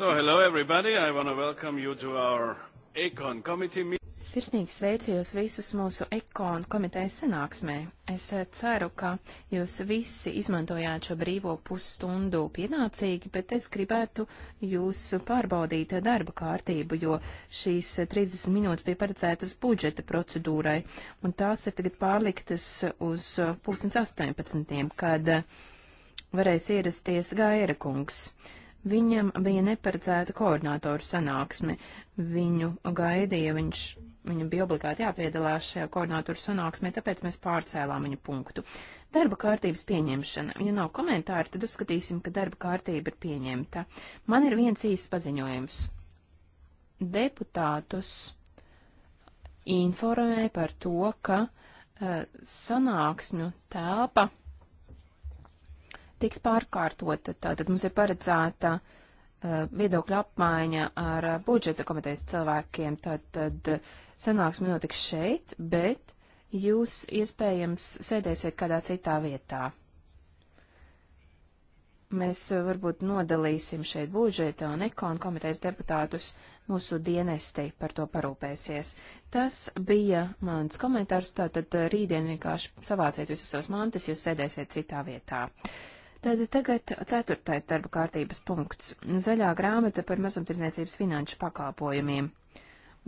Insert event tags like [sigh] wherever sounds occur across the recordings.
So, hello everybody, I want to welcome you to our ECON committee meeting. Sirsnīgi sveicu jūs visus mūsu ekonu komitejas sanāksmē. Es eh, ceru, ka jūs visi izmantojāt šo brīvo pusstundu pienācīgi, bet es gribētu jūs pārbaudīt darba kārtību, jo šīs 30 minūtes bija paredzētas budžeta procedūrai, un tās ir tagad pārliktas uz 2018, kad varēs ierasties Gaira kungs. Viņam bija neparedzēta koordinātoru sanāksme. Viņu gaidīja, viņš, viņam bija obligāti jāpiedalās šajā koordinātoru sanāksmē, tāpēc mēs pārcēlām viņa punktu. Darba kārtības pieņemšana. Ja nav komentāru, tad uzskatīsim, ka darba kārtība ir pieņemta. Man ir viens īsts paziņojums. Deputātus informē par to, ka uh, sanāksmju telpa tiks pārkārtota. Tātad mums ir paredzēta uh, viedokļa apmaiņa ar uh, budžeta komitejas cilvēkiem. Tātad uh, sanāksme notiks šeit, bet jūs iespējams sēdēsiet kādā citā vietā. Mēs varbūt nodalīsim šeit budžeta un ekonu komitejas deputātus, mūsu dienesti par to parūpēsies. Tas bija mans komentārs, tātad rītdien vienkārši savāciet visus savus mantas, jūs sēdēsiet citā vietā. Uh, Tad tagad ceturtais darba kārtības punkts - zaļā grāmata par mazumtirdzniecības finanšu pakāpojumiem.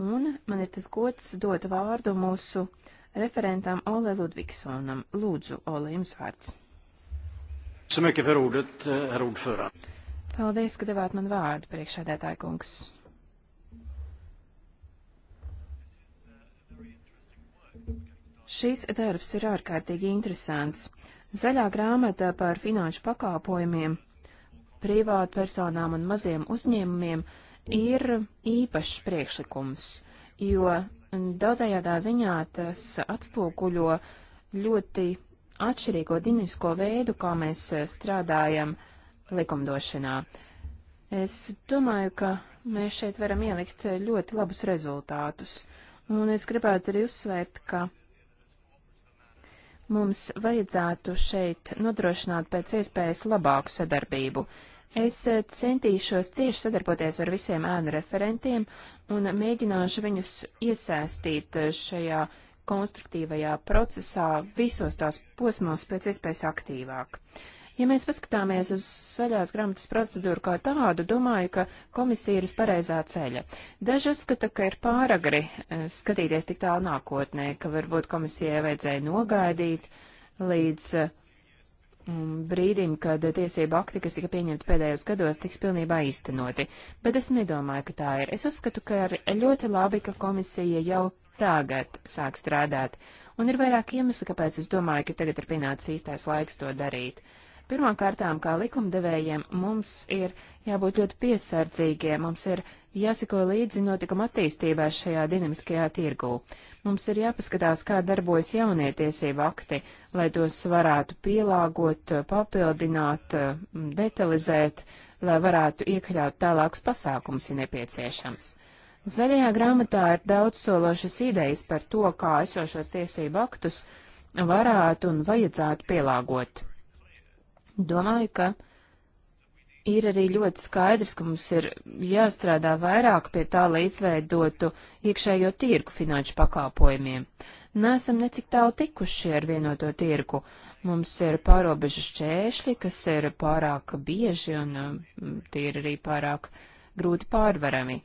Un man ir tas gods dot vārdu mūsu referentam Ole Ludvigsonam. Lūdzu, Ole, jums vārds. Eh, Paldies, ka devāt man vārdu, priekšādētāja kungs. Šīs darbs ir ārkārtīgi interesants. Zaļā grāmata par finanšu pakāpojumiem privātpersonām un maziem uzņēmumiem ir īpašs priekšlikums, jo daudzējādā ziņā tas atspoguļo ļoti atšķirīgo dinisko veidu, kā mēs strādājam likumdošanā. Es domāju, ka mēs šeit varam ielikt ļoti labus rezultātus, un es gribētu arī uzsvērt, ka Mums vajadzētu šeit nodrošināt pēc iespējas labāku sadarbību. Es eh, centīšos cieši sadarboties ar visiem ēnu referentiem un mēģināšu viņus iesaistīt eh, šajā konstruktīvajā procesā visos tās posmos pēc iespējas aktīvāk. Uh, Ja mēs paskatāmies uz saļās grāmatas procedūru kā tādu, domāju, ka komisija ir uz pareizā ceļa. Daži uzskata, ka ir pāragri eh, skatīties tik tālu nākotnē, ka varbūt komisijai vajadzēja nogaidīt līdz eh, mm, brīdim, kad tiesība akti, kas tika pieņemti pēdējos gados, tiks pilnībā īstenoti. Bet es nedomāju, ka tā ir. Es uzskatu, ka ir ļoti labi, ka komisija jau tagad sāk strādāt, un ir vairāk iemesli, kāpēc es domāju, ka tagad ir pienācis īstais laiks to darīt. Uh, Pirmkārtām, kā likumdevējiem, mums ir jābūt ļoti piesardzīgiem, mums ir jāseko līdzi notikuma attīstībā šajā dinamiskajā tirgū. Mums ir jāpaskatās, kā darbojas jaunie tiesību akti, lai tos varētu pielāgot, papildināt, detalizēt, lai varētu iekļaut tālākus pasākums, ja nepieciešams. Zaļajā grāmatā ir daudz sološas idejas par to, kā esošos tiesību aktus varētu un vajadzētu pielāgot. Domāju, ka ir arī ļoti skaidrs, ka mums ir jāstrādā vairāk pie tā, lai izveidotu iekšējo tirgu finanšu pakalpojumiem. Nesam necik tālu tikuši ar vienoto tirgu. Mums ir pārobežu šķēršļi, kas ir pārāk bieži un mm, tie ir arī pārāk grūti pārvarami.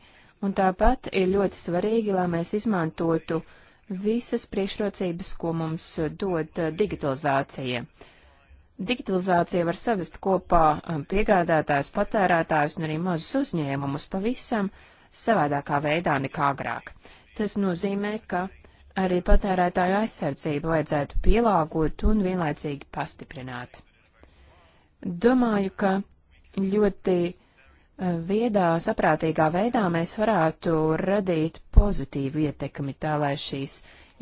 Un tāpat ir ļoti svarīgi, lai mēs izmantotu visas priekšrocības, ko mums dod digitalizācija. Uh, Digitalizācija var savest kopā um, piegādātājs, patērētājs un arī mazus uzņēmumus pavisam savādākā veidā nekā agrāk. Tas nozīmē, ka arī patērētāju aizsardzību vajadzētu pielāgot un vienlaicīgi pastiprināt. Domāju, ka ļoti uh, viedā, saprātīgā veidā mēs varētu radīt pozitīvu ietekmi tā, lai šīs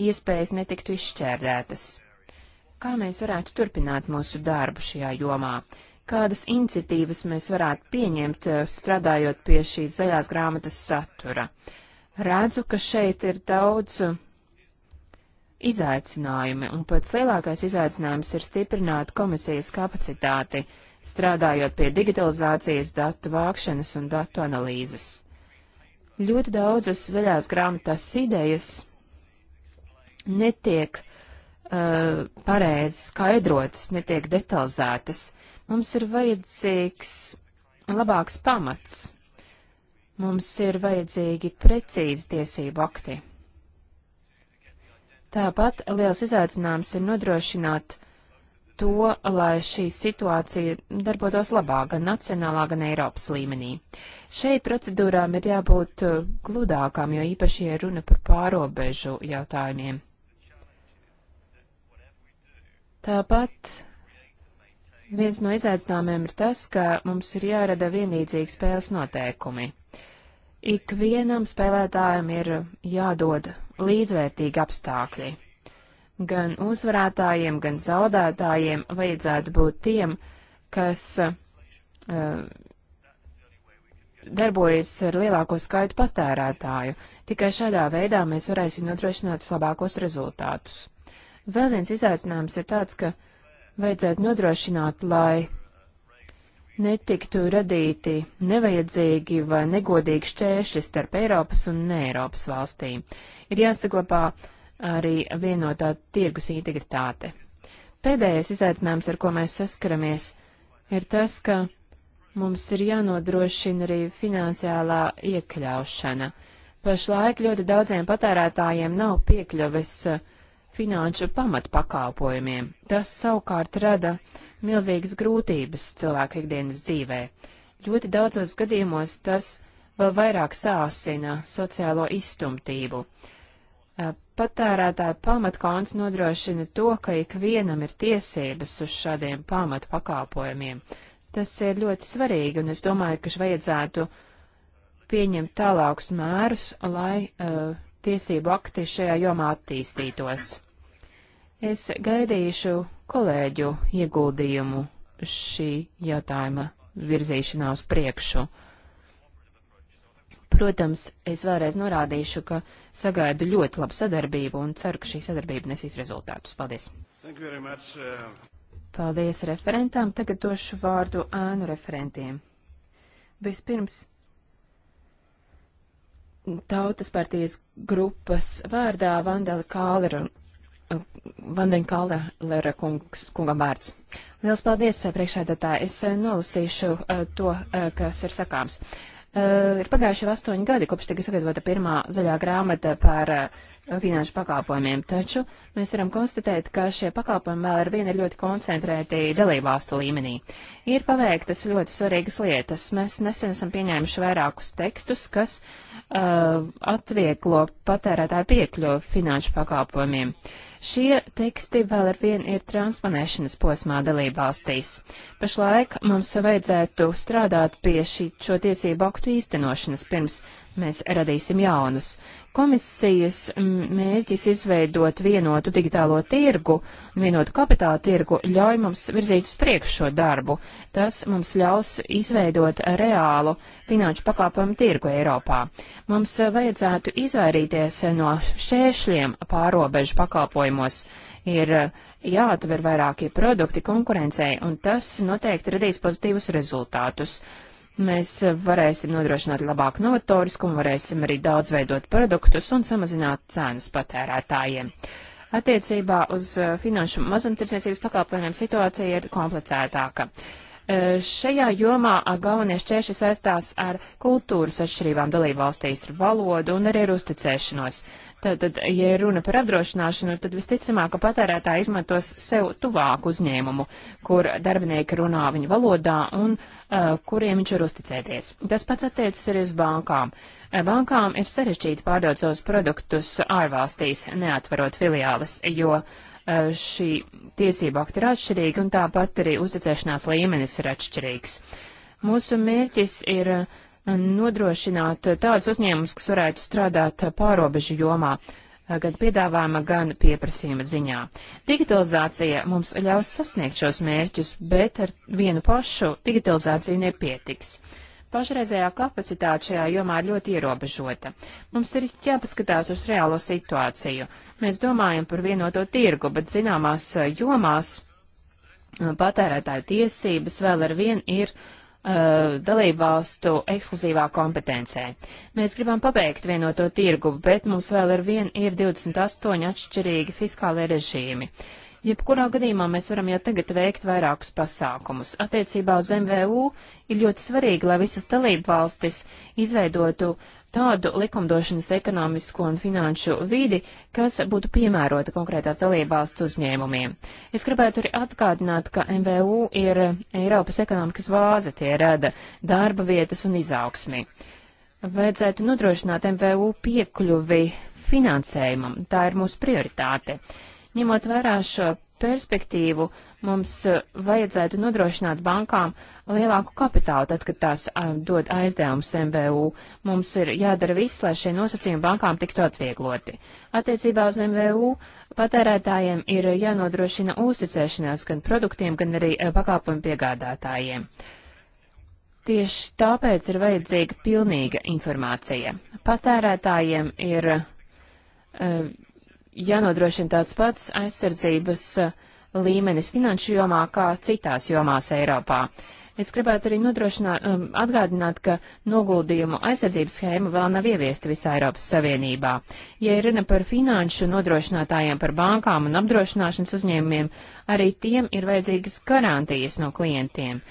iespējas netiktu izšķērdētas kā mēs varētu turpināt mūsu darbu šajā jomā, kādas iniciatīvas mēs varētu pieņemt, eh, strādājot pie šīs zaļās grāmatas satura. Redzu, ka šeit ir daudz izaicinājumi, un pats lielākais izaicinājums ir stiprināt komisijas kapacitāti, strādājot pie digitalizācijas datu vākšanas un datu analīzes. Ļoti daudzas zaļās grāmatas idejas netiek uh, uh, pareizi skaidrotas, netiek detalizētas. Mums ir vajadzīgs labāks pamats. Mums ir vajadzīgi precīzi tiesību akti. Tāpat liels izaicinājums ir nodrošināt to, lai šī situācija darbotos labā gan nacionālā, gan Eiropas līmenī. Šeit procedūrām ir jābūt uh, gludākām, jo īpaši ir runa par pārobežu jautājumiem. Tāpat viens no izaicinājumiem ir tas, ka mums ir jārada vienlīdzīgi spēles noteikumi. Ikvienam spēlētājam ir jādod līdzvērtīgi apstākļi. Gan uzvarētājiem, gan zaudētājiem vajadzētu būt tiem, kas uh, darbojas ar lielāko skaitu patērētāju. Tikai šādā veidā mēs varēsim nodrošināt vislabākos rezultātus. Vēl viens izaicinājums ir tāds, ka vajadzētu nodrošināt, lai netiktu radīti nevajadzīgi vai negodīgi šķēršļi starp Eiropas un ne Eiropas valstīm. Ir jāsaglabā arī vienotā tirgus integritāte. Pēdējais izaicinājums, ar ko mēs saskaramies, ir tas, ka mums ir jānodrošina arī finansiālā iekļaušana. Pašlaik ļoti daudziem patērētājiem nav piekļuves uh, finanšu pamatpakalpojumiem. Tas savukārt rada milzīgas grūtības cilvēku ikdienas dzīvē. Ļoti daudzos gadījumos tas vēl vairāk sāsina sociālo izstumtību. Eh, patērētāja pamatkons nodrošina to, ka ikvienam ir tiesības uz šādiem pamatpakalpojumiem. Tas ir ļoti svarīgi, un es domāju, ka vajadzētu pieņemt tālākus mērus, lai uh, tiesību akti šajā jomā attīstītos. Es gaidīšu kolēģu ieguldījumu šī jautājuma virzīšanā uz priekšu. Protams, es vēlreiz norādīšu, ka sagaidu ļoti labu sadarbību un ceru, ka šī sadarbība nesīs rezultātus. Paldies! Much, uh... Paldies referentām. Tagad došu vārdu ēnu referentiem. Vispirms Tautas partijas grupas vārdā Vandeli Kāleru Vandenkalda Lera kungs, kungam vārds. Liels paldies, eh, priekšēdētāji. Es eh, nolasīšu eh, to, kas ir sakāms. Ir pagājuši jau astoņi gadi, kopš tika sagatavota pirmā zaļā grāmata par uh, finanšu pakalpojumiem, taču mēs varam konstatēt, ka šie pakalpojumi vēl ar vienu ir ļoti koncentrēti dalībvalstu līmenī. Ir paveiktas ļoti svarīgas lietas. Mēs nesen esam pieņēmuši vairākus tekstus, kas uh, atvieglo patērētāju piekļuvu finanšu pakalpojumiem. Šie teksti vēl ar vienu ir transponēšanas posmā dalībvalstīs. Pašlaik mums vajadzētu strādāt pie šī, šo tiesību aktu īstenošanas pirms mēs radīsim jaunus. Komisijas mērķis izveidot vienotu digitālo tirgu un vienotu kapitāla tirgu ļauj mums virzīt uz priekšu šo darbu. Tas mums ļaus izveidot reālu finanšu pakāpojumu tirgu Eiropā. Mums vajadzētu izvairīties no šķēršļiem pārobežu pakāpojumos. Ir jāatver vairākie produkti konkurencei, un tas noteikti radīs pozitīvus rezultātus mēs eh, varēsim nodrošināt labāku novatoriskumu, varēsim arī daudz veidot produktus un samazināt cenas patērētājiem. Attiecībā uz eh, finanšu mazumtirdzniecības pakalpojumiem situācija ir komplicētāka. Eh, šajā jomā galvenie šķēršļi saistās ar kultūras atšķirībām dalībvalstīs, ar valodu un arī ar uzticēšanos. Tātad, ja runa par apdrošināšanu, tad visticamāk, ka patērētāji izmantos sev tuvāku uzņēmumu, kur darbinieki runā viņu valodā un uh, kuriem viņš var uzticēties. Tas pats attiecas arī uz bankām. Bankām ir sarežģīti pārdot savus produktus ārvalstīs, neatvarot filiāles, jo uh, šī tiesība akti ir atšķirīga un tāpat arī uzticēšanās līmenis ir atšķirīgs. Mūsu mērķis ir uh, nodrošināt tādus uzņēmumus, kas varētu strādāt pārobežu jomā, gan piedāvājuma, gan pieprasījuma ziņā. Digitalizācija mums ļaus sasniegt šos mērķus, bet ar vienu pašu digitalizāciju nepietiks. Pašreizējā kapacitāte šajā jomā ir ļoti ierobežota. Mums ir jāpaskatās uz reālo situāciju. Mēs domājam par vienoto tirgu, bet zināmās jomās patērētāju tiesības vēl ar vien ir uh, uh, dalībvalstu ekskluzīvā kompetencē. Mēs gribam pabeigt vienoto tirgu, bet mums vēl ar vien ir 28 atšķirīgi fiskālie režīmi. Jebkurā gadījumā mēs varam jau tagad veikt vairākus pasākumus. Attiecībā uz MVU ir ļoti svarīgi, lai visas dalību valstis izveidotu tādu likumdošanas ekonomisko un finanšu vidi, kas būtu piemērota konkrētās dalībvalsts uzņēmumiem. Es gribētu arī atgādināt, ka MVU ir Eiropas ekonomikas vāze, tie rada darba vietas un izaugsmi. Vajadzētu nodrošināt MVU piekļuvi finansējumam, tā ir mūsu prioritāte. Ņemot vērā šo perspektīvu, Mums e, vajadzētu nodrošināt bankām lielāku kapitālu, tad, kad tās dod aizdevumus MVU. Mums ir jādara viss, lai šie nosacījumi bankām tiktu atviegloti. Attiecībā uz MVU patērētājiem ir jānodrošina uzticēšanās gan produktiem, gan arī e, pakāpojumu piegādātājiem. Tieši tāpēc ir vajadzīga pilnīga informācija. Patērētājiem ir e, jānodrošina tāds pats aizsardzības uh, līmenis finanšu jomā kā citās jomās Eiropā. Es gribētu arī nodrošināt, um, atgādināt, ka noguldījumu aizsardzības schēma vēl nav ieviesta visā Eiropas Savienībā. Ja ir runa par finanšu nodrošinātājiem, par bankām un apdrošināšanas uzņēmumiem, arī tiem ir vajadzīgas garantijas no klientiem.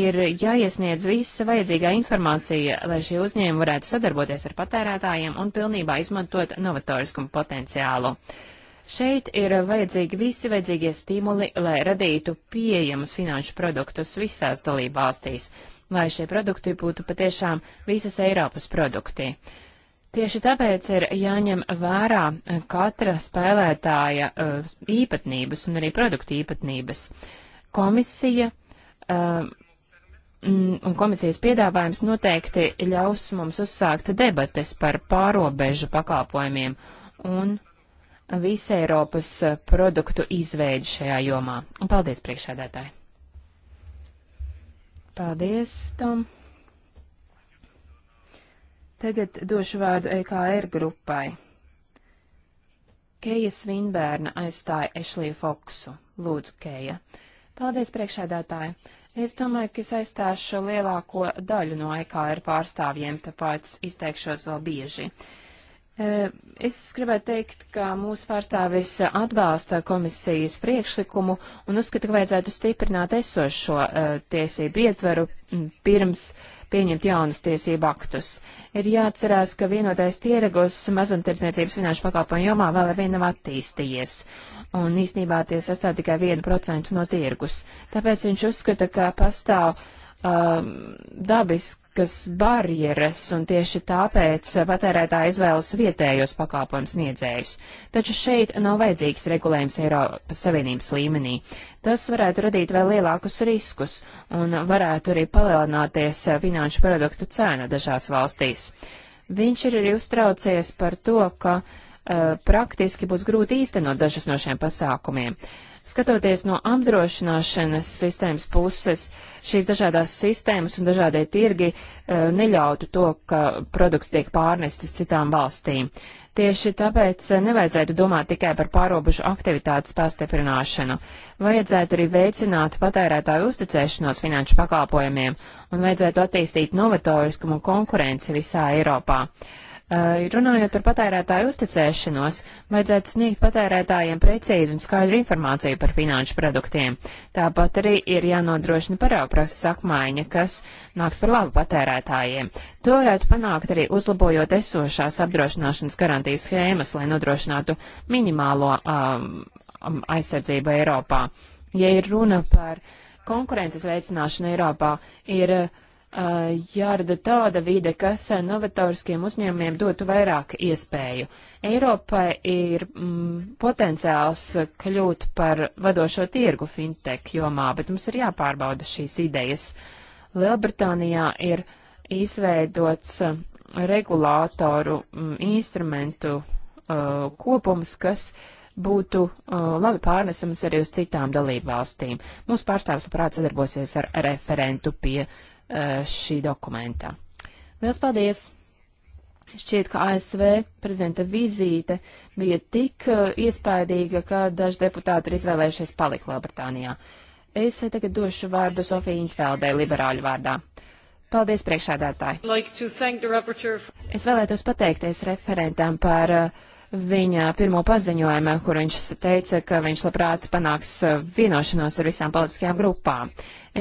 Ir jāiesniedz visa vajadzīgā informācija, lai šie uzņēmumi varētu sadarboties ar patērētājiem un pilnībā izmantot novatoriskumu potenciālu. Uh, Šeit ir vajadzīgi visi vajadzīgie stimuli, lai radītu pieejamus finanšu produktus visās dalībvalstīs, lai šie produkti būtu patiešām visas Eiropas produkti. Tieši tāpēc ir jāņem vērā katra spēlētāja uh, īpatnības un arī produktu īpatnības. Komisija uh, un komisijas piedāvājums noteikti ļaus mums uzsākt debates par pārobežu pakalpojumiem un visa Eiropas eh, produktu izveidi šajā jomā. Un paldies priekšsēdētāji. Paldies, Tom. Tagad došu vārdu EKR grupai. Keja Svinbērna aizstāja Ešliju Foksu. Lūdzu, Keja. Paldies priekšsēdētāji. Es domāju, ka es aizstāšu lielāko daļu no EKR pārstāvjiem, tāpēc izteikšos vēl bieži. Uh, Es gribētu teikt, ka mūsu pārstāvis atbalsta komisijas priekšlikumu un uzskata, ka vajadzētu stiprināt esošo uh, tiesību ietveru pirms pieņemt jaunus tiesību aktus. Ir jāatcerās, ka vienotais tieregus mazumtirdzniecības finanšu pakalpojumu jomā vēl ar vienu nav attīstījies, un īsnībā tie sastāv tikai 1% no tirgus. Tāpēc viņš uzskata, ka pastāv uh, um, dabiskas barjeras, un tieši tāpēc patērētāji izvēlas vietējos pakāpojums niedzējus. Taču šeit nav vajadzīgs regulējums Eiropas Savienības līmenī. Tas varētu radīt vēl lielākus riskus, un varētu arī palielināties finanšu produktu cena dažās valstīs. Viņš ir arī uztraucies par to, ka uh, praktiski būs grūti īstenot dažas no šiem pasākumiem. Uh, Skatoties no apdrošināšanas sistēmas puses, šīs dažādās sistēmas un dažādie tirgi eh, neļautu to, ka produkti tiek pārnest uz citām valstīm. Tieši tāpēc eh, nevajadzētu domāt tikai par pārobežu aktivitātes pastiprināšanu. Vajadzētu arī veicināt patērētāju uzticēšanos finanšu pakalpojumiem un vajadzētu attīstīt novatoriskumu konkurenci visā Eiropā. Uh, Runājot par patērētāju uzticēšanos, vajadzētu sniegt patērētājiem precīzu un skaidru informāciju par finanšu produktiem. Tāpat arī ir jānodrošina paraugprasas apmaiņa, kas nāks par labu patērētājiem. To varētu panākt arī uzlabojot esošās apdrošināšanas garantijas schēmas, lai nodrošinātu minimālo um, aizsardzību Eiropā. Ja ir runa par konkurences veicināšanu Eiropā, ir uh, Eh, jārada tāda vide, kas novatoriskiem uzņēmumiem dotu vairāk iespēju. Eiropai ir mm, potenciāls kļūt par vadošo tirgu fintech jomā, bet mums ir jāpārbauda šīs idejas. Lielbritānijā ir izveidots eh, regulātoru mm, instrumentu uh, kopums, kas būtu uh, labi pārnesams arī uz citām dalību valstīm. Mūsu pārstāvs labprāt sadarbosies ar referentu pie uh, Eh, šī dokumenta. Liels paldies! Šķiet, ka ASV prezidenta vizīte bija tik eh, iespaidīga, ka daži deputāti ir izvēlējušies palikt Lielbritānijā. Es tagad došu vārdu Sofija Intveldē, liberāļu vārdā. Paldies, priekšādātāji! Like for... Es vēlētos pateikties referentam par uh, viņa pirmo paziņojumu, kur viņš teica, ka viņš labprāt panāks eh, vienošanos ar visām politiskajām grupām.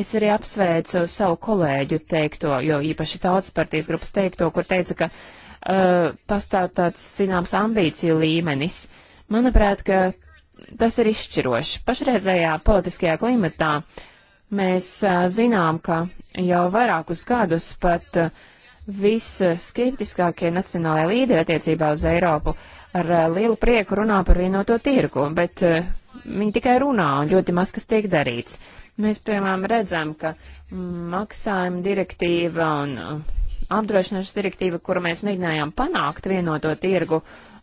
Es arī apsveicu savu kolēģu teikto, jo īpaši tautas partijas grupas teikto, kur teica, ka uh, pastāv tāds zināms ambīciju līmenis. Manuprāt, ka tas ir izšķiroši. Pašreizējā politiskajā klimatā mēs uh, zinām, ka jau vairākus gadus pat uh, visskeptiskākie nacionālajie līderi attiecībā uz Eiropu ar eh, lielu prieku runā par vienoto tirgu, bet eh, viņi tikai runā un ļoti maz kas tiek darīts. Mēs, piemēram, redzam, ka maksājuma direktīva un eh, apdrošināšanas direktīva, kuru mēs mēģinājām panākt vienoto tirgu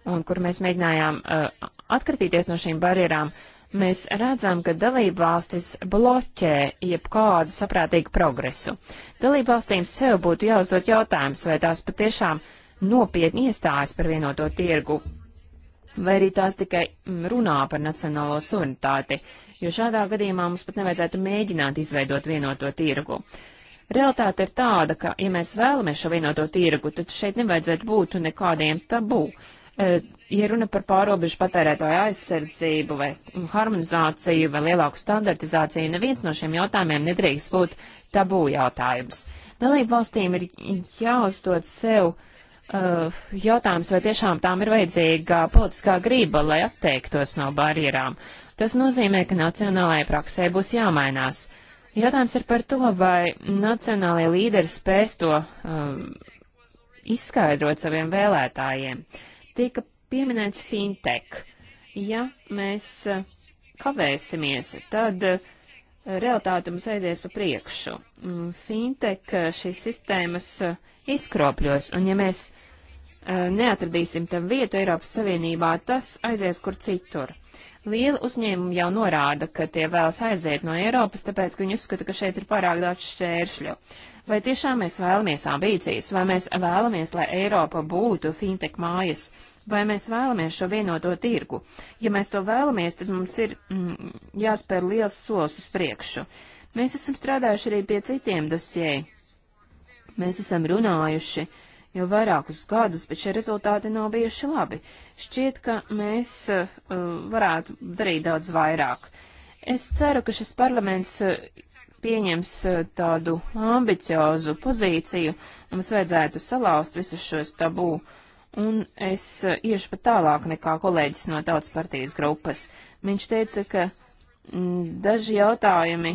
un kur mēs mēģinājām uh, atkritīties no šīm barjerām, mēs redzam, ka dalībvalstis bloķē jebkādu saprātīgu progresu. Dalībvalstīm sev būtu jāuzdot jautājums, vai tās patiešām nopietni iestājas par vienoto tirgu, vai arī tās tikai mm, runā par nacionālo suverenitāti, jo šādā gadījumā mums pat nevajadzētu mēģināt izveidot vienoto tirgu. Realtāte ir tāda, ka, ja mēs vēlamies šo vienoto tirgu, tad šeit nevajadzētu būt nekādiem tabū. E, ja runa par pārobežu patērētāju aizsardzību vai mm, harmonizāciju vai lielāku standartizāciju, neviens no šiem jautājumiem nedrīkst būt tabū jautājums. Dalību valstīm ir jāuzdod sev uh, Eh, jautājums, vai tiešām tām ir vajadzīga politiskā grība, lai atteiktos no barjerām. Tas nozīmē, ka nacionālajai praksē būs jāmainās. Jautājums ir par to, vai nacionālajie līderi spēs to um, izskaidrot saviem vēlētājiem. Tika pieminēts fintech. Ja mēs eh, kavēsimies, tad uh, realitāte mums aizies pa priekšu. Mm, fintech šīs sistēmas izkropļos, un ja mēs Eh, neatradīsim tam vietu Eiropas Savienībā, tas aizies kur citur. Liela uzņēmuma jau norāda, ka tie vēlas aiziet no Eiropas, tāpēc, ka viņi uzskata, ka šeit ir pārāk daudz šķēršļu. Vai tiešām mēs vēlamies ambīcijas, vai mēs vēlamies, lai Eiropa būtu fintech mājas, vai mēs vēlamies šo vienoto tirgu? Ja mēs to vēlamies, tad mums ir mm, jāspēr liels solis uz priekšu. Mēs esam strādājuši arī pie citiem dosjē. Mēs esam runājuši uh, jau vairākus gadus, bet šie rezultāti nav bijuši labi. Šķiet, ka mēs uh, varētu darīt daudz vairāk. Es ceru, ka šis parlaments eh, pieņems eh, tādu ambiciozu pozīciju, mums vajadzētu salauzt visus šos tabū, un es iešu pat tālāk nekā kolēģis no tautas partijas grupas. Viņš teica, ka m, mm, daži jautājumi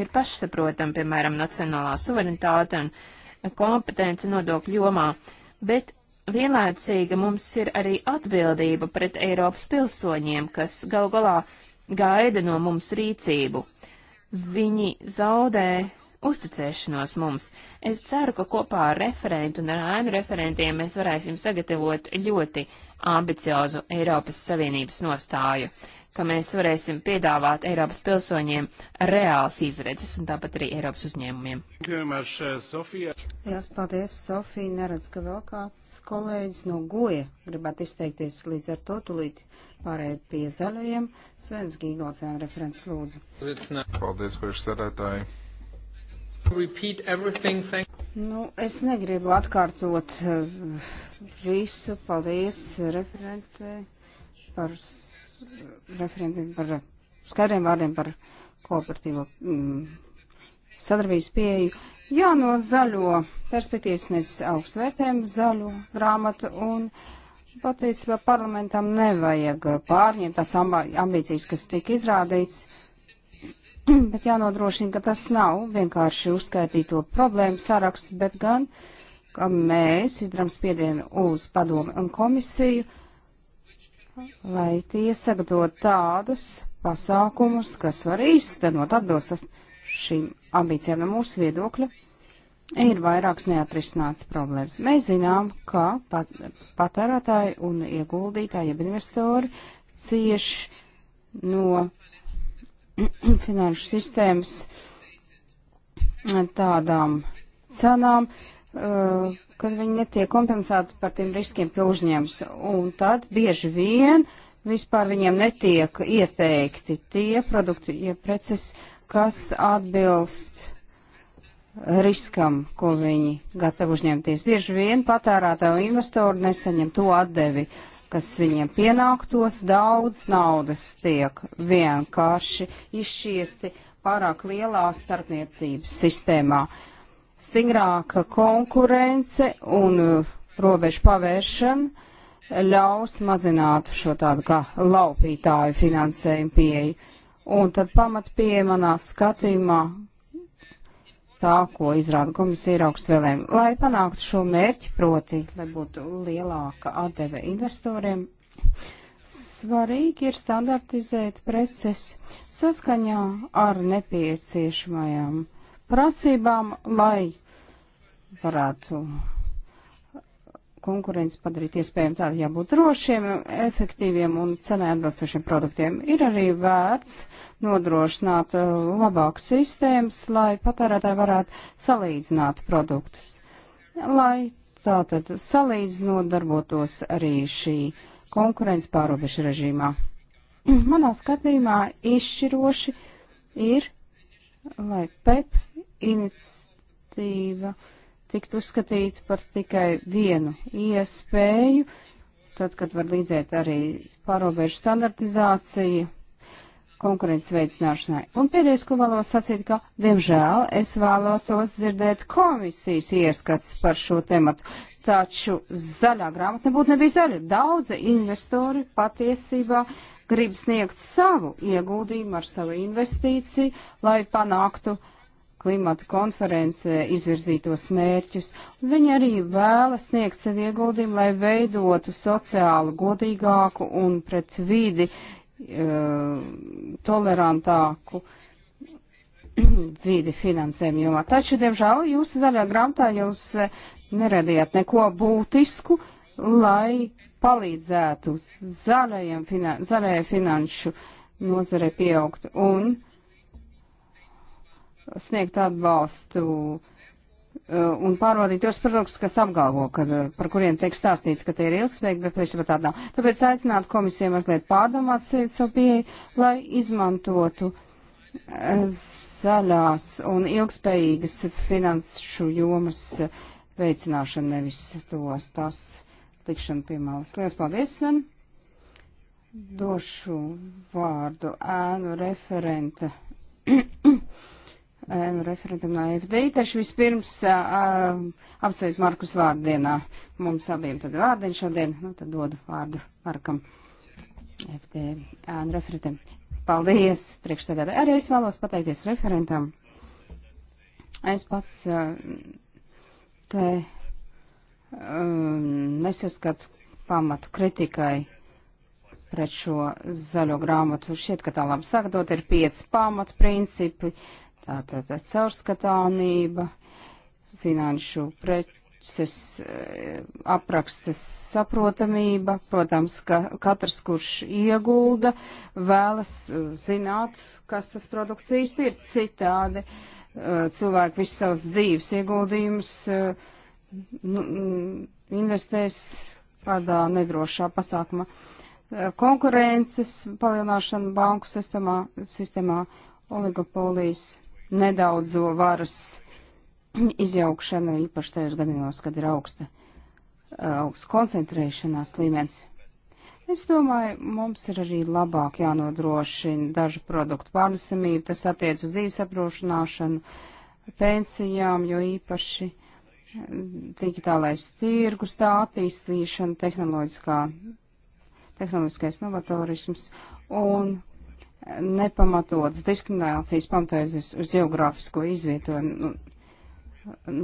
ir pašsaprotami, piemēram, nacionālā suverenitāte un uh, kompetenci nodokļu jomā, bet vienlaicīga mums ir arī atbildība pret Eiropas pilsoņiem, kas gal galā gaida no mums rīcību. Viņi zaudē uzticēšanos mums. Es ceru, ka kopā ar referentu un ar ēnu referentiem mēs varēsim sagatavot ļoti ambiciozu Eiropas Savienības nostāju ka mēs varēsim piedāvāt Eiropas pilsoņiem reāls izredzes un tāpat arī Eiropas uzņēmumiem. Uh, Lielas paldies, Sofija. Neredz, ka vēl kāds kolēģis no goja gribētu izteikties līdz ar to tulīt pārējai pie zaļajiem. Svens Gīgols, jā, referents lūdzu. Paldies, priekšsēdētāji. Nu, es negribu atkārtot uh, visu. Paldies referentē par referentiem par skaidriem vārdiem par kooperatīvo mm, sadarbības pieeju. Jā, no zaļo perspektīvas mēs augstu vērtējam zaļo grāmatu un patiesībā parlamentam nevajag pārņemt tās ambīcijas, kas tika izrādīts, [clears throat] bet jānodrošina, ka tas nav vienkārši uzskaitīto problēmu saraksts, bet gan, ka mēs izdarām spiedienu uz padomi un komisiju lai tiesa dod tādus pasākumus, kas var īstenot atbilst šīm ambīcijām no mūsu viedokļa, ir vairākas neatrisinātas problēmas. Mēs zinām, ka pat, patērētāji un ieguldītāji, jeb investori cieši no [clears throat] finanšu sistēmas tādām cenām, uh, kad viņi netiek kompensēti par tiem riskiem, ko uzņems. Un tad bieži vien vispār viņiem netiek ieteikti tie produkti, ja preces, kas atbilst riskam, ko viņi gatavi uzņemties. Bieži vien patērētāju investori nesaņem to atdevi, kas viņiem pienāktos. Daudz naudas tiek vienkārši izšiesti pārāk lielā starpniecības sistēmā. Uh, Stingrāka konkurence un uh, robežu pavēršana ļaus mazināt šo tādu kā laupītāju finansējumu pieeju. Un tad pamat pieeja manā skatījumā, tā, ko izrāda komisija ir augstvēlēm. Lai panāktu šo mērķi, proti, lai būtu lielāka atdeve investoriem, svarīgi ir standartizēt preces saskaņā ar nepieciešamajām prasībām, lai varētu konkurences padarīt iespējami tādu, jābūt drošiem, efektīviem un cenai atbilstošiem produktiem. Ir arī vērts nodrošināt uh, labākas sistēmas, lai patērētāji varētu salīdzināt produktus. Lai tātad salīdzinot darbotos arī šī konkurence pārobežu režīmā. [clears throat] Manā skatījumā izšķiroši ir, lai PEP iniciatīva tiktu uzskatīta par tikai vienu iespēju, tad, kad var līdzēt arī pārobežu standartizācija, konkurences veicināšanai. Un pēdējais, ko vēlos sacīt, ka, diemžēl, es vēlētos dzirdēt komisijas ieskats par šo tematu. Taču zaļā grāmata nebūtu nebija zaļa. Daudzi investori patiesībā grib sniegt savu ieguldījumu ar savu investīciju, lai panāktu uh, klimata konference izvirzītos mērķus. Viņi arī vēlas sniegt sev ieguldījumu, lai veidotu sociāli godīgāku un pret vidi uh, tolerantāku [clears throat] vidi finansējumu jomā. Taču, diemžēl, jūsu zaļā grāmatā jūs uh, neradījāt neko būtisku, lai palīdzētu zaļajai finan zaļajai finanšu nozarei pieaugt. Un uh, sniegt atbalstu uh, un pārvaldīt tos produktus, kas apgalvo, ka, uh, par kuriem tiek stāstīts, ka tie ir ilgspējīgi, bet patiesībā tāda nav. Tāpēc aicinātu komisiju mazliet pārdomāt savu pieeju, lai izmantotu uh, zaļās un ilgspējīgas finanšu jomas veicināšanu, nevis tos, tās likšanu pie malas. Lielas paldies, Sven! Došu vārdu ēnu referenta. [clears throat] referendumu no FDI, taču vispirms apsveic Markus vārdienā. Mums abiem tad vārdiņš šodien, nu tad dodu vārdu Markam FDI referentam. Paldies, priekšstādātāji. Arī es vēlos pateikties referentam. Es pats te um, nesaskatu pamatu kritikai pret šo zaļo grāmatu. Šķiet, ka tā labi sagatavot ir pieci pamatu principi. Uh, Tātad tā, tā, caurskatāmība, finanšu preces eh, aprakstas saprotamība. Protams, ka katrs, kurš iegulda, vēlas eh, zināt, kas tas produkts īsti ir citādi. Eh, cilvēki visu savus dzīves ieguldījumus nu, mm, investēs kādā nedrošā pasākumā. Konkurences palielināšana banku sistemā, sistemā oligopolijas nedaudzo varas izjaukšanu, īpaši tajos gadījumos, kad ir augsta, eh, augsts koncentrēšanās līmenis. Es domāju, mums ir arī labāk jānodrošina dažu produktu pārnesamību, tas attiec uz dzīves aprošanāšanu, pensijām, jo īpaši mm, digitālais tirgus, tā attīstīšana, tehnoloģiskā, tehnoloģiskais novatorisms un nepamatotas diskriminācijas pamatojas uz geogrāfisko izvietojumu nu,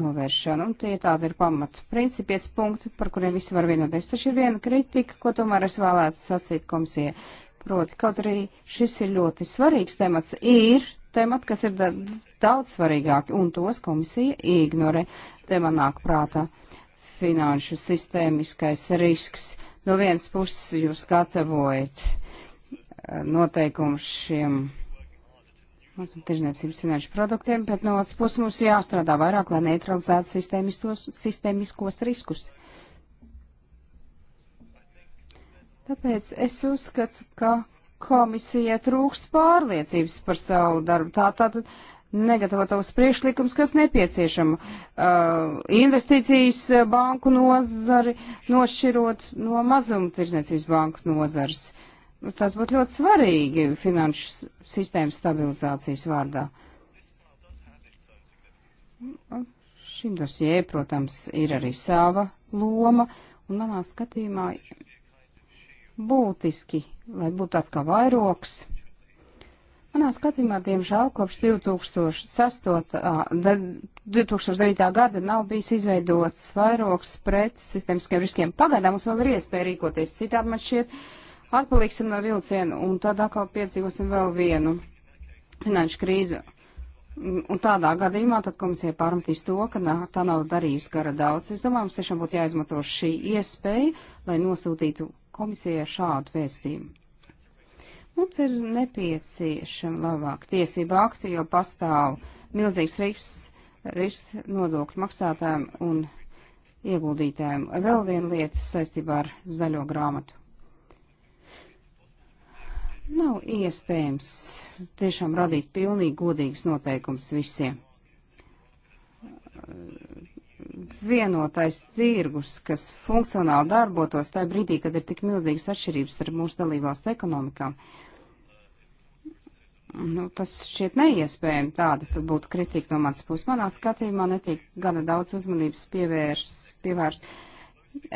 novēršanu. Un tie tādi ir pamata principi, pieci punkti, par kuriem visi var vienoties. Taču ir viena kritika, ko tomēr es vēlētu sacīt komisijai. Proti, kaut arī šis ir ļoti svarīgs temats, ir temati, kas ir da daudz svarīgāki, un tos komisija ignorē. Te man nāk prātā finanšu sistēmiskais risks. No vienas puses jūs gatavojat uh, noteikumu šiem mazumtirdzniecības finanšu produktiem, bet no otras puses mums jāstrādā vairāk, lai neutralizētu sistēmiskos riskus. Tāpēc es uzskatu, ka komisija trūkst pārliecības par savu darbu. Tā tātad negatavotos priekšlikums, kas nepieciešama. Uh, investīcijas uh, banku nozari nošķirot no mazumtirdzniecības banku nozares tas būtu ļoti svarīgi finanšu sistēmas stabilizācijas vārdā. Šim dosijai, protams, ir arī sava loma, un manā skatījumā būtiski, lai būtu tāds kā vairoks. Manā skatījumā, diemžēl, kopš 2008, 2009. gada nav bijis izveidots vairoks pret sistēmiskiem riskiem. Pagaidām mums vēl ir iespēja rīkoties citādi, man šķiet, uh, atpaliksim no vilciena un tad atkal piedzīvosim vēl vienu finanšu krīzi. Un tādā gadījumā tad komisija pārmetīs to, ka nā, tā nav darījusi gara daudz. Es domāju, mums tiešām būtu jāizmanto šī iespēja, lai nosūtītu komisijai šādu vēstījumu. Mums ir nepieciešama labāk tiesība aktu, jo pastāv milzīgs risks, risks nodokļu maksātājiem un ieguldītājiem. Vēl viena lieta saistībā ar zaļo grāmatu. Nav iespējams tiešām radīt pilnīgi godīgus noteikumus visiem. Vienotais tirgus, kas funkcionāli darbotos tajā brīdī, kad ir tik milzīgas atšķirības starp mūsu dalībvalstu ekonomikām, Nu, tas šķiet neiespējami tāda, tad būtu kritika no manas puses. Manā skatījumā netiek gana daudz uzmanības pievērs, pievērst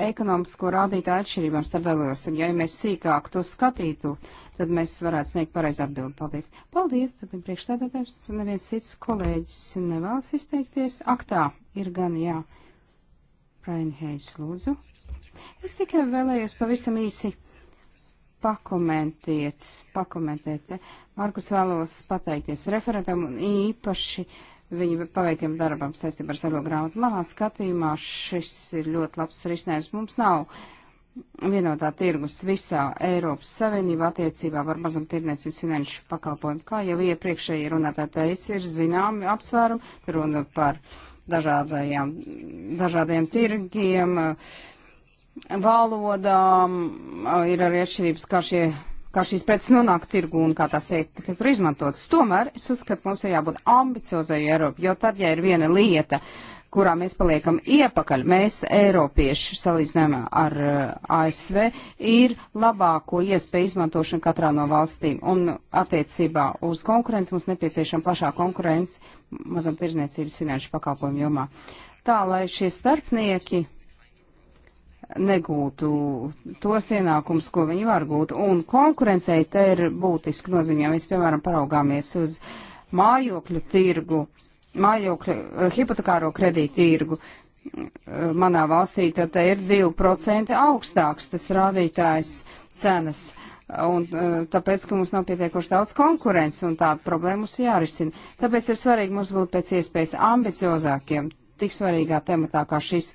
ekonomisko rādītāju atšķirībām starp dalībvalstīm. Ja mēs sīkāk to skatītu, tad mēs varētu sniegt pareizi atbildi. Paldies. Paldies, tāpēc priekšstādātājs, neviens cits kolēģis nevēlas izteikties. Ak tā, ir gan jā. Brainheis, lūdzu. Es tikai vēlējos pavisam īsi pakomentiet, pakomentēt. Markus vēlos pateikties referentam un īpaši uh, viņa paveiktiem darbam saistībā ar zaļo grāmatu. Manā skatījumā šis ir ļoti labs risinājums. Mums nav vienotā tirgus visā Eiropas Savienībā attiecībā par mazumtirdzniecības finanšu pakalpojumu. Kā jau iepriekšēji runātā teica, ir zināmi apsvērumi, runa par dažādajām, dažādiem tirgiem, valodām, ir arī atšķirības, kā šie kā šīs preces nonāk tirgu un kā tās tiek, tiek tur izmantotas. Tomēr es uzskatu, mums ir jābūt ambiciozai Eiropai, jo tad, ja ir viena lieta, kurā mēs paliekam iepakaļ, mēs, Eiropieši, salīdzinājumā ar uh, eh, ASV, ir labāko iespēju izmantošana katrā no valstīm. Un attiecībā uz konkurenci mums nepieciešama plašā konkurence mazam tirzniecības finanšu pakalpojumu jomā. Tā, lai šie starpnieki negūtu tos ienākums, ko viņi var gūt. Un konkurencei te ir būtiski nozīmē, ja mēs, piemēram, paraugāmies uz mājokļu tirgu, mājokļu, eh, hipotekāro kredītu tirgu, eh, manā valstī tad ir 2% augstāks tas rādītājs cenas. Un eh, tāpēc, ka mums nav pietiekoši daudz konkurences un tāda problēma mums jārisina. Tāpēc ir svarīgi mums būt pēc iespējas ambiciozākiem tik svarīgā tematā kā šis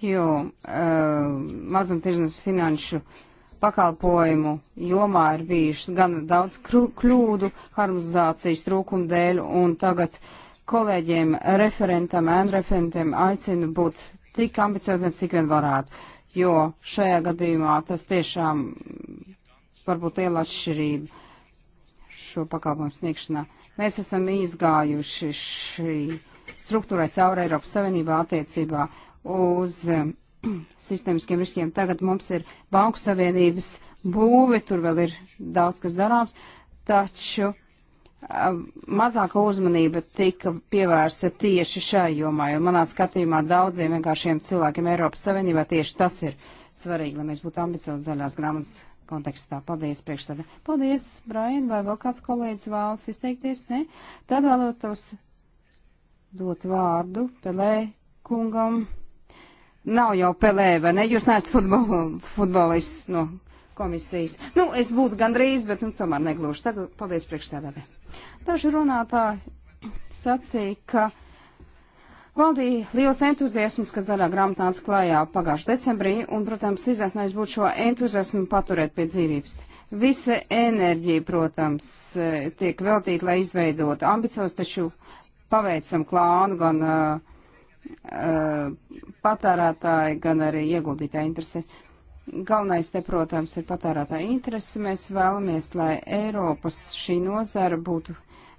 jo uh, mazumtirdzniecības finanšu pakalpojumu jomā ir bijušas gan daudz kļūdu harmonizācijas trūkuma dēļ, un tagad kolēģiem, referentam, ēnreferentiem aicinu būt tik ambicioziem, cik vien varētu, jo šajā gadījumā tas tiešām var būt liela atšķirība šo pakalpojumu sniegšanā. Mēs esam izgājuši šī struktūrai cauri Eiropas Savienībā attiecībā uz um, sistēmiskiem riskiem. Tagad mums ir banku savienības būve, tur vēl ir daudz kas darāms, taču um, mazāka uzmanība tika pievērsta tieši šai jomā, jo manā skatījumā daudziem vienkāršiem cilvēkiem Eiropas Savienībā tieši tas ir svarīgi, lai mēs būtu ambiciozi zaļās grāmatas kontekstā. Paldies, priekšsēdē. Paldies, Brian, vai vēl kāds kolēģis vēlas izteikties? Ne? Tad vēlētos dot vārdu Pelē kungam nav jau pelē, vai ne? Jūs neesat futbol, futbolists no komisijas. Nu, es būtu gandrīz, bet nu, tomēr negluši. Tagad paldies priekšsēdētājai. Daži runātāji sacīja, ka valdīja liels entuziasms, kad zaļā grāmatā nāca klājā pagājušā decembrī, un, protams, izaicinājums būtu šo entuziasmu paturēt pie dzīvības. Visa enerģija, protams, tiek veltīta, lai izveidotu ambiciozus, taču paveicam klānu gan uh, Uh, patērētāji, gan arī ieguldītāji interesēs. Galvenais te, protams, ir patērētāja interese. Mēs vēlamies, lai Eiropas šī nozara būtu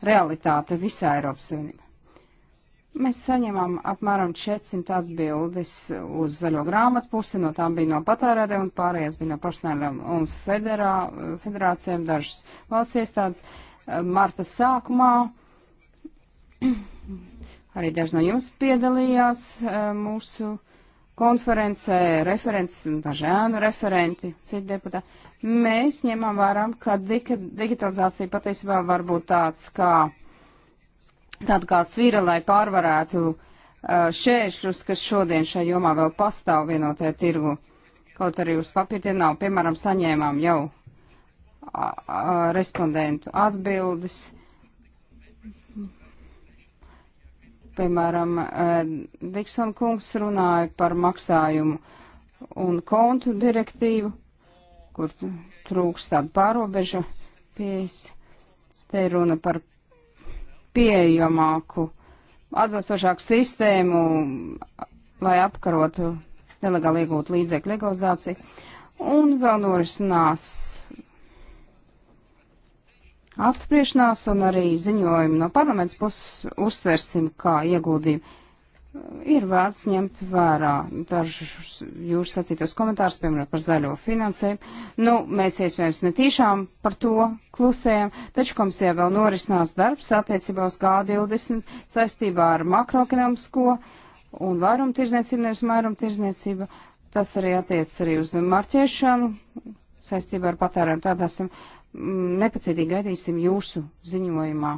realitāte visā Eiropas Savienībā. Mēs saņemam apmēram 400 atbildes uz zaļo grāmatu pusi, no tām bija no patērētājiem un pārējās bija no profesionāļiem un federā, federācijām dažas valsts iestādes. Marta sākumā Arī daži no jums piedalījās eh, mūsu konferencē, referents, daži ēnu referenti, citi deputāti. Mēs ņemam vērām, ka digitalizācija patiesībā var būt tāds kā, tāda kā svīra, lai pārvarētu eh, šķēršļus, kas šodien šajā jomā vēl pastāv vienotajā tirgu. Kaut arī uz papīra tie nav, piemēram, saņēmām jau respondentu atbildes Piemēram, eh, Diksona kungs runāja par maksājumu un kontu direktīvu, kur trūks tāda pārobeža pieejas. Te ir runa par pieejamāku, atbilstošāku sistēmu, lai apkarotu nelegāli iegūt līdzekļu legalizāciju. Un vēl norisinās apspriešanās un arī ziņojumu no parlaments puses uztversim kā ieguldījumu. Ir vērts ņemt vērā dažus jūsu sacītos komentārus, piemēram, par zaļo finansējumu. Nu, mēs iespējams netīšām par to klusējam, taču komisijā vēl norisinās darbs attiecībā uz G20 saistībā ar makroekonomisko un vairumtirdzniecību, nevis vairumtirdzniecību. Tas arī attiec arī uz marķēšanu saistībā ar patērēm. Tādā esam nepacietīgi gaidīsim jūsu ziņojumā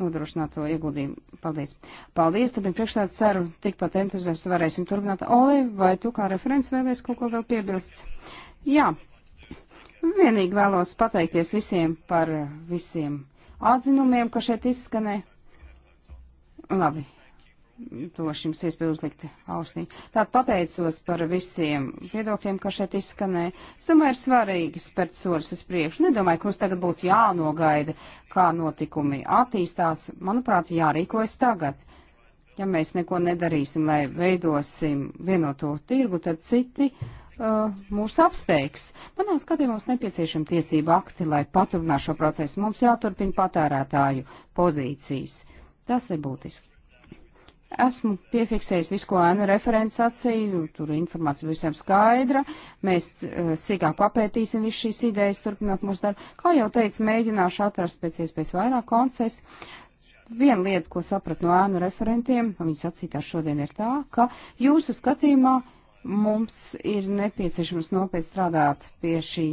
nodrošināto ieguldījumu. Paldies. Paldies, turpin priekšstādā ceru, tikpat entuziasti varēsim turpināt. Oli, vai tu kā referents vēlies kaut ko vēl piebilst? Jā. Vienīgi vēlos pateikties visiem par visiem atzinumiem, kas šeit izskanē. Labi, došu jums iespēju uzlikt ausnī. Tātad pateicos par visiem viedokļiem, kas šeit izskanēja. Es domāju, ir svarīgi spērt soļus uz priekšu. Nedomāju, ka mums tagad būtu jānogaida, kā notikumi attīstās. Manuprāt, jārīkojas tagad. Ja mēs neko nedarīsim, lai veidosim vienoto tirgu, tad citi uh, mūs apsteigs. Manā skatījumā mums nepieciešami tiesība akti, lai paturinātu šo procesu. Mums jāturpina patērētāju pozīcijas. Tas ir būtiski. Esmu piefiksējis visu, ko ēnu referents sacīja, tur informācija visiem skaidra, mēs uh, sīkāk papētīsim visu šīs idejas, turpināt mūsu darbu. Kā jau teicu, mēģināšu atrast pēc iespējas vairāk koncesu. Viena lieta, ko sapratu no ēnu referentiem, un viņi sacītā šodien ir tā, ka jūsu skatījumā mums ir nepieciešams nopietni strādāt pie šī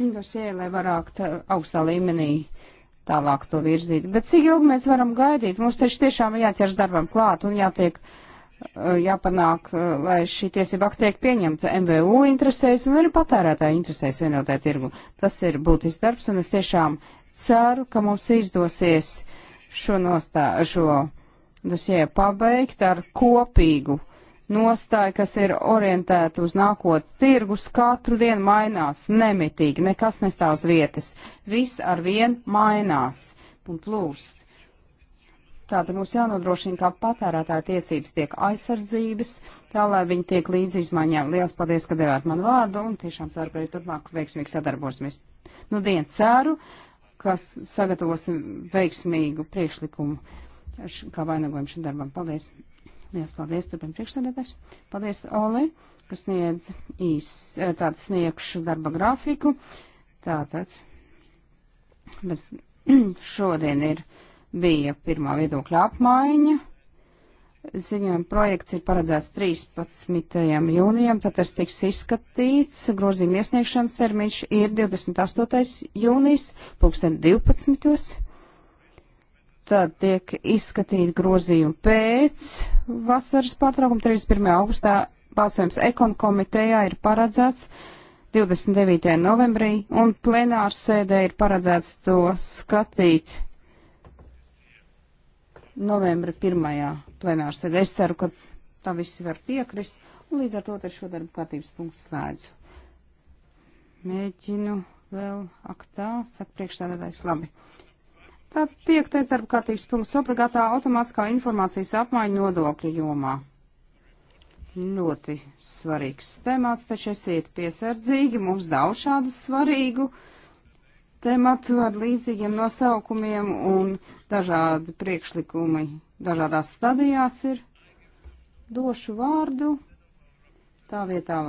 dosie, lai varētu augstā līmenī uh, tālāk to virzīt. Bet cik ilgi mēs varam gaidīt? Mums taču tiešām jāķers darbam klāt un jātiek, eh, jāpanāk, eh, lai šī tiesība akti tiek pieņemta MVU interesēs un arī patērētāju interesēs vienotē tirgu. Tas ir būtisks darbs un es tiešām ceru, ka mums izdosies šo, nostā, šo dosie pabeigt ar kopīgu nostāja, kas ir orientēta uz nākotni. Tirgus katru dienu mainās nemitīgi, nekas nestāvs vietas. Viss ar vien mainās un plūst. Tātad mums jānodrošina, kā patērētāja tiesības tiek aizsardzības, tā lai viņi tiek līdz izmaiņām. Lielas paldies, ka devāt man vārdu un tiešām ceru, ka arī turpmāk veiksmīgi sadarbosimies. Nu, dien ceru, ka sagatavosim veiksmīgu priekšlikumu, kā vainagojumu šim darbam. Paldies! Lielas paldies, turpin priekšsēdētājs. Paldies, Oli, kas sniedz īs, e, tādu sniegšu darba grafiku. Tātad, bez, [clears throat] šodien ir bija pirmā viedokļa apmaiņa. Ziņojuma projekts ir paredzēts 13. jūnijam, tad tas tiks izskatīts. Grozījuma iesniegšanas termiņš ir 28. jūnijas, pulksten 12. Tad tiek izskatīti grozījumi pēc vasaras pārtraukuma 31. augustā. Balsojums ekon komitejā ir paredzēts 29. novembrī un plenārs sēdē ir paredzēts to skatīt novembra 1. plenārs sēdē. Es ceru, ka tā visi var piekrist un līdz ar to ar šo darbu kārtības punktu slēdzu. Mēģinu vēl aktā, saka priekšstādātājs labi. Tad piektais darba kārtības punkts - obligātā automātiskā informācijas apmaiņa nodokļu jomā. Ļoti svarīgs temats, taču esiet piesardzīgi, mums daudz šādu svarīgu tematu ar līdzīgiem nosaukumiem un dažādi priekšlikumi dažādās stadijās ir. Došu vārdu tā vietā,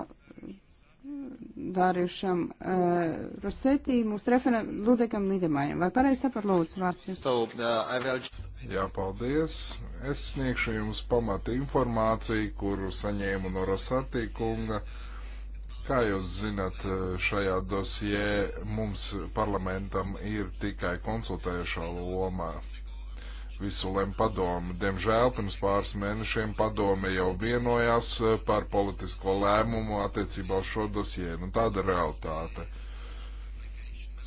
Dārijušam uh, eh, Rosetī, mūsu referentam Ludekam Lidemājam. Vai pareizi saprat lūdzu vārds jums? So, uh, Jā, paldies. Es sniegšu jums pamata informāciju, kuru saņēmu no Rosetī kunga. Kā jūs zinat, eh, šajā dosjē mums parlamentam ir tikai konsultējošā loma visu lem padomu. Diemžēl pirms pāris mēnešiem padome jau vienojās eh, par politisko lēmumu attiecībā uz šo dosieru, un nu, tāda realitāte.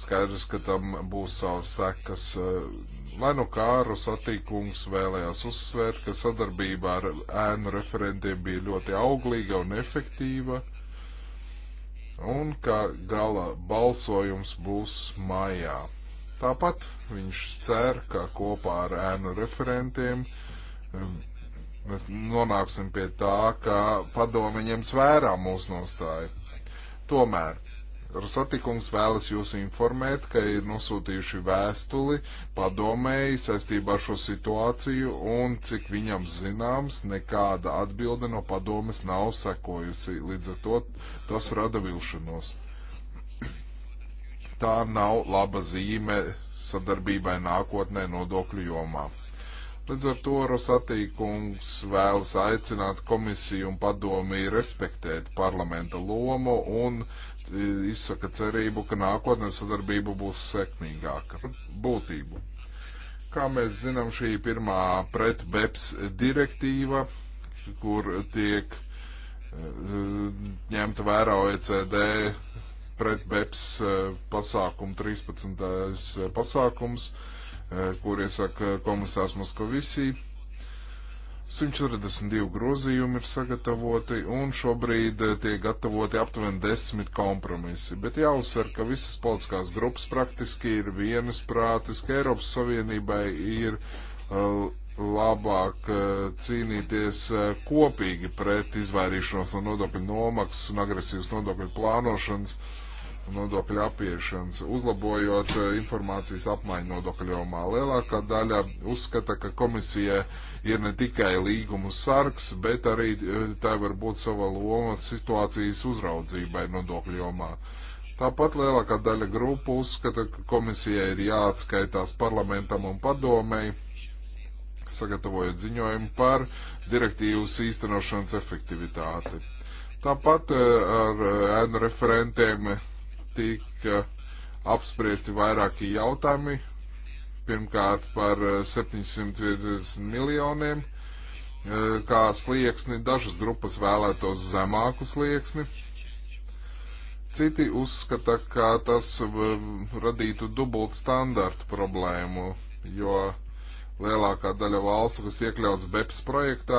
Skaidrs, ka tam būs savas sekas. Eh, lai nu kāru satīkums vēlējās uzsvērt, ka sadarbība ar ēnu referentiem bija ļoti auglīga un efektīva, un ka gala balsojums būs mājā. Tāpat viņš cer, ka kopā ar ēnu referentiem um, mēs nonāksim pie tā, ka padomi ņems vērā mūsu nostāju. Tomēr satikums vēlas jūs informēt, ka ir nosūtījuši vēstuli padomēji saistībā ar šo situāciju un, cik viņam zināms, nekāda atbilde no padomes nav sekojusi. Līdz ar to tas rada vilšanos tā nav laba zīme sadarbībai nākotnē nodokļu jomā. Līdz ar to Rosatī kungs vēlas aicināt komisiju un padomi respektēt parlamenta lomu un e, izsaka cerību, ka nākotnē sadarbība būs sekmīgāka. Būtību. Kā mēs zinām, šī pirmā pret-BEPS direktīva, kur tiek e, e, ņemta vērā OECD pret BEPS eh, pasākumu 13. Eh, pasākums, eh, kur iesaka komisārs Moskavisī. 142 grozījumi ir sagatavoti un šobrīd tiek gatavoti aptuveni 10 kompromisi. Bet jāuzsver, ka visas politiskās grupas praktiski ir vienas prātis, ka Eiropas Savienībai ir uh, labāk eh, cīnīties eh, kopīgi pret izvairīšanos no nodokļu nomaksas un agresīvas nodokļu plānošanas un nodokļu apiešanas, uzlabojot eh, informācijas apmaiņu nodokļu jomā. Lielākā daļa uzskata, ka komisija ir ne tikai līgumu sargs, bet arī tā var būt sava loma situācijas uzraudzībai nodokļu jomā. Tāpat lielākā daļa grupu uzskata, ka komisijai ir jāatskaitās parlamentam un padomēji sagatavojot ziņojumu par direktīvas īstenošanas efektivitāti. Tāpat eh, ar eh, ēnu referentiem tika apspriesti vairāki jautājumi. Pirmkārt par 750 eh, miljoniem, kā slieksni, dažas grupas vēlētos zemāku slieksni. Citi uzskata, ka tas radītu dubult standartu problēmu, jo lielākā daļa valstu, kas iekļauts BEPS projektā,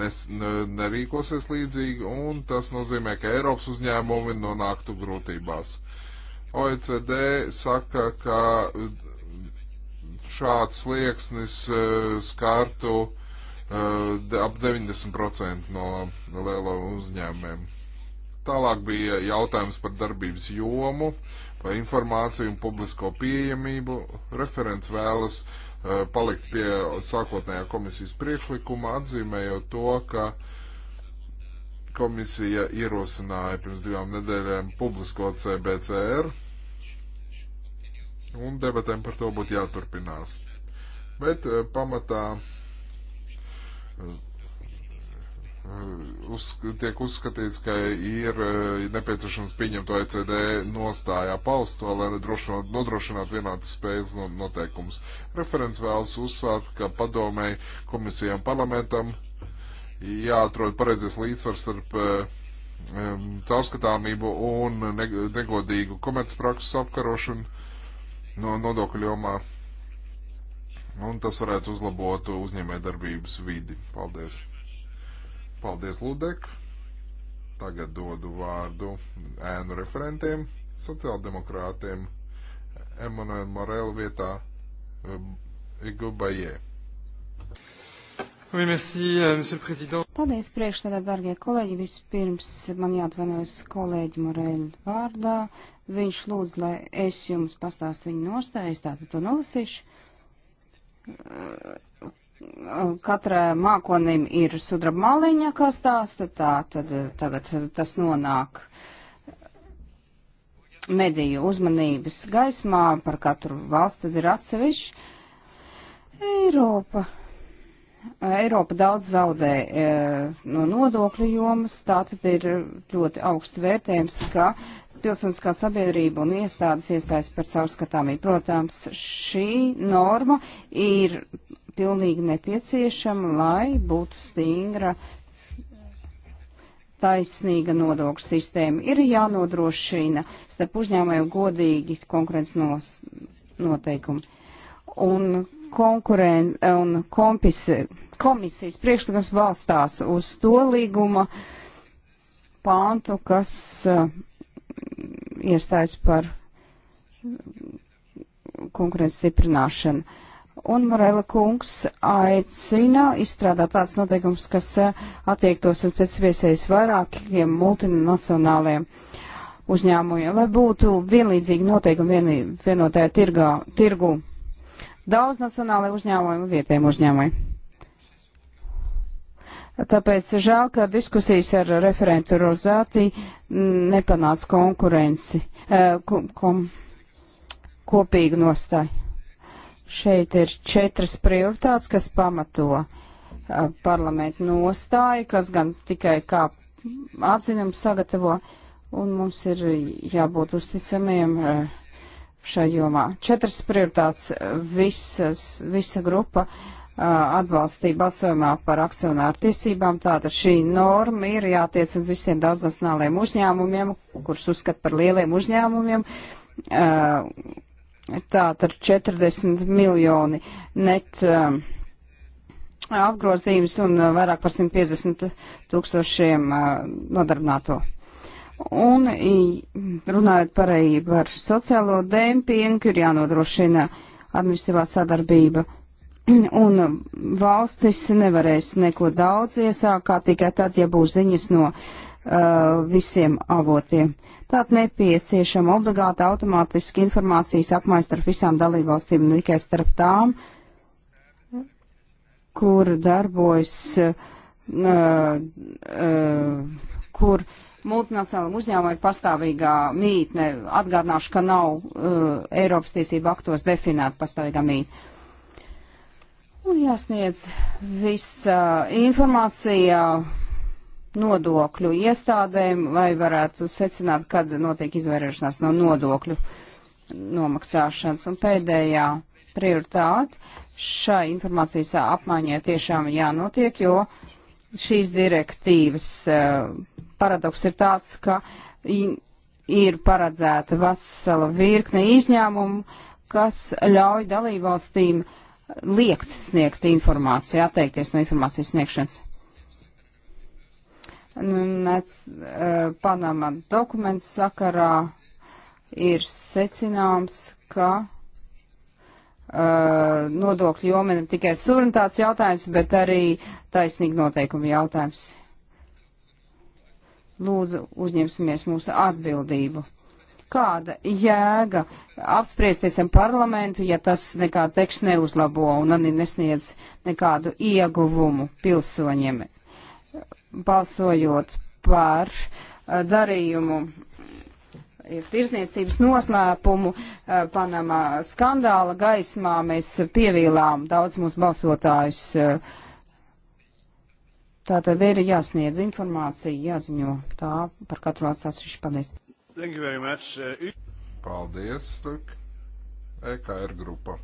nes, nerīkosies līdzīgi, un tas nozīmē, ka Eiropas uzņēmumi nonāktu grūtībās. OECD saka, ka šāds slieksnis e, skārtu e, ap 90% no lielo uzņēmumiem. Tālāk bija jautājums par darbības jomu, par informāciju un publisko pieejamību. Referents vēlas uh, palikt pie sākotnējā komisijas priekšlikuma, atzīmējot to, ka komisija ierosināja pirms divām nedēļām publiskot CBCR, un debatēm par to būtu jāturpinās. Bet uh, pamatā uh, Mm, uz, tiek uzskatīts, ka ir eh, nepieciešams pieņemt OECD nostājā pausto, lai nodrošinātu vienādas spējas noteikumus. Referents vēlas uzsvērt, ka padomēji komisijām parlamentam jāatrod pareizais līdzsvars starp eh, caurskatāmību un negodīgu komercprakses apkarošanu no nodokļu jomā. Un tas varētu uzlabot uzņēmē darbības vidi. Paldies! Paldies, Ludek. Tagad dodu vārdu ēnu referentiem, sociāldemokrātiem, Emanuēl Morelu vietā um, Igubajē. Oui, merci, euh, monsieur le président. Paldies, priekšstādā, dargie kolēģi. Vispirms man jāatvainojas kolēģi Morelu vārdā. Viņš lūdz, lai es jums pastāstu viņu nostājas, tātad to nolasīšu katrai mākonim ir sudraba maliņa, kas stāsta tā, tad eh, tagad tas nonāk mediju uzmanības gaismā, par katru valstu tad ir atsevišķi. Eiropa. Eiropa daudz zaudē e, no nodokļu jomas, tā tad ir ļoti augsts vērtējums, ka pilsoniskā sabiedrība un iestādes iestājas par caurskatāmību. Protams, šī norma ir pilnīgi nepieciešama, lai būtu stingra taisnīga nodokļu sistēma. Ir jānodrošina starp uzņēmējiem godīgi konkurences nos, noteikumi. Un, konkuren, un kompis, komisijas priekšlikums balstās uz to līguma pāntu, kas uh, iestājas par konkurences stiprināšanu. Uh, Un Morela kungs aicina izstrādāt tāds noteikums, kas eh, attiektos uz pēc viesējas vairākiem multinacionāliem uzņēmumiem, lai būtu vienlīdzīgi noteikumi vien, vienotajā tirgā, tirgu daudz nacionālajiem uzņēmumiem un vietējiem uzņēmumiem. Tāpēc žēl, ka diskusijas ar referentu Rozāti nepanāca konkurenci, eh, kom, kom, kopīgu nostāju. Šeit ir četras prioritātes, kas pamato uh, parlamentu nostāju, kas gan tikai kā atzinumu sagatavo, un mums ir jābūt uzticamiem uh, šai jomā. Četras prioritātes visas, visa grupa uh, atbalstīja balsojumā par akcionāru tiesībām. Tātad šī norma ir jātiec uz visiem daudznacionālajiem uzņēmumiem, kurus uzskat par lieliem uzņēmumiem. Uh, tātad 40 miljoni net um, apgrozījums un uh, vairāk par 150 tūkstošiem uh, nodarbināto. Un runājot pareizi par sociālo dempingu, ir jānodrošina administratīvā sadarbība. [clears throat] Un valstis nevarēs neko daudz iesākt, kā tikai tad, ja būs ziņas no uh, uh, visiem avotiem. Tātad nepieciešama obligāta automātiska informācijas apmaiņa starp visām dalībvalstīm, ne tikai starp tām, kur darbojas, uh, uh, kur multinacionālam uzņēmumam ir pastāvīgā mītne. Atgādināšu, ka nav uh, Eiropas tiesību aktos definēta pastāvīgā mītne. Un jāsniedz visa informācija nodokļu iestādēm, lai varētu secināt, kad notiek izvairīšanās no nodokļu nomaksāšanas. Un pēdējā prioritāte šai informācijas apmaiņai tiešām jānotiek, jo šīs direktīvas eh, paradoks ir tāds, ka ir paredzēta vesela virkne izņēmumu, kas ļauj dalībvalstīm liekt sniegt informāciju, atteikties no informācijas sniegšanas. Nu, nec uh, Panama dokumentu sakarā ir secināms, ka uh, nodokļu joma ne tikai suverenitātes jautājums, bet arī taisnīgi noteikumi jautājums. Lūdzu, uzņemsimies mūsu atbildību. Kāda jēga apspriesties ar parlamentu, ja tas nekādu tekstu neuzlabo un arī nesniedz nekādu ieguvumu pilsoņiem? balsojot par uh, darījumu tirzniecības noslēpumu uh, Panamā skandāla gaismā. Mēs pievīlām daudz mūsu balsotājus. Uh. Tā tad ir jāsniedz informācija, jāziņo tā par katru atsevišķu. Paldies. Thank you very much. Paldies, Luk. EKR er grupa.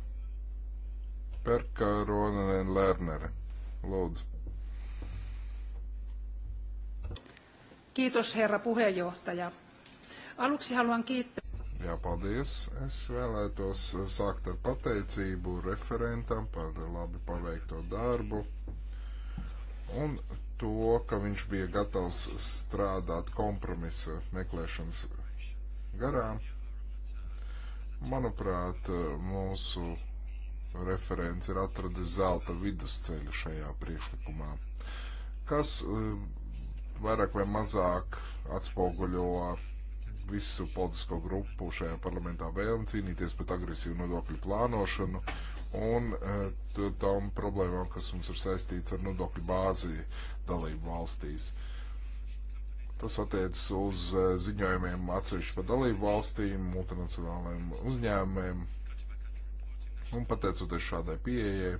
Perka Ronanen Lernere. Lūdzu. Kiitos herra puheenjohtaja. Aluksi haluan kiittää. Jā, paldies. Es vēlētos sākt ar pateicību referentam par labi paveikto darbu un to, ka viņš bija gatavs strādāt kompromisa meklēšanas garā. Manuprāt, mūsu referents ir atradis zelta vidusceļu šajā priekšlikumā, kas vairāk vai mazāk atspoguļo visu politisko grupu šajā parlamentā vēlmi cīnīties pret agresīvu nodokļu plānošanu un eh, tām problēmām, kas mums ir saistīts ar nodokļu bāzi dalību valstīs. Tas attiecas uz eh, ziņojumiem atsevišķi par dalību valstīm, multinacionālajiem uzņēmumiem, un pateicoties šādai pieejai,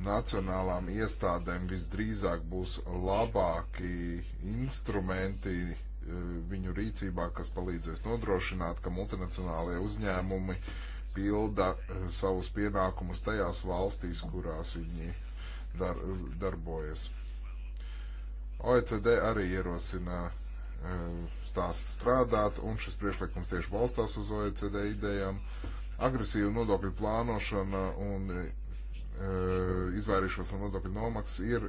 nacionālām iestādēm visdrīzāk būs labāki instrumenti eh, viņu rīcībā, kas palīdzēs nodrošināt, ka multinacionālie uzņēmumi pilda eh, savus pienākumus tajās valstīs, kurās viņi dar, darbojas. OECD arī ierosina eh, stāst strādāt, un šis priekšlikums tieši balstās uz OECD idejām. Agresīva nodokļu plānošana un Eh, izvairīšanās no nodokļu nomaksas ir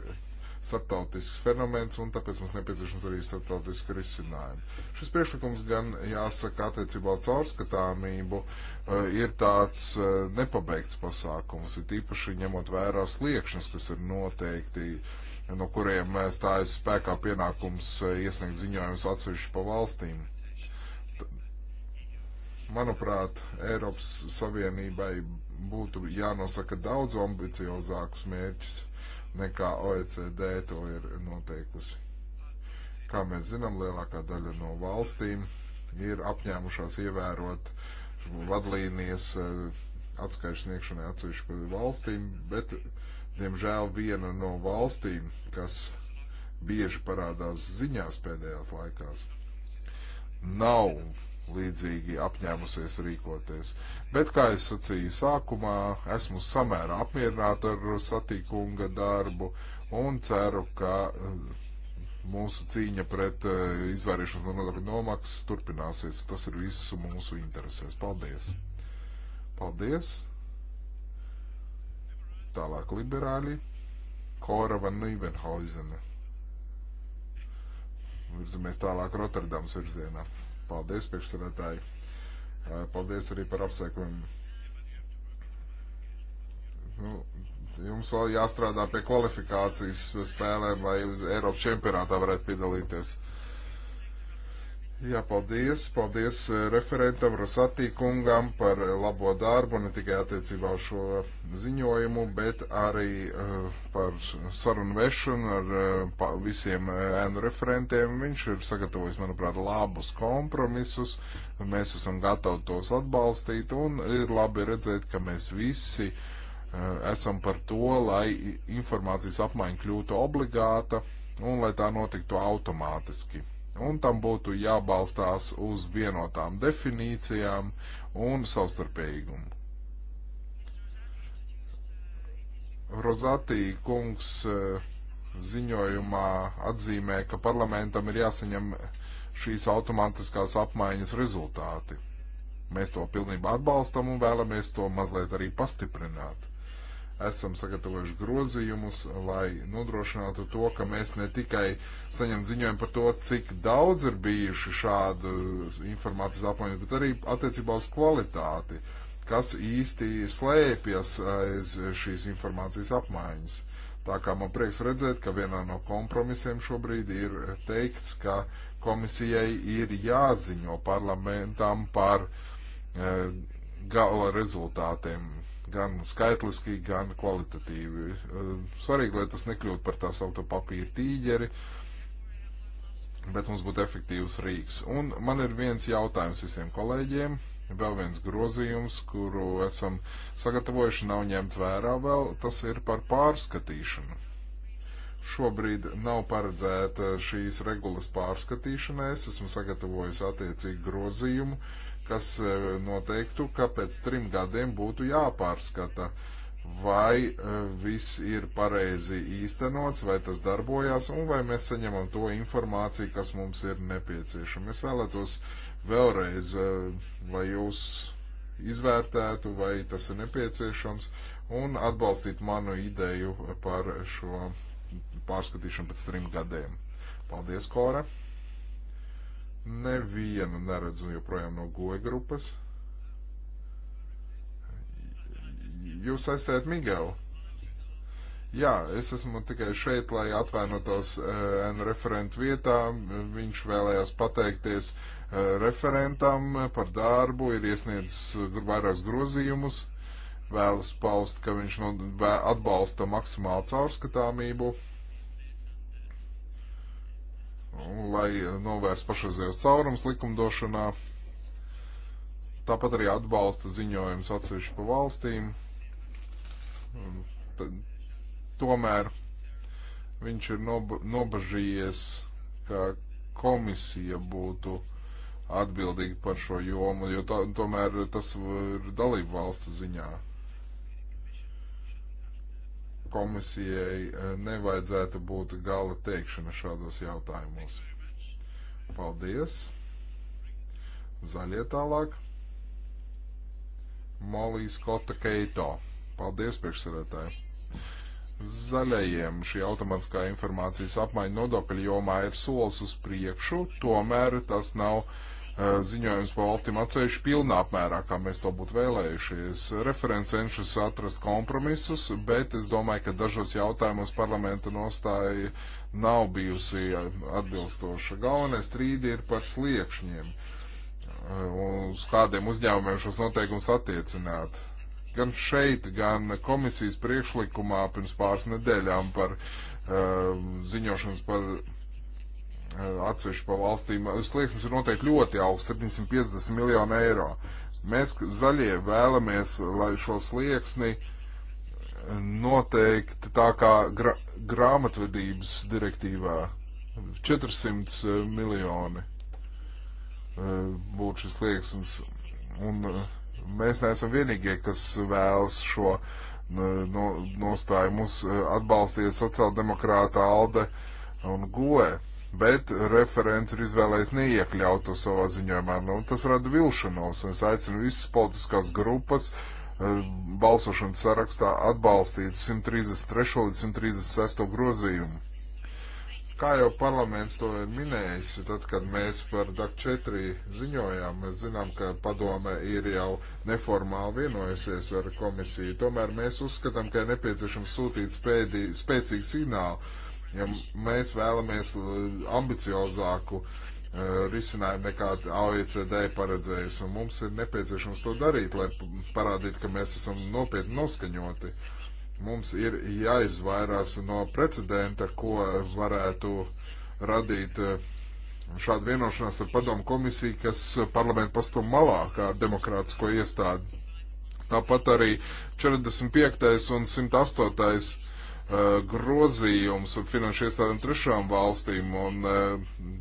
starptautisks fenomens, un tāpēc mums nepieciešams arī starptautiski risinājumi. Šis priekšlikums gan jāsaka attiecībā uz caurskatāmību eh, ir tāds eh, nepabeigts pasākums, ir tīpaši ņemot vērā sliekšņus, kas ir noteikti no kuriem stājas spēkā pienākums iesniegt ziņojumus atsevišķi pa valstīm. Manuprāt, Eiropas Savienībai būtu jānosaka daudz ambiciozākus mērķus nekā OECD to ir noteikusi. Kā mēs zinām, lielākā daļa no valstīm ir apņēmušās ievērot vadlīnijas eh, atskaišu sniegšanai atsevišķu valstīm, bet, diemžēl, viena no valstīm, kas bieži parādās ziņās pēdējās laikās, nav līdzīgi apņēmusies rīkoties. Bet, kā es sacīju sākumā, esmu samērā apmierināta ar satīkunga darbu un ceru, ka eh, mūsu cīņa pret eh, izvairīšanas no nodokļu nomaksas turpināsies. Tas ir visu mūsu interesēs. Paldies! Paldies! Tālāk liberāļi. Kora van Nīvenhauzene. Virzamies tālāk Rotterdams virzienā. Paldies, priekšsēdētāji. Paldies arī par apsveikumu. Nu, jums vēl jāstrādā pie kvalifikācijas spēlēm, lai Eiropas čempionātā varētu piedalīties. Jā, paldies. Paldies eh, referentam Rosatī kungam par eh, labo darbu, ne tikai attiecībā uz šo ziņojumu, bet arī uh, par sarunu vešanu ar uh, visiem ēnu referentiem. Viņš ir sagatavojis, manuprāt, labus kompromisus. Mēs esam gatavi tos atbalstīt un ir labi redzēt, ka mēs visi uh, esam par to, lai informācijas apmaiņa kļūtu obligāta un lai tā notiktu automātiski un tam būtu jābalstās uz vienotām definīcijām un savstarpējumu. Rozatī kungs eh, ziņojumā atzīmē, ka parlamentam ir jāsaņem šīs automātiskās apmaiņas rezultāti. Mēs to pilnībā atbalstam un vēlamies to mazliet arī pastiprināt esam sagatavojuši grozījumus, lai nodrošinātu to, ka mēs ne tikai saņem ziņojumu par to, cik daudz ir bijuši šādu informācijas apmaiņu, bet arī attiecībā uz kvalitāti, kas īsti slēpjas aiz šīs informācijas apmaiņas. Tā kā man prieks redzēt, ka vienā no kompromisiem šobrīd ir teikts, ka komisijai ir jāziņo parlamentam par e, gala rezultātiem gan skaitliski, gan kvalitatīvi. Eh, svarīgi, lai tas nekļūtu par tā saucamo papīra tīģeri, bet mums būtu efektīvs rīks. Un man ir viens jautājums visiem kolēģiem, vēl viens grozījums, kuru esam sagatavojuši, nav ņemts vērā vēl, tas ir par pārskatīšanu. Šobrīd nav paredzēta šīs regulas pārskatīšana, es esmu sagatavojis attiecīgu grozījumu, uh, kas e, noteiktu, ka pēc trim gadiem būtu jāpārskata, vai e, viss ir pareizi īstenots, vai tas darbojās, un vai mēs saņemam to informāciju, kas mums ir nepieciešama. Es vēlētos vēlreiz, e, lai jūs izvērtētu, vai tas ir nepieciešams, un atbalstīt manu ideju par šo pārskatīšanu pēc trim gadiem. Paldies, Kora! Nevienu neredzu joprojām no goja grupas. Jūs aizstājat Migelu? Jā, es esmu tikai šeit, lai atvainotos uh, referentu vietā. Viņš vēlējās pateikties uh, referentam par darbu, ir iesniedzis eh, vairākus grozījumus, vēlas paust, ka viņš no, atbalsta maksimālu caurskatāmību. Uh, Nu, lai eh, novērstu pašreizējos caurums likumdošanā. Tāpat arī atbalsta ziņojums atsevišķi pa valstīm. Tad, tomēr viņš ir noba, nobažījies, ka komisija būtu atbildīga par šo jomu, jo tā, tomēr tas ir dalību valsts ziņā komisijai eh, nevajadzētu būt gala teikšana šādos jautājumos. Paldies! Zaļie tālāk. Molijas Kota Keito. Paldies, priekšsēdētāji! Zaļajiem šī automātiskā informācijas apmaiņa nodokļu jomā ir solis uz priekšu, tomēr tas nav uh, ziņojums pa valstīm atsevišķi pilnā apmērā, kā mēs to būtu vēlējušies. Referents cenšas atrast kompromisus, bet es domāju, ka dažos jautājumos parlamenta nostāja nav bijusi atbilstoša. Galvenais strīdi ir par sliekšņiem, uz kādiem uzņēmumiem šos noteikumus attiecināt. Gan šeit, gan komisijas priekšlikumā pirms pāris nedēļām par uh, ziņošanas par Eh, atsevišķi pa valstīm. Eh, slieksnis ir noteikti ļoti augsts - 750 miljonu eiro. Mēs zaļie vēlamies, lai šo slieksni eh, noteikti tā kā gra grāmatvedības direktīvā 400 miljoni būtu šis slieksnis. Un mēs neesam vienīgie, kas vēlas šo nostāju. Mums atbalstīja sociāldemokrāta Alde un Goe bet referents ir izvēlējis neiekļaut to savā ziņojumā. Nu, tas rada vilšanos, un es aicinu visas politiskās grupas eh, balsošanas sarakstā atbalstīt 133. līdz 136. grozījumu. Kā jau parlaments to ir minējis, tad, kad mēs par DAC4 ziņojām, mēs zinām, ka padome ir jau neformāli vienojusies ar komisiju. Tomēr mēs uzskatām, ka ir nepieciešams sūtīt spēdī, spēcīgu signālu Ja mēs vēlamies uh, ambiciozāku uh, risinājumu nekā OECD paredzējusi, un mums ir nepieciešams to darīt, lai parādītu, ka mēs esam nopietni noskaņoti. Mums ir jāizvairās no precedenta, ko varētu radīt uh, šāda vienošanās ar padomu komisiju, kas parlamentu pastāv malā kā demokrātisko iestādi. Tāpat arī 45. un 108. Uh, grozījums finanšu iestādēm trešām valstīm un uh,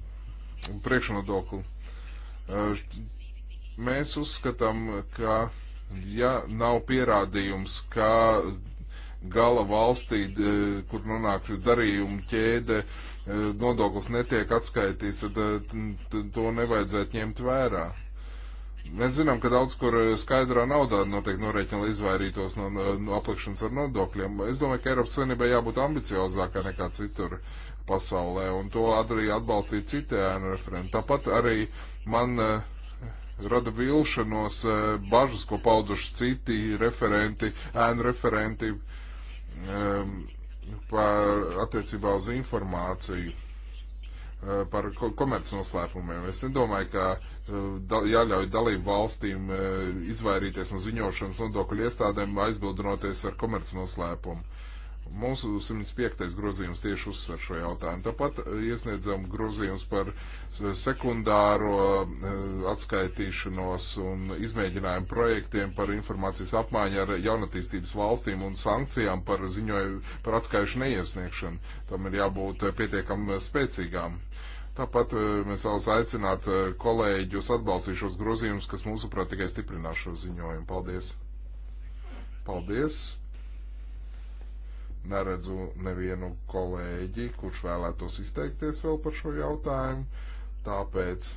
priekšnodokli. Uh, mēs uzskatām, ka ja nav pierādījums, ka gala valstī, kur nonāk šis darījuma ķēde, nodoklis netiek atskaitīts, tad to nevajadzētu ņemt vērā. Mēs zinām, ka daudz kur eh, skaidrā naudā notiek norēķina, lai izvairītos no, no aplikšanas ar nodokļiem. Es domāju, ka Eiropas Savienībai jābūt ambiciozākai nekā citur pasaulē, un to arī atbalstīja citi ēnu referenti. Tāpat arī man eh, rada vilšanos eh, bažas, ko pauduši citi referenti, ēnu referenti um, par attiecībā uz informāciju Eh, par komercnoslēpumiem. Es nedomāju, ka eh, da, jāļauj dalību valstīm eh, izvairīties no ziņošanas nodokļu iestādēm aizbildinoties ar komercnoslēpumu. Mūsu 105. grozījums tieši uzsver šo jautājumu. Tāpat e, iesniedzam grozījums par sekundāro e, atskaitīšanos un izmēģinājumu projektiem par informācijas apmaiņu ar jaunatīstības valstīm un sankcijām par ziņoju par atskaišu neiesniegšanu. Tam ir jābūt e, pietiekam spēcīgām. Tāpat mēs vēlas aicināt kolēģus atbalstīt šos grozījumus, kas mūsuprāt tikai stiprinās šo ziņojumu. Paldies! Paldies! neredzu nevienu kolēģi, kurš vēlētos izteikties vēl par šo jautājumu, tāpēc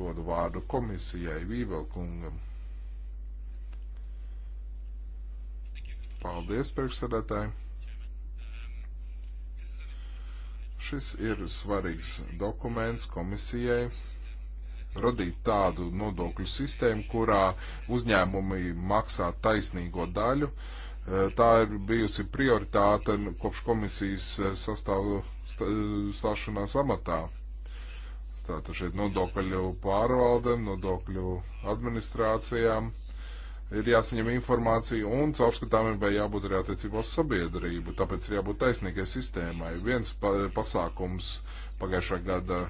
dodu vārdu komisijai Vībelkungam. Paldies, priekšsēdētāji! Šis ir svarīgs dokuments komisijai radīt tādu nodokļu sistēmu, kurā uzņēmumi maksā taisnīgo daļu, uh, Eh, tā ir bijusi prioritāte kopš komisijas eh, sastāvu stāšanās amatā. Tātad šeit nodokļu pārvaldēm, nodokļu administrācijām ir jāsaņem informācija un caurskatāmībai jābūt arī attiecībos sabiedrību, tāpēc ir jābūt taisnīgai sistēmai. Viens pa pasākums pagājušā gada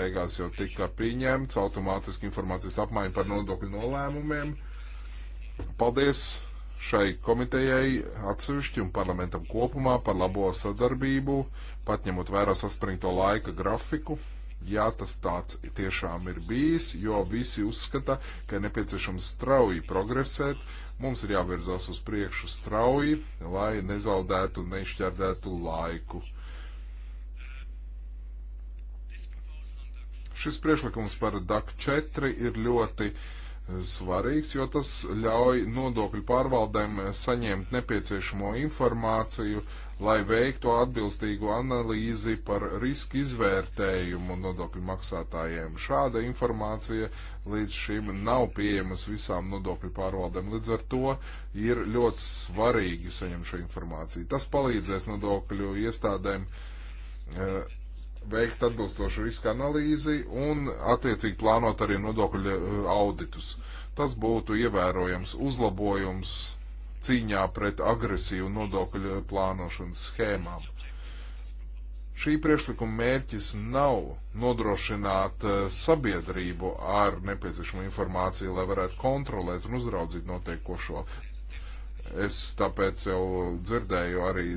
beigās jau tika pieņemts, automātiski informācijas apmaiņa par nodokļu nolēmumiem. Paldies! šai komitejai atsevišķi un parlamentam kopumā par labo sadarbību, pat ņemot vērā saspringto laika grafiku. Jā, tas tāds tiešām ir bijis, jo visi uzskata, ka nepieciešams strauji progresēt, mums ir jāvirzās uz priekšu strauji, lai nezaudētu un nešķērdētu laiku. Šis priešlikums par DAC 4 ir ļoti uh, svarīgs, jo tas ļauj nodokļu pārvaldēm saņemt nepieciešamo informāciju, lai veiktu atbilstīgu analīzi par risku izvērtējumu nodokļu maksātājiem. Šāda informācija līdz šim nav pieejamas visām nodokļu pārvaldēm, līdz ar to ir ļoti svarīgi saņemt šo informāciju. Tas palīdzēs nodokļu iestādēm uh, veikt atbilstošu riska analīzi un attiecīgi plānot arī nodokļu eh, auditus. Tas būtu ievērojams uzlabojums cīņā pret agresīvu nodokļu eh, plānošanas schēmām. Šī priekšlikuma mērķis nav nodrošināt eh, sabiedrību ar nepieciešamo informāciju, lai varētu kontrolēt un uzraudzīt notiekošo. Es tāpēc jau dzirdēju arī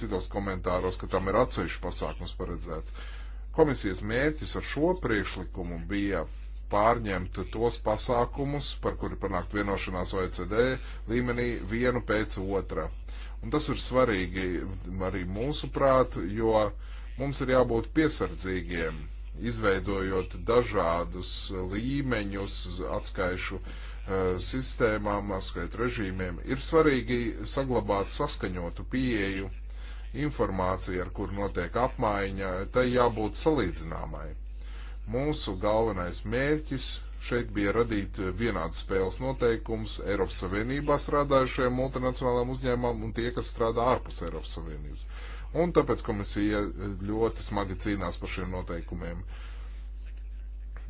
citos komentāros, ka tam ir atsevišķi pasākums paredzēts. Komisijas mērķis ar šo priekšlikumu bija pārņemt tos pasākumus, par kuri panākt vienošanās OECD līmenī vienu pēc otra. Un tas ir svarīgi arī mūsuprāt, jo mums ir jābūt piesardzīgiem, izveidojot dažādus līmeņus atskaišu uh, sistēmām, atskaitu režīmiem. Ir svarīgi saglabāt saskaņotu pieeju informācija, ar kur notiek apmaiņa, tai jābūt salīdzināmai. Mūsu galvenais mērķis šeit bija radīt vienādas spēles noteikums Eiropas Savienībā strādājušajiem multinacionālajiem uzņēmumam un tie, kas strādā ārpus Eiropas Savienības. Un tāpēc komisija ļoti smagi cīnās par šiem noteikumiem.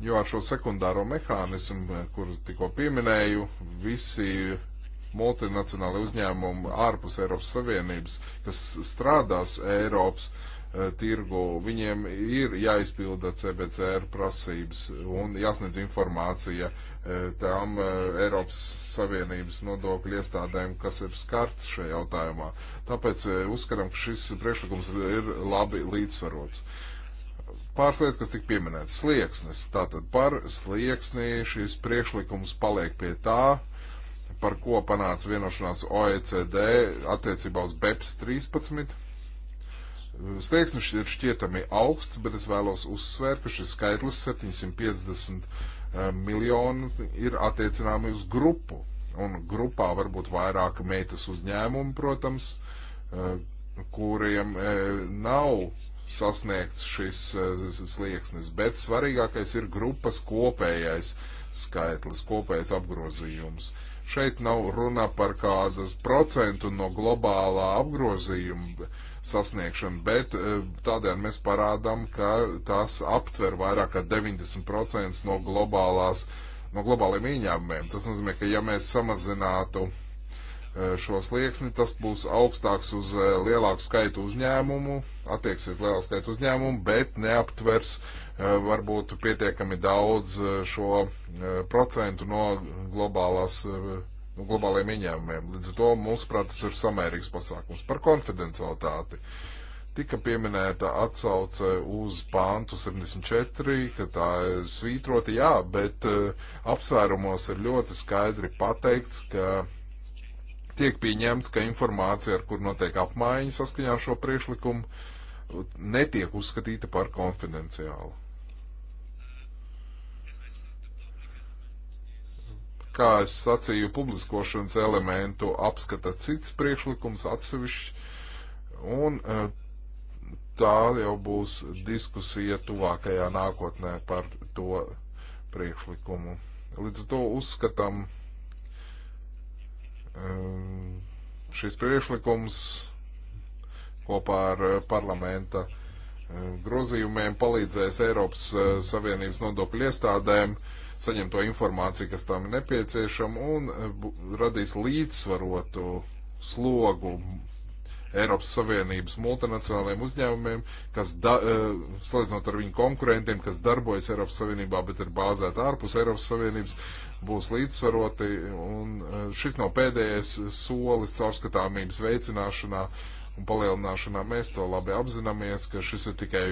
Jo ar šo sekundāro mehānismu, kuru tikko pieminēju, visi multinacionāli uzņēmumi ārpus Eiropas Savienības, kas strādās Eiropas eh, tirgu, viņiem ir jāizpilda CBCR prasības un jāsniedz informācija eh, tām eh, Eiropas Savienības nodokļu iestādēm, kas ir skarts šajā jautājumā. Tāpēc uzskatām, ka šis priekšlikums ir labi līdzsvarots pāris lietas, kas tika pieminētas. Slieksnis. Tātad par slieksni šis priekšlikums paliek pie tā, par ko panāca vienošanās OECD attiecībā uz BEPS 13. Slieksnis ir šķietami augsts, bet es vēlos uzsvērt, ka šis skaitlis 750 eh, miljoni ir attiecināmi uz grupu. Un grupā varbūt vairāk meitas uzņēmumu, protams, eh, kuriem eh, nav sasniegts šis slieksnis, bet svarīgākais ir grupas kopējais skaitlis, kopējais apgrozījums. Uh, Šeit nav runa par kādas procentu no globālā apgrozījuma sasniegšanu, bet e, tādēļ mēs parādām, ka tas aptver vairāk kā 90% no globālās, no globāliem ieņēmumiem. Tas nozīmē, ka ja mēs samazinātu uh, Eh, šo slieksni, tas būs augstāks uz eh, lielāku skaitu uzņēmumu, attieksies lielāku skaitu uzņēmumu, bet neaptvers eh, varbūt pietiekami daudz šo procentu no globālās, no globālajiem ieņēmumiem. Līdz ar to, mūsuprāt, tas ir samērīgs pasākums par konfidencialitāti. Tika pieminēta atsauce uz pāntu 74, ka tā ir svītrota, jā, bet apsvērumos ir ļoti skaidri pateikts, ka tiek pieņemts, ka informācija, ar kur notiek apmaiņa saskaņā ar šo priekšlikumu, netiek uzskatīta par konfidenciālu. Kā es sacīju, publiskošanas elementu apskata cits priekšlikums atsevišķi, un eh, tā jau būs diskusija tuvākajā nākotnē par to priekšlikumu. Līdz ar to uzskatām, Ehm, šis priekšlikums kopā ar eh, parlamenta ehm, grozījumiem palīdzēs Eiropas eh, Savienības nodokļu iestādēm saņemt to informāciju, kas tam ir nepieciešama, un eh, radīs līdzsvarotu slogu Eiropas Savienības multinacionāliem uzņēmumiem, kas, da, e, salīdzinot ar viņu konkurentiem, kas darbojas Eiropas Savienībā, bet ir bāzēti ārpus Eiropas Savienības, būs līdzsvaroti. Un e, šis nav pēdējais solis caurskatāmības veicināšanā un palielināšanā. Mēs to labi apzināmies, ka šis ir tikai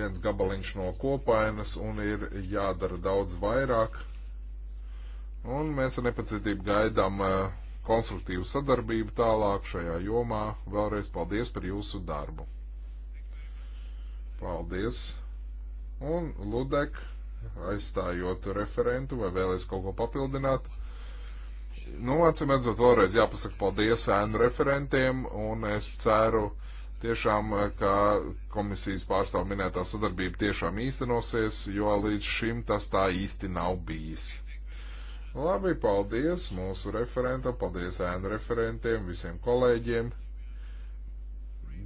viens gabaliņš no kopainas un ir jādara daudz vairāk. Un mēs ar nepacietību gaidām uh, konstruktīvu sadarbību tālāk šajā jomā. Vēlreiz paldies par jūsu darbu. Paldies. Un Ludek, aizstājot referentu, vai vēlēs kaut ko papildināt? Nu, acīm redzot, vēlreiz jāpasaka paldies ēnu referentiem, un es ceru, tiešām, ka komisijas pārstāv minētā sadarbība tiešām īstenosies, jo līdz šim tas tā īsti nav bijis. Labi, paldies mūsu referentam, paldies ēnu referentiem, visiem kolēģiem.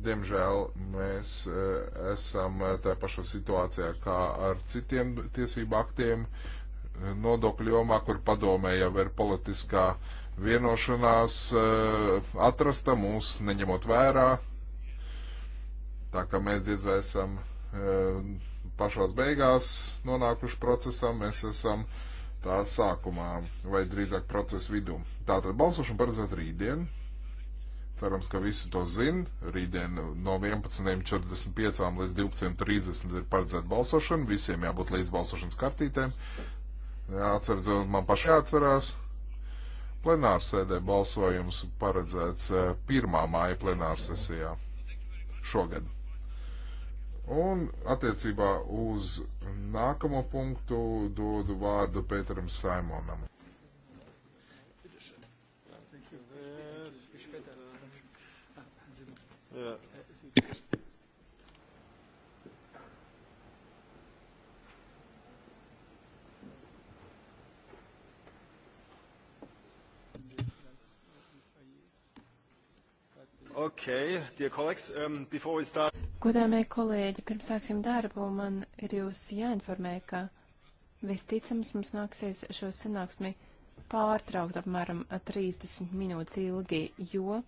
Diemžēl mēs eh, esam eh, tā pašā situācijā kā ar citiem tiesību aktiem eh, nodokļu jomā, kur padomē jau ir politiskā vienošanās atrasta mūs neņemot vērā. Tā kā mēs diez vai esam pašās beigās nonākuši procesam, mēs esam uh, tā sākumā, vai drīzāk procesa vidū. Tātad balsošana paredzēta rītdien. Cerams, ka visi to zina. Rītdien no 11.45 līdz 12.30 ir paredzēta balsošana. Visiem jābūt līdz balsošanas kartītēm. Jāatceras, man pašai jāatcerās. Plenārs sēdē balsojums paredzēts 1. Eh, māja plenārsesijā šogad. Un attiecībā uz nākamo punktu dodu vārdu Pēteram Saimonam. Yeah. Okay, dear colleagues, um, before we start... Godāmie kolēģi, pirms sāksim darbu, man ir jūs jāinformē, ka visticams mums nāksies šo sanāksmi pārtraukt apmēram 30 minūtes ilgi, jo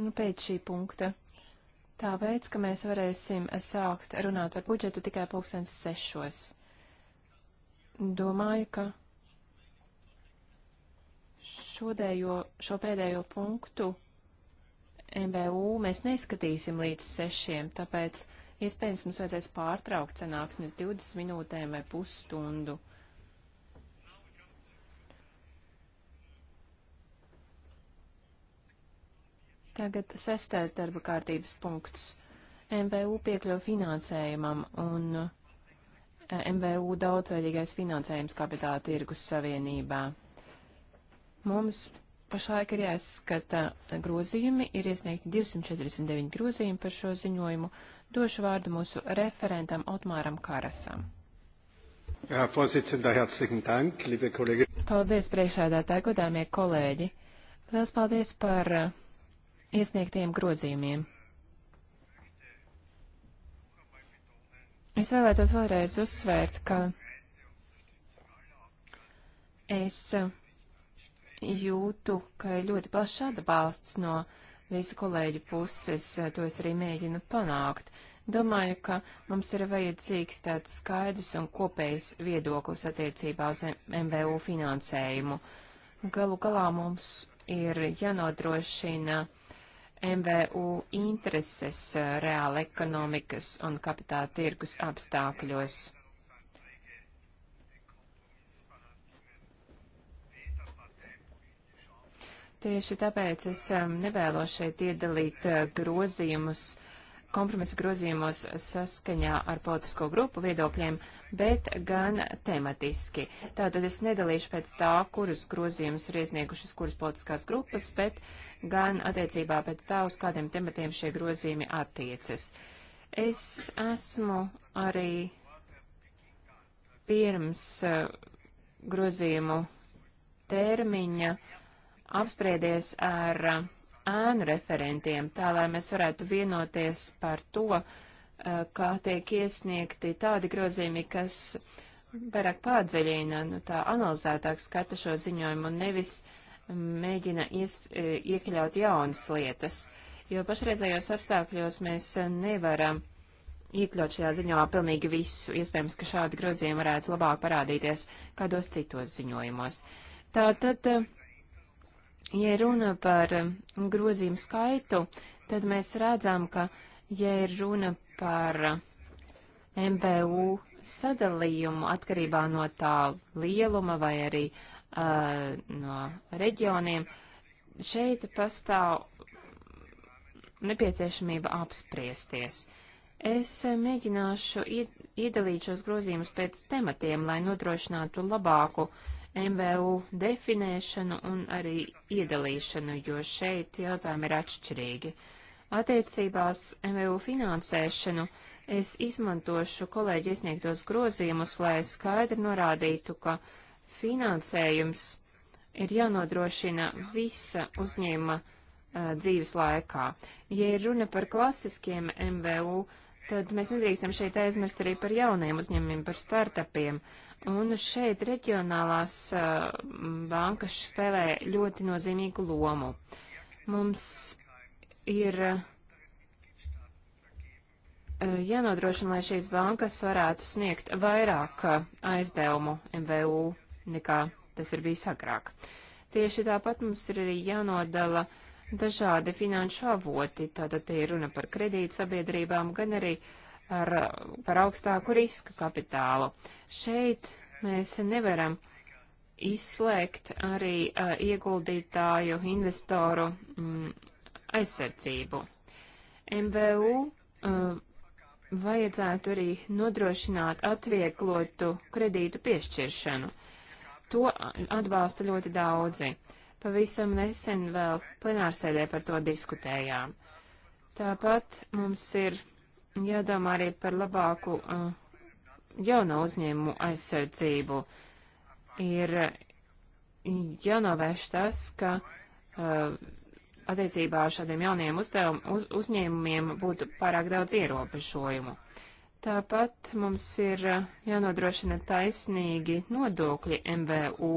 nu, pēc šī punkta. Tāpēc, ka mēs varēsim sākt runāt par budžetu tikai pulkstens sešos. Domāju, ka šodējo, šo pēdējo punktu MBU mēs neizskatīsim līdz sešiem, tāpēc iespējams mums vajadzēs pārtraukt sanāksmes 20 minūtēm vai pusstundu. Tagad sestais darba kārtības punkts - MVU piekļuva finansējumam un eh, MVU daudzveidīgais finansējums kapitāla tirgus savienībā. Mums pašlaik ir jāizskata grozījumi, ir iesniegti 249 grozījumi par šo ziņojumu. Došu vārdu mūsu referentam Otmāram Karasam. Jā, dank, paldies, priekšādātāji, godāmie kolēģi. Lielas paldies par uh, iesniegtiem grozījumiem. Es vēlētos vēlreiz uzsvērt, ka es uh, jūtu, ka ir ļoti plašs atbalsts no visu kolēģu puses, to es arī mēģinu panākt. Domāju, ka mums ir vajadzīgs tāds skaidrs un kopējs viedoklis attiecībā uz MVU finansējumu. Galu galā mums ir jānodrošina MVU intereses reāla ekonomikas un kapitāla tirgus apstākļos. Tieši tāpēc es um, nevēlos šeit iedalīt uh, grozījumus kompromisa grozījumos saskaņā ar politisko grupu viedokļiem, bet gan tematiski. Tātad es nedalīšu pēc tā, kurus grozījumus ir iesniegušas kuras politiskās grupas, bet gan attiecībā pēc tā, uz kādiem tematiem šie grozījumi attiecas. Es esmu arī pirms uh, grozījumu termiņa uh, apspriedies ar uh, ēnu referentiem, tā lai mēs varētu vienoties par to, uh, kā tiek iesniegti tādi grozījumi, kas vairāk pādziļina, nu tā analizētāk skata šo ziņojumu un nevis mēģina ies, e, iekļaut jaunas lietas, jo pašreizējos apstākļos mēs nevaram iekļaut šajā ziņojumā pilnīgi visu. Iespējams, ka šādi grozījumi varētu labāk parādīties kādos citos ziņojumos. Tātad e, Ja runa par um, grozījumu skaitu, tad mēs redzam, ka, ja ir runa par MBU um, sadalījumu atkarībā no tā lieluma vai arī uh, no reģioniem, šeit pastāv nepieciešamība apspriesties. Es um, mēģināšu iedalīt šos grozījumus pēc tematiem, lai nodrošinātu labāku uh, MVU definēšanu un arī iedalīšanu, jo šeit jautājumi ir atšķirīgi. Attiecībās MVU finansēšanu es izmantošu kolēģi iesniegtos grozījumus, lai skaidri norādītu, ka finansējums ir jānodrošina visa uzņēma uh, dzīves laikā. Ja ir runa par klasiskiem MVU, tad mēs nedrīkstam šeit aizmirst arī par jauniem uzņēmumiem, par startupiem. Uh, Un šeit reģionālās uh, bankas spēlē ļoti nozīmīgu lomu. Mums ir uh, jānodrošina, lai šīs bankas varētu sniegt vairāk uh, aizdevumu MVU nekā tas ir bijis agrāk. Tieši tāpat mums ir arī jānodala dažādi finanšu avoti, tātad te ir runa par kredītsabiedrībām, gan arī uh, ar, par augstāku riska kapitālu. Šeit mēs nevaram izslēgt arī uh, ieguldītāju investoru mm, aizsardzību. MVU uh, vajadzētu arī nodrošināt atvieglotu kredītu piešķiršanu. To atbalsta ļoti daudzi. Pavisam nesen vēl plenārsēdē par to diskutējām. Tāpat mums ir jādomā arī par labāku uh, jauno uzņēmumu aizsardzību. Ir uh, jānovērš tas, ka uh, attiecībā ar šādiem jauniem uzdevumu, uz, uzņēmumiem būtu pārāk daudz ierobežojumu. Tāpat mums ir jānodrošina taisnīgi nodokļi MVU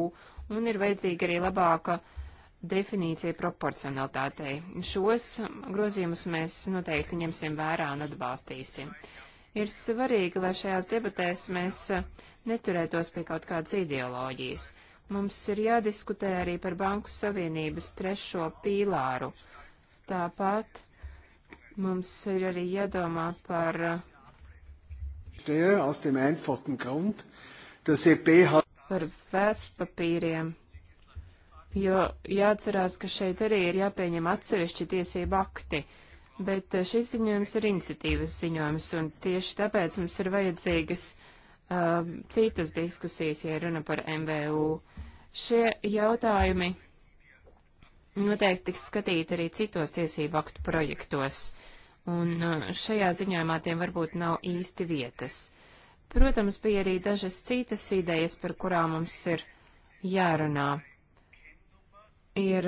un ir vajadzīga arī labāka uh, definīcija proporcionalitātei. Šos grozījumus mēs noteikti ņemsim vērā un atbalstīsim. Ir svarīgi, lai šajās debatēs mēs neturētos pie kaut kādas ideoloģijas. Mums ir jādiskutē arī par Banku Savienības trešo pīlāru. Tāpat mums ir arī jādomā par. Par vērtspapīriem, jo jāatcerās, ka šeit arī ir jāpieņem atsevišķi tiesību akti. Bet eh, šis ziņojums ir iniciatīvas ziņojums, un tieši tāpēc mums ir vajadzīgas uh, citas diskusijas, ja runa par MVU. Šie jautājumi noteikti tiks skatīti arī citos tiesību aktu projektos, un uh, šajā ziņojumā tiem varbūt nav īsti vietas. Protams, bija arī dažas citas idejas, par kurām mums ir jārunā ir,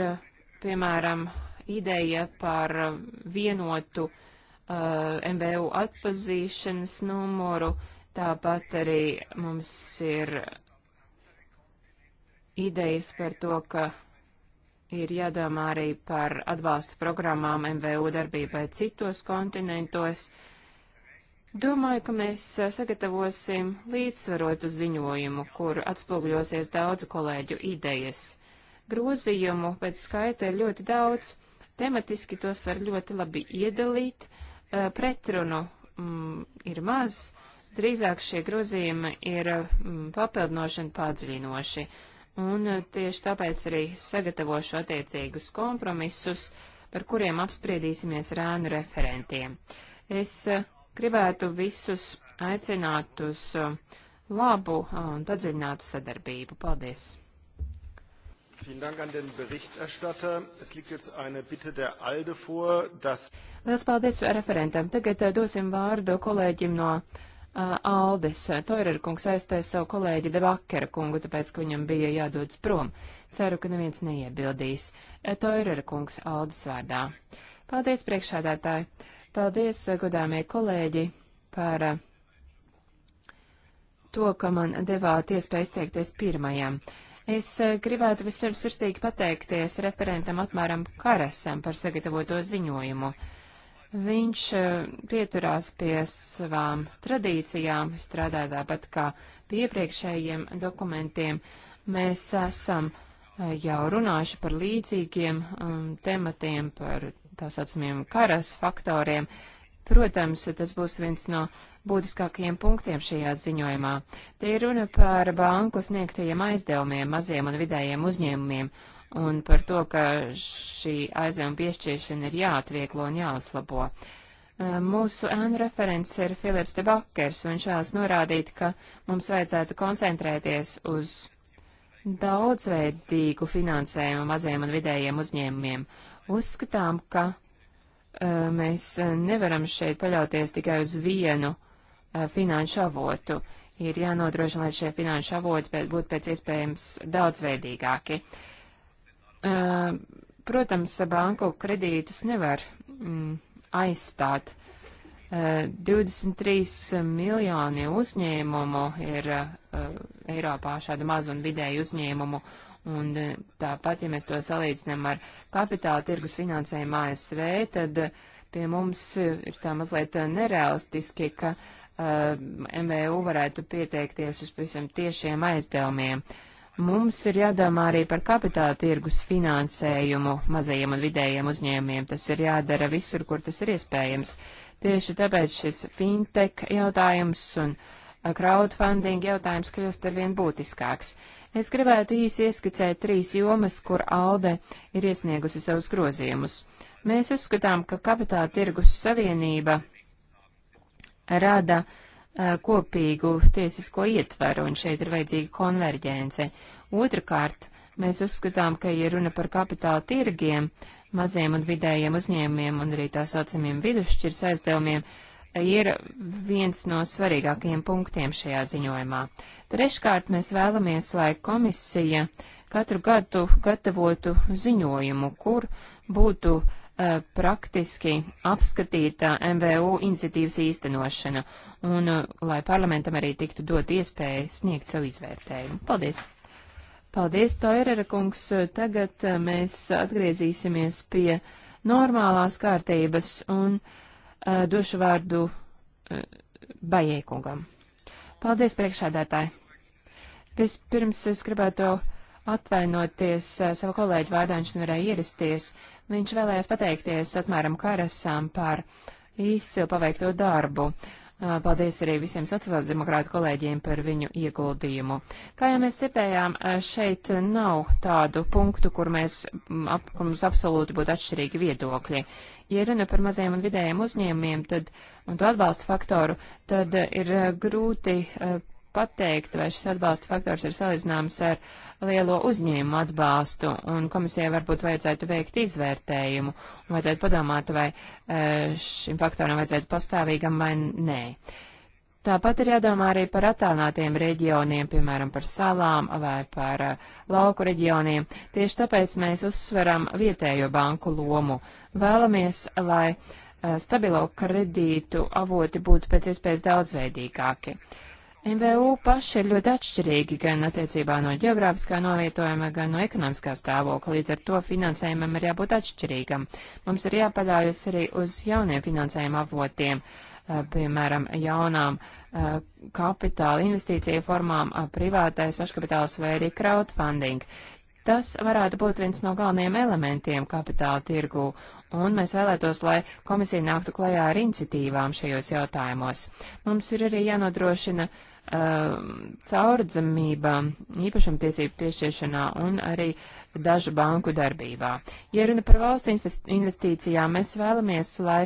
piemēram, ideja par vienotu uh, MBU atpazīšanas numuru, tāpat arī mums ir idejas par to, ka ir jādomā arī par atbalsta programmām MVU darbībai citos kontinentos. Domāju, ka mēs uh, sagatavosim līdzsvarotu ziņojumu, kur atspūgļosies daudzu kolēģu idejas grozījumu pēc skaita ir ļoti daudz. Tematiski tos var ļoti labi iedalīt. Eh, pretrunu mm, ir maz. Drīzāk šie grozījumi ir mm, papildinoši un padziļinoši. Un eh, tieši tāpēc arī sagatavošu attiecīgus kompromisus, par kuriem apspriedīsimies ar ēnu referentiem. Es eh, gribētu visus aicināt uz labu un padziļinātu sadarbību. Paldies! Vielen Dank an den Berichterstatter. Es liegt jetzt eine Bitte der ALDE vor, dass. Lielas paldies referentam. Tagad eh, dosim vārdu kolēģim no uh, eh, Aldis. Toirer kungs aizstāja savu kolēģi Debakera kungu, tāpēc, ka viņam bija jādodas prom. Ceru, ka neviens neiebildīs. Eh, Toirer kungs Aldis vārdā. Paldies, priekšādātāji. Paldies, godāmie kolēģi, par uh, to, ka man devāt iespēju izteikties pirmajam. Uh, Es eh, gribētu vispirms sirsnīgi pateikties referentam apmēram Karasam par sagatavoto ziņojumu. Viņš eh, pieturās pie savām tradīcijām, strādā tāpat kā pie iepriekšējiem dokumentiem. Mēs esam eh, jau runājuši par līdzīgiem um, tematiem, par tā saucamiem karas faktoriem. Protams, tas būs viens no uh, būtiskākajiem punktiem šajā ziņojumā. Te ir runa par banku sniegtajiem aizdevumiem maziem un vidējiem uzņēmumiem un par to, ka šī aizdevuma piešķiršana ir jāatvieglo un jāuzlabo. Mūsu ēnu referents ir Filips de Bakers, un viņš vēlas norādīt, ka mums vajadzētu koncentrēties uz daudzveidīgu finansējumu maziem un vidējiem uzņēmumiem. Uzskatām, ka mēs nevaram šeit paļauties tikai uz vienu Uh, finanšu avotu. Ir jānodrošina, lai šie finanšu avoti būtu pēc iespējams daudzveidīgāki. Uh, protams, banku kredītus nevar mm, aizstāt. 23 uh, miljoni uzņēmumu ir Eiropā šādu mazu un vidēju uzņēmumu, Un tāpat, ja mēs to salīdzinām ar kapitāla tirgus finansējumu ASV, tad pie mums ir tā mazliet nerealistiski, ka MVU um, varētu pieteikties uz pavisam tiešiem aizdevumiem. Mums ir jādomā arī par kapitāla tirgus finansējumu mazajiem un vidējiem uzņēmumiem. Tas ir jādara visur, kur tas ir iespējams. Tieši tāpēc šis fintech jautājums un uh, crowdfunding jautājums kļūst arvien būtiskāks. Es gribētu īsi ieskicēt trīs jomas, kur ALDE ir iesniegusi savus grozījumus. Mēs uzskatām, ka kapitāla tirgus savienība rada kopīgu tiesisko ietveru, un šeit ir vajadzīga konverģence. Otrakārt, mēs uzskatām, ka, ja runa par kapitāla tirgiem, maziem un vidējiem uzņēmumiem un arī tā saucamiem vidusšķirs aizdevumiem, ir viens no svarīgākajiem punktiem šajā ziņojumā. Treškārt, mēs vēlamies, lai komisija katru gadu gatavotu ziņojumu, kur būtu uh, Eh, praktiski apskatīt eh, MVU iniciatīvas īstenošanu un eh, lai parlamentam arī tiktu dot iespēju sniegt savu izvērtējumu. Paldies! Paldies, Toirera kungs! Tagad mēs atgriezīsimies pie normālās kārtības un uh, došu vārdu uh, Bajēkungam. Paldies, priekšādātāji! Vispirms es gribētu atvainoties uh, savu kolēģu vārdā, viņš nevarēja ierasties. Uh, Viņš vēlējās pateikties Otmāram Karasam par izcilu paveikto darbu. Uh, paldies arī visiem sociāldemokrātu kolēģiem par viņu ieguldījumu. Kā jau mēs citējām, uh, šeit nav tādu punktu, kur mēs, mm, ap, kur mums absolūti būtu atšķirīgi viedokļi. Ja runa par maziem un vidējiem uzņēmumiem tad, un to atbalstu faktoru, tad uh, ir grūti pateikt, vai šis atbalsta faktors ir salīdzināms ar lielo uzņēmumu atbalstu, un komisijai varbūt vajadzētu veikt izvērtējumu, un vajadzētu padomāt, vai e, šim faktoram vajadzētu pastāvīgam vai nē. Tāpat ir jādomā arī par attālinātiem reģioniem, piemēram, par salām vai par uh, lauku reģioniem. Tieši tāpēc mēs uzsveram vietējo banku lomu. Vēlamies, lai uh, stabilo kredītu avoti būtu pēc iespējas daudzveidīgāki. Uh, MVU paši ir ļoti atšķirīgi gan attiecībā no geogrāfiskā novietojuma, gan no ekonomiskā stāvokļa, līdz ar to finansējumam ir jābūt atšķirīgam. Mums ir jāpaļaujas arī uz jauniem finansējuma avotiem, piemēram, jaunām kapitāla investīcija formām, privātais paškapitāls vai arī crowdfunding. Tas varētu būt viens no galvenajiem elementiem kapitāla tirgū, un mēs vēlētos, lai komisija nāktu klajā ar iniciatīvām šajos jautājumos. Mums ir arī jānodrošina uh, Um, caurdzamība īpašumtiesību piešķiešanā un arī dažu banku darbībā. Ja runa par valstu investīcijām, mēs vēlamies, lai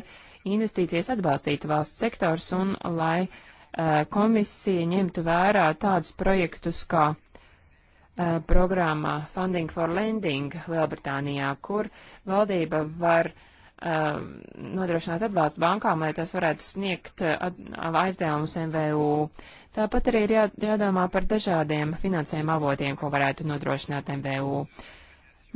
investīcijas atbalstītu valsts sektors un lai uh, komisija ņemtu vērā tādus projektus kā uh, programma Funding for Lending Lielbritānijā, kur valdība var uh, Um, nodrošināt atbalstu bankām, lai tas varētu sniegt uh, uh, aizdevumus MVU. Tāpat arī ir jā, jādomā par dažādiem finansējuma avotiem, ko varētu nodrošināt MVU.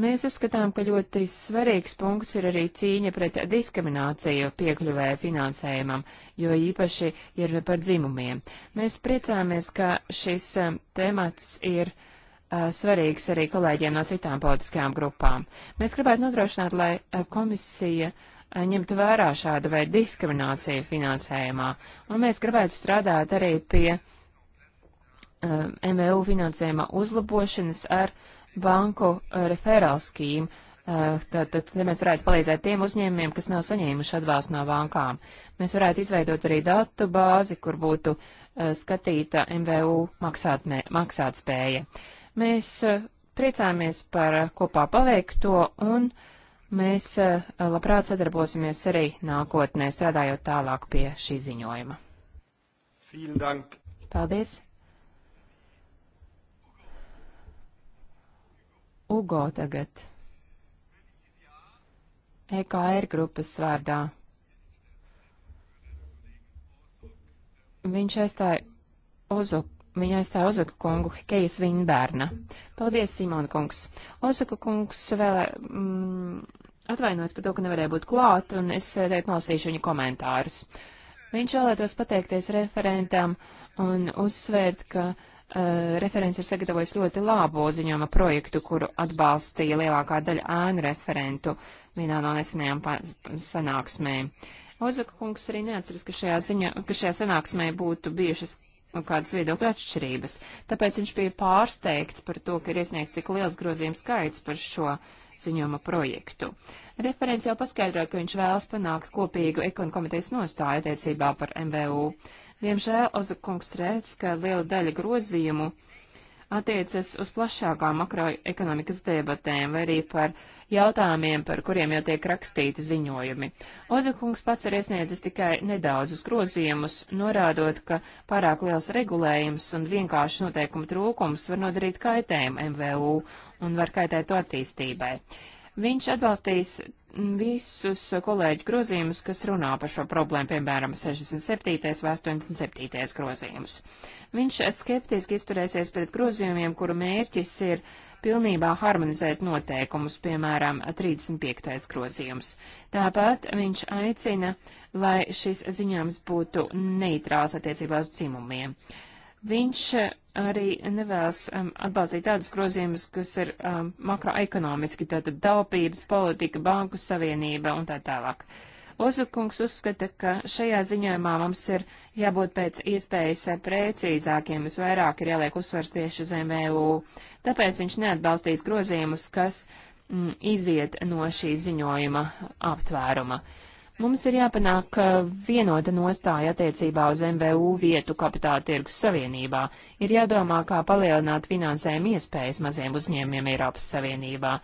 Mēs uzskatām, ka ļoti svarīgs punkts ir arī cīņa pret diskrimināciju piekļuvē finansējumam, jo īpaši ir par dzimumiem. Mēs priecāmies, ka šis um, temats ir uh, Eh, svarīgs arī kolēģiem no citām politiskajām grupām. Mēs gribētu nodrošināt, lai eh, komisija eh, ņemtu vērā šādu veidu diskrimināciju finansējumā, un mēs gribētu strādāt arī pie um, MVU finansējuma uzlabošanas ar banku uh, referālu skīmu. Uh, tad, tad mēs varētu palīdzēt tiem uzņēmumiem, kas nav saņēmuši atbalstu no bankām. Mēs varētu izveidot arī datu bāzi, kur būtu uh, skatīta MVU maksātspēja. Maksāt, mē, maksāt Mēs eh, priecāmies par eh, kopā paveikto un mēs eh, labprāt sadarbosimies arī nākotnē, strādājot tālāk pie šī ziņojuma. Paldies! Ugo tagad. EKR grupas vārdā. Viņš aizstāja Ozoku viņa aizstāv Ozaku kungu Hekejas Vinbērna. Paldies, Simona kungs. Ozaku kungs vēl mm, atvainojas par to, ka nevarēja būt klāt, un es tagad nolasīšu viņa komentārus. Viņš vēlētos pateikties referentam un uzsvērt, ka uh, referents ir sagatavojis ļoti labo ziņojuma projektu, kuru atbalstīja lielākā daļa ēnu referentu vienā no nesenajām sanāksmēm. Ozaka kungs arī neatceras, ka šajā, ziņa, ka šajā sanāksmē būtu bijušas kādas viedokļa atšķirības. Tāpēc viņš bija pārsteigts par to, ka ir iesniegts tik liels grozījums skaits par šo ziņojuma projektu. Referents jau paskaidroja, ka viņš vēlas panākt kopīgu ekonomikas komitejas nostāju attiecībā par MVU. Diemžēl Ozakungs redz, ka liela daļa grozījumu uh, attiecas uz plašākām makroekonomikas debatēm vai arī par jautājumiem, par kuriem jau tiek rakstīti ziņojumi. Ozakungs pats ir iesniedzis tikai nedaudzus grozījumus, norādot, ka pārāk liels regulējums un vienkārši noteikuma trūkums var nodarīt kaitējumu MVU un var kaitēt to attīstībai. Viņš atbalstīs visus kolēģu grozījumus, kas runā par šo problēmu, piemēram, 67. vai 87. grozījums. Viņš skeptiski izturēsies pret grozījumiem, kuru mērķis ir pilnībā harmonizēt noteikumus, piemēram, 35. grozījums. Tāpat viņš aicina, lai šis ziņojums būtu neitrāls attiecībā uz dzimumiem. Viņš eh, arī nevēlas um, atbalstīt tādus grozījumus, kas ir um, makroekonomiski, tātad taupības politika, banku savienība un tā tālāk. Uh, Ozukungs uzskata, ka šajā ziņojumā mums ir jābūt pēc iespējas precīzākiem, visvairāk ir jāliek uzsvars tieši uz MEU, tāpēc viņš neatbalstīs grozījumus, kas mm, iziet no šī ziņojuma aptvēruma. Mums ir jāpanāk vienota nostāja attiecībā uz MVU vietu kapitāla tirgus savienībā. Ir jādomā, kā palielināt finansējumu iespējas maziem uzņēmumiem Eiropas Savienībā.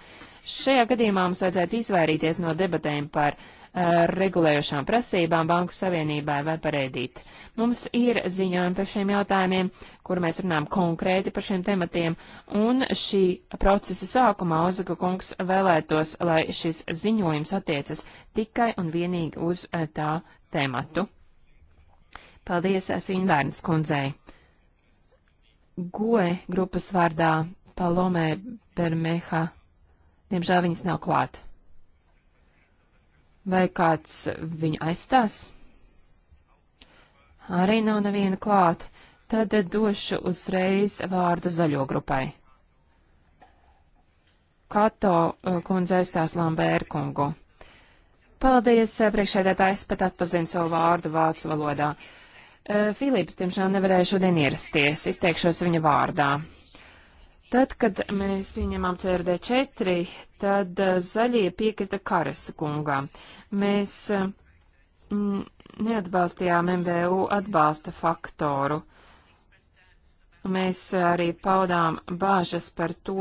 Šajā gadījumā mums vajadzētu izvairīties no debatēm par regulējošām prasībām Banku Savienībā vai par ēdīt. Mums ir ziņojumi par šiem jautājumiem, kur mēs runājam konkrēti par šiem tematiem, un šī procesa sākumā Ozaka kungs vēlētos, lai šis ziņojums attiecas tikai un vienīgi uz eh, tā tematu. Paldies eh, Svinbērnas kundzei. Goe grupas vārdā Palomē Bermeha. Diemžēl viņas nav klāt. Vai kāds viņu aizstās? Arī nav neviena klāt. Tad došu uzreiz vārdu zaļo grupai. Kato eh, kundze aizstās Lambēru kungu. Paldies, eh, priekšēdētājs pat atpazina savu vārdu vācu valodā. Eh, Filips, diemžēl, nevarēja šodien ierasties. Izteikšos viņa vārdā. Tad, kad mēs pieņemam CRD4, tad eh, zaļie piekrita Karas kungām. Mēs mm, neatbalstījām MVU atbalsta faktoru. Mēs arī paudām bāžas par to,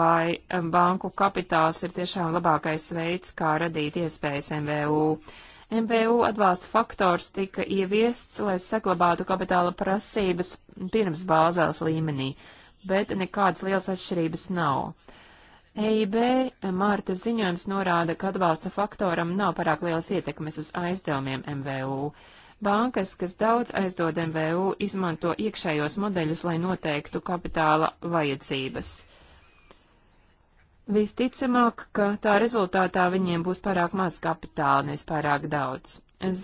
vai eh, banku kapitāls ir tiešām labākais veids, kā radīt iespējas MVU. MVU atbalsta faktors tika ieviests, lai saglabātu kapitāla prasības pirms bāzēlas līmenī bet nekādas liels atšķirības nav. EIB Mārta ziņojums norāda, ka atbalsta faktoram nav pārāk liels ietekmes uz aizdevumiem MVU. Bankas, kas daudz aizdod MVU, izmanto iekšējos modeļus, lai noteiktu kapitāla vajadzības. Visticamāk, ka tā rezultātā viņiem būs pārāk maz kapitāla, nevis pārāk daudz.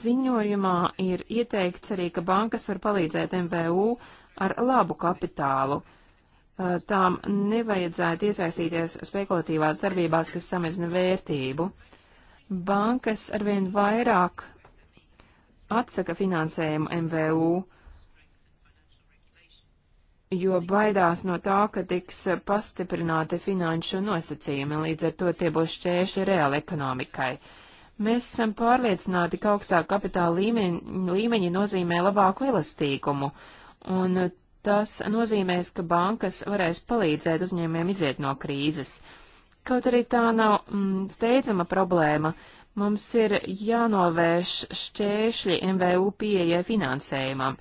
Ziņojumā ir ieteikts arī, ka bankas var palīdzēt MVU ar labu kapitālu Uh, tām nevajadzētu iesaistīties spekulatīvās darbībās, kas samazina vērtību. Bankas arvien vairāk atsaka finansējumu MVU, jo baidās no tā, ka tiks pastiprināti finanšu nosacījumi, līdz ar to tie būs šķēršļi reāli ekonomikai. Mēs esam pārliecināti, ka augstā kapitāla līmeņa, līmeņa nozīmē labāku elastīgumu, un Tas nozīmēs, ka bankas varēs palīdzēt uzņēmiem iziet no krīzes. Kaut arī tā nav mm, steidzama problēma, mums ir jānovērš šķēršļi MVU pieejai finansējumam.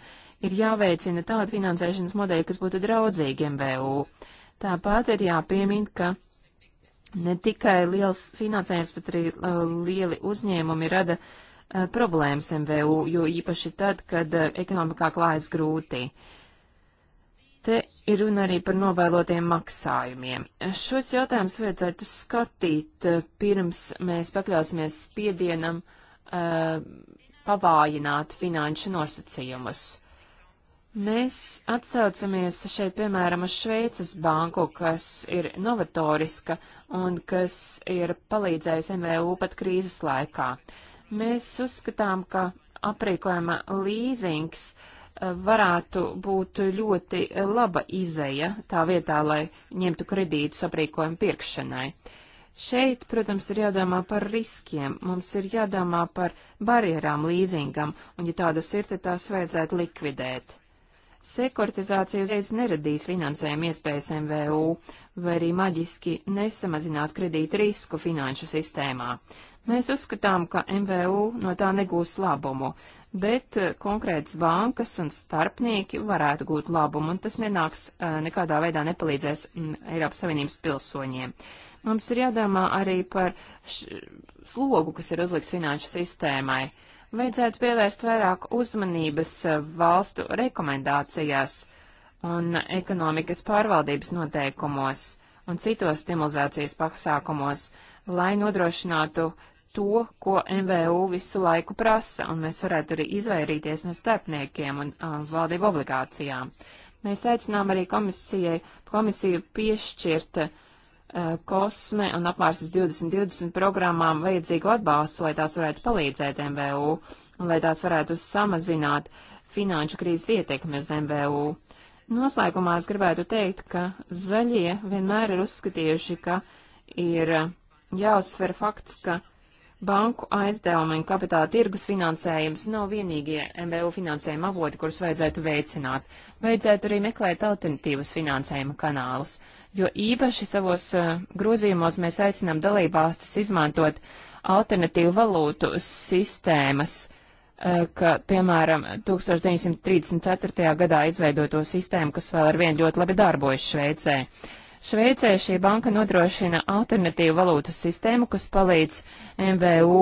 Ir jāveicina tāda finansēšanas modeļa, kas būtu draudzīgi MVU. Tāpat ir jāpiemin, ka ne tikai liels finansējums, bet arī uh, lieli uzņēmumi rada uh, problēmas MVU, jo īpaši tad, kad uh, ekonomikā klājas grūti. Uh, Te ir runa arī par novēlotiem maksājumiem. Šos jautājumus vajadzētu skatīt, eh, pirms mēs pakļausimies spiedienam uh, pavājināt finanšu nosacījumus. Mēs atsaucamies šeit, piemēram, uz Šveices banku, kas ir novatoriska un kas ir palīdzējusi MVU pat krīzes laikā. Mēs uzskatām, ka aprīkojuma līzings uh, varētu būt ļoti laba izeja tā vietā, lai ņemtu kredītus aprīkojumu pirkšanai. Šeit, protams, ir jādomā par riskiem, mums ir jādomā par barjerām līzingam, un ja tādas ir, tad tās vajadzētu likvidēt. Sekortizācija uzreiz neradīs finansējuma iespējas MVU, vai arī maģiski nesamazinās kredīta risku finanšu sistēmā. Mēs uzskatām, ka MVU no tā negūs labumu, bet eh, konkrētas bankas un starpnieki varētu gūt labumu, un tas nenāks eh, nekādā veidā nepalīdzēs mm, Eiropas Savienības pilsoņiem. Mums ir jādomā arī par slogu, kas ir uzlikts finanšu sistēmai. Vajadzētu pievērst vairāk uzmanības eh, valstu rekomendācijās un ekonomikas pārvaldības noteikumos un citos stimulizācijas pasākumos lai nodrošinātu to, ko MVU visu laiku prasa, un mēs varētu arī izvairīties no starpniekiem un uh, valdību obligācijām. Mēs aicinām arī komisijai, komisiju piešķirt uh, kosme un apvārstas 2020 programmām vajadzīgu atbalstu, lai tās varētu palīdzēt MVU un lai tās varētu samazināt finanšu krīzes ietekmi uz MVU. Noslēgumā es gribētu teikt, ka zaļie vienmēr ir uzskatījuši, ka ir jāuzsver fakts, ka banku aizdevumi un kapitāla tirgus finansējums nav vienīgie MBU finansējuma avoti, kurus vajadzētu veicināt. Vajadzētu arī meklēt alternatīvus finansējuma kanālus, jo īpaši savos uh, grozījumos mēs aicinām dalībvalstis izmantot alternatīvu valūtu sistēmas, uh, ka, piemēram, 1934. gadā izveidoto sistēmu, kas vēl ar vienu ļoti labi darbojas Šveicē. Uh, Šveicē šī banka nodrošina alternatīvu valūtas sistēmu, kas palīdz MVU,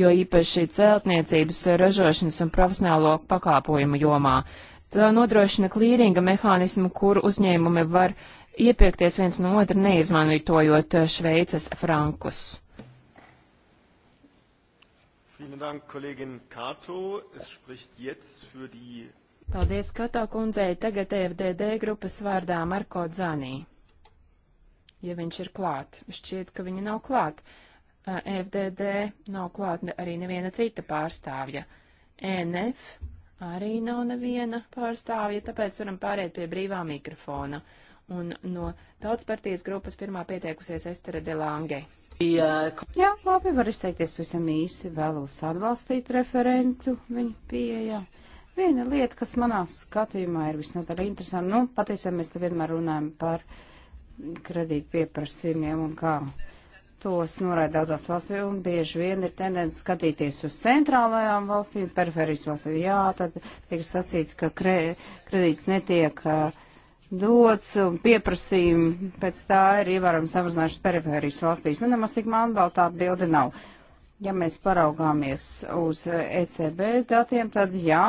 jo īpaši celtniecības, ražošanas un profesionālo pakāpojumu jomā. Tā nodrošina klīringa mehānismu, kur uzņēmumi var iepirkties viens no otra, neizmantojot Šveices frankus. Paldies, Kato kundzei. Tagad EFDD grupas vārdā Marko Dzanī ja viņš ir klāt. Šķiet, ka viņa nav klāt. FDD nav klāt arī neviena cita pārstāvja. ENF arī nav neviena pārstāvja, tāpēc varam pāriet pie brīvā mikrofona. Un no tautas partijas grupas pirmā pieteikusies Estere Delange. Jā, Jā labi, var izteikties visam īsi, vēlos atbalstīt referentu viņa pieejā. Viena lieta, kas manā skatījumā ir visnotaļ interesanta, nu, patiesībā mēs te vienmēr runājam par uh, kredītu pieprasījumiem un kā tos noraida daudzās valstīs, un bieži vien ir tendence skatīties uz centrālajām valstīm, periferijas valstīm. Jā, tad tiek sacīts, ka kre, kredīts netiek uh, dots un pieprasījumi pēc tā ir ievērojami samazinājušas periferijas valstīs. Nu, nemaz tik mānbaltā atbildi nav. Ja mēs paraugāmies uz ECB datiem, tad jā,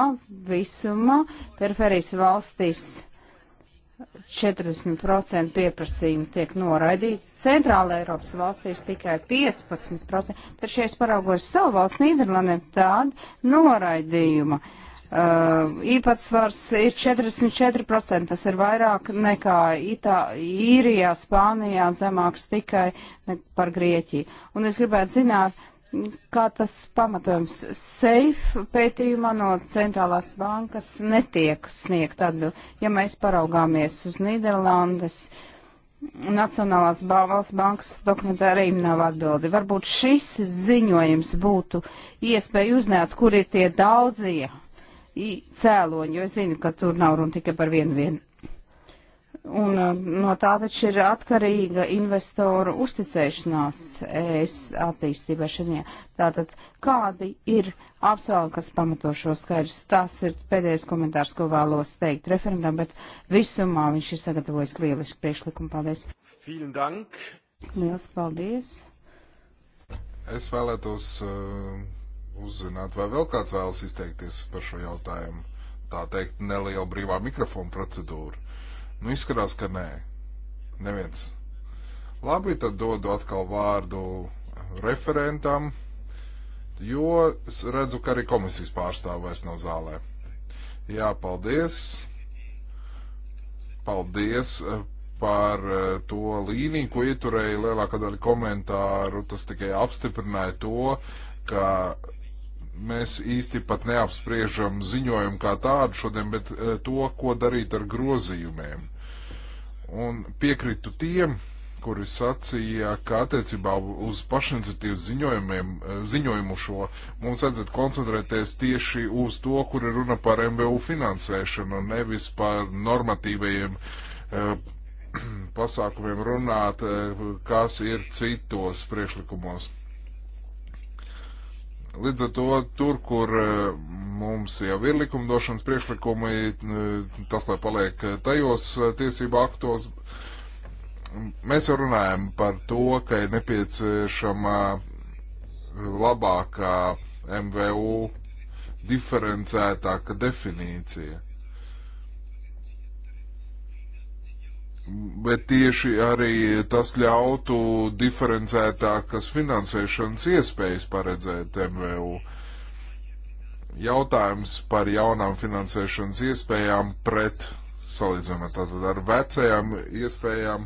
visumā periferijas valstīs 40% pieprasījumu tiek noraidīti, Centrāla Eiropas valstīs tikai 15%, tad šie paraugos savu valsts Nīderlandē tādu noraidījumu. Uh, īpatsvars ir 44%, tas ir vairāk nekā Itā, Īrijā, Spānijā, zemāks tikai par Grieķiju. Un es gribētu zināt, kā tas pamatojums safe pētījumā no centrālās bankas netiek sniegt atbild. Ja mēs paraugāmies uz Nīderlandes, Nacionālās valsts bankas dokumentā arī nav atbildi. Varbūt šis ziņojums būtu iespēja uzzināt, kur ir tie daudzie cēloņi, jo es zinu, ka tur nav runa tikai par vienu, vienu Un uh, no tā taču ir atkarīga investoru uzticēšanās ES attīstībai šajā. Tātad, kādi ir apsvēlumi, kas pamato šo skaidrs? Tas ir pēdējais komentārs, ko vēlos teikt referendam, bet visumā viņš ir sagatavojis lielisku priekšlikumu. Paldies! Liels paldies! Es vēlētos uh, uzzināt, vai vēl kāds vēlas izteikties par šo jautājumu. Tā teikt, neliela brīvā mikrofona procedūra. Nu, izskatās, ka nē. Neviens. Labi, tad dodu atkal vārdu referentam, jo es redzu, ka arī komisijas pārstāvais nav zālē. Jā, paldies. Paldies eh, par eh, to līniju, ko ieturēja lielākā daļa komentāru. Tas tikai apstiprināja to, ka mēs īsti pat neapspriežam ziņojumu kā tādu šodien, bet e, to, ko darīt ar grozījumiem. Un piekritu tiem, kuri sacīja, ka attiecībā uz pašiniciatīvas ziņojumiem, e, ziņojumu šo mums vajadzētu koncentrēties tieši uz to, kur ir runa par MVU finansēšanu, nevis par normatīvajiem e, [clears throat] pasākumiem runāt, kas ir citos priekšlikumos. Līdz ar to, tur, kur eh, mums jau ir likumdošanas priekšlikumi, eh, tas, lai paliek eh, tajos tiesību aktos, mēs jau runājam par to, ka ir nepieciešama labākā MVU diferencētāka definīcija. Bet tieši arī tas ļautu diferencētākas finansēšanas iespējas paredzēt MVU. Jautājums par jaunām finansēšanas iespējām pret salīdzinot tātad ar vecajām iespējām,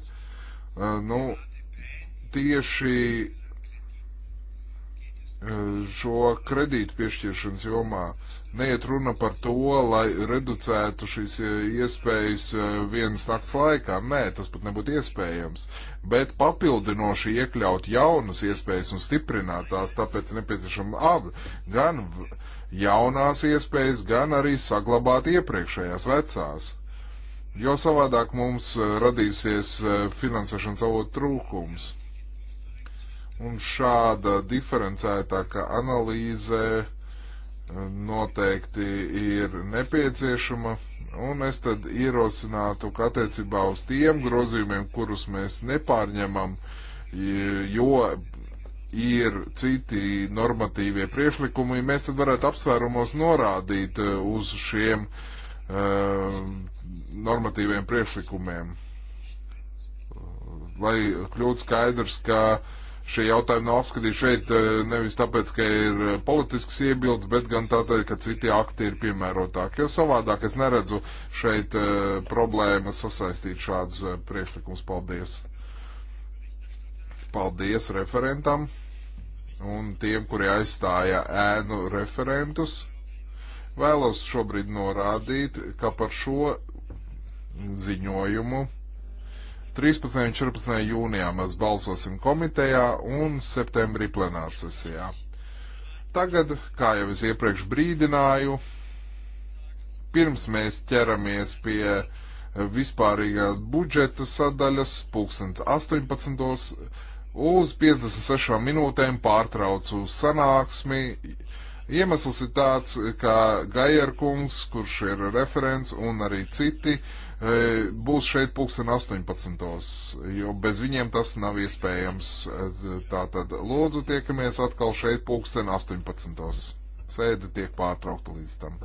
nu, tieši šo kredītu piešķiršanas jomā neiet runa par to, lai reducētu šīs eh, iespējas eh, vienas nakts laikā. Nē, tas pat nebūtu iespējams. Bet papildinoši iekļaut jaunas iespējas un stiprināt tās, tāpēc nepieciešama abi. Gan jaunās iespējas, gan arī saglabāt iepriekšējās vecās. Jo savādāk mums eh, radīsies finansēšanas avotu trūkums. Un šāda diferencētāka analīze noteikti ir nepieciešama, un es tad ierosinātu, ka attiecībā uz tiem grozījumiem, kurus mēs nepārņemam, jo ir citi normatīvie priekšlikumi, mēs tad varētu apsvērumos norādīt e, uz šiem uh, normatīviem priekšlikumiem. Lai kļūtu skaidrs, ka uh, šie jautājumi nav apskatīti šeit eh, nevis tāpēc, ka ir eh, politisks iebildes, bet gan tāpēc, ka citi akti ir piemērotāki. Jo savādāk es neredzu šeit eh, problēmas sasaistīt šādus priekšlikumus. Paldies! Paldies referentam un tiem, kuri aizstāja ēnu referentus. Vēlos šobrīd norādīt, ka par šo ziņojumu 13. un 14. jūnijā mēs balsosim komitejā un septembrī plenārsesijā. Tagad, kā jau es iepriekš brīdināju, pirms mēs ķeramies pie vispārīgās budžeta sadaļas, pulkstens 18. uz 56 minūtēm pārtraucu sanāksmi. Iemesls ir tāds, ka Gajerkungs, kurš ir referents un arī citi, uh, būs šeit pulksten 18. Jo bez viņiem tas nav iespējams. Tātad lūdzu tiekamies atkal šeit pulksten 18. Sēde tiek pārtraukta līdz tam.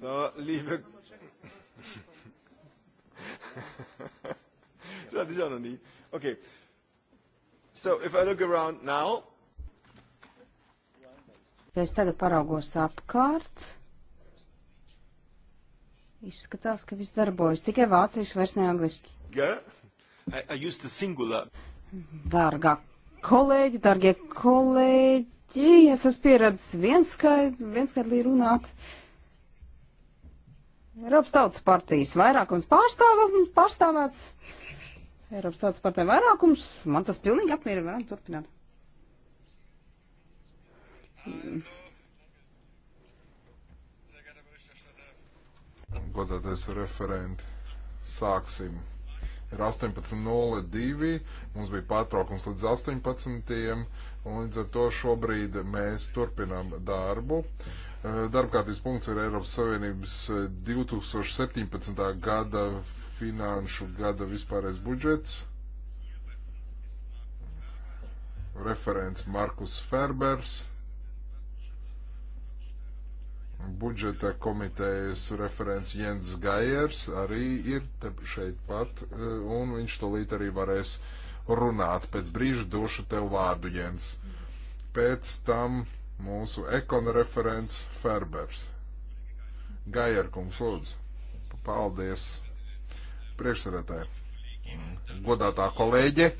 So, liebe. das hatte ich auch noch nie. Okay. So, if I look around now. Ja es tagad paraugos apkārt, izskatās, ka viss darbojas. Tikai vācijas vairs ne angliski. Yeah. I, I used the singular. Dārgā kolēģi, dārgie kolēģi, Grieķijas esmu pieredzis vienskaidri, vienskaidri runāt. Eiropas Tautas partijas vairākums pārstāvam, pārstāvēts. Eiropas Tautas partija vairākums, man tas pilnīgi apmierina, varam turpināt. Mm. Godātais referenti, sāksim ir 18.02. Mums bija pārtraukums līdz 18. un līdz ar to šobrīd mēs turpinām darbu. Eh, darbkārtības punkts ir Eiropas Savienības 2017. Eh, gada finanšu gada vispārējais budžets. Referents Markus Ferbers budžeta komitejas referents Jens Gaiers arī ir šeit pat, e, un viņš tolīt arī varēs runāt. Pēc brīža došu tev vārdu, Jens. Pēc tam mūsu ekona referents Ferbers. Gaierkungs, lūdzu. Paldies. Priekšsarētāji. Godātā kolēģe.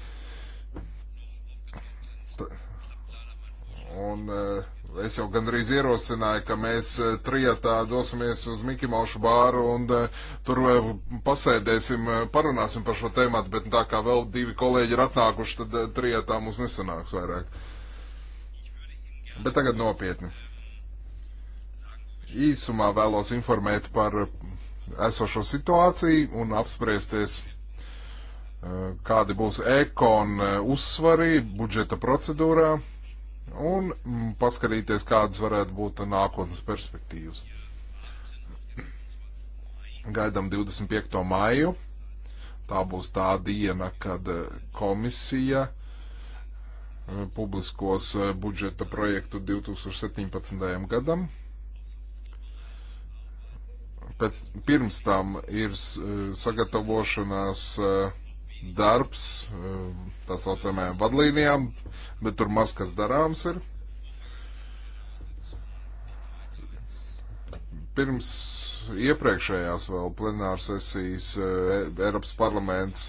Un uh, Es jau gandrīz ierosināju, ka mēs eh, trijatā dosimies uz Mikimaušu bāru un eh, tur eh, pasēdēsim, parunāsim par šo tēmatu, bet nu, tā kā vēl divi kolēģi ir atnākuši, tad trijatā mums nesanāks vairāk. Bet tagad nopietni. Īsumā vēlos informēt par esošo situāciju un apspriesties kādi būs ekon uzsvari budžeta procedūrā un mm, paskatīties, kādas varētu būt nākotnes perspektīvas. Gaidām 25. maiju. Tā būs tā diena, kad eh, komisija eh, publiskos eh, budžeta projektu 2017. gadam. Pēc, pirms tam ir sagatavošanās uh, darbs eh, tā saucamajām vadlīnijām, bet tur maz kas darāms ir. Pirms iepriekšējās vēl plenāras sesijas eh, Eiropas parlaments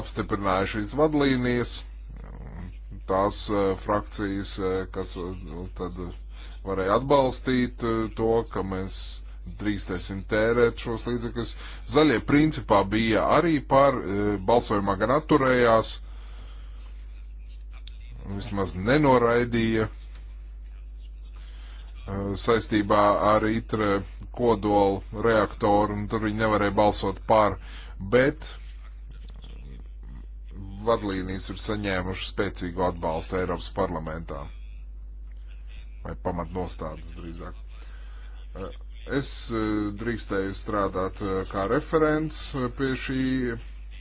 apstiprināja šīs vadlīnijas, tās eh, frakcijas, kas nu, tad varēja atbalstīt to, ka mēs drīkstēsim tērēt šos līdzekļus. Zaļie principā bija arī par, e, balsojumā gan atturējās, vismaz nenoraidīja e, saistībā ar itre kodolu reaktoru, un tur viņi nevarēja balsot par, bet vadlīnijas ir saņēmušas spēcīgu atbalstu Eiropas parlamentā. Vai pamatnostādes drīzāk. E, Es eh, drīkstēju strādāt eh, kā referents eh, pie šī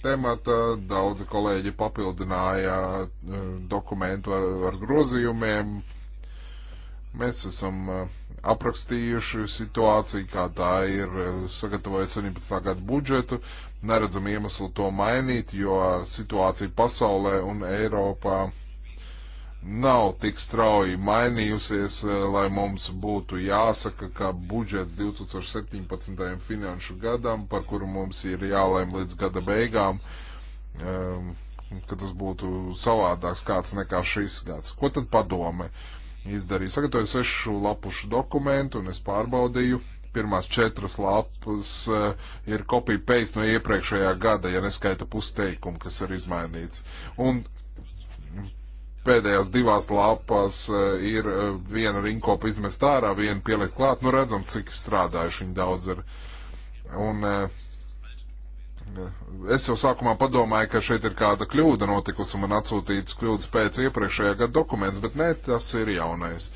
temata. Daudzi kolēģi papildināja dokumentu ar, ar grozījumiem. Mēs esam aprakstījuši situāciju, kā tā ir, sagatavojot 17. gadu budžetu. Neredzam iemeslu to mainīt, jo situācija pasaulē un Eiropā nav tik strauji mainījusies, eh, lai mums būtu jāsaka, ka budžets 2017. finanšu gadam, par kuru mums ir jālēm līdz gada beigām, ehm, ka tas būtu savādāks kāds nekā šis gads. Ko tad padome? izdarīju. Sagatavoju sešu lapušu dokumentu un es pārbaudīju. Pirmās četras lapas uh, ir kopija paste no iepriekšējā gada, ja neskaita pusteikumu, kas ir izmainīts. Un pēdējās divās lapās e, ir e, viena rinkopa izmest ārā, viena pielikt klāt. Nu, redzams, cik strādājuši viņi daudz ir. Un e, es jau sākumā padomāju, ka šeit ir kāda kļūda notikusi un man atsūtīts kļūdas pēc iepriekšējā gada dokuments, bet nē, tas ir jaunais.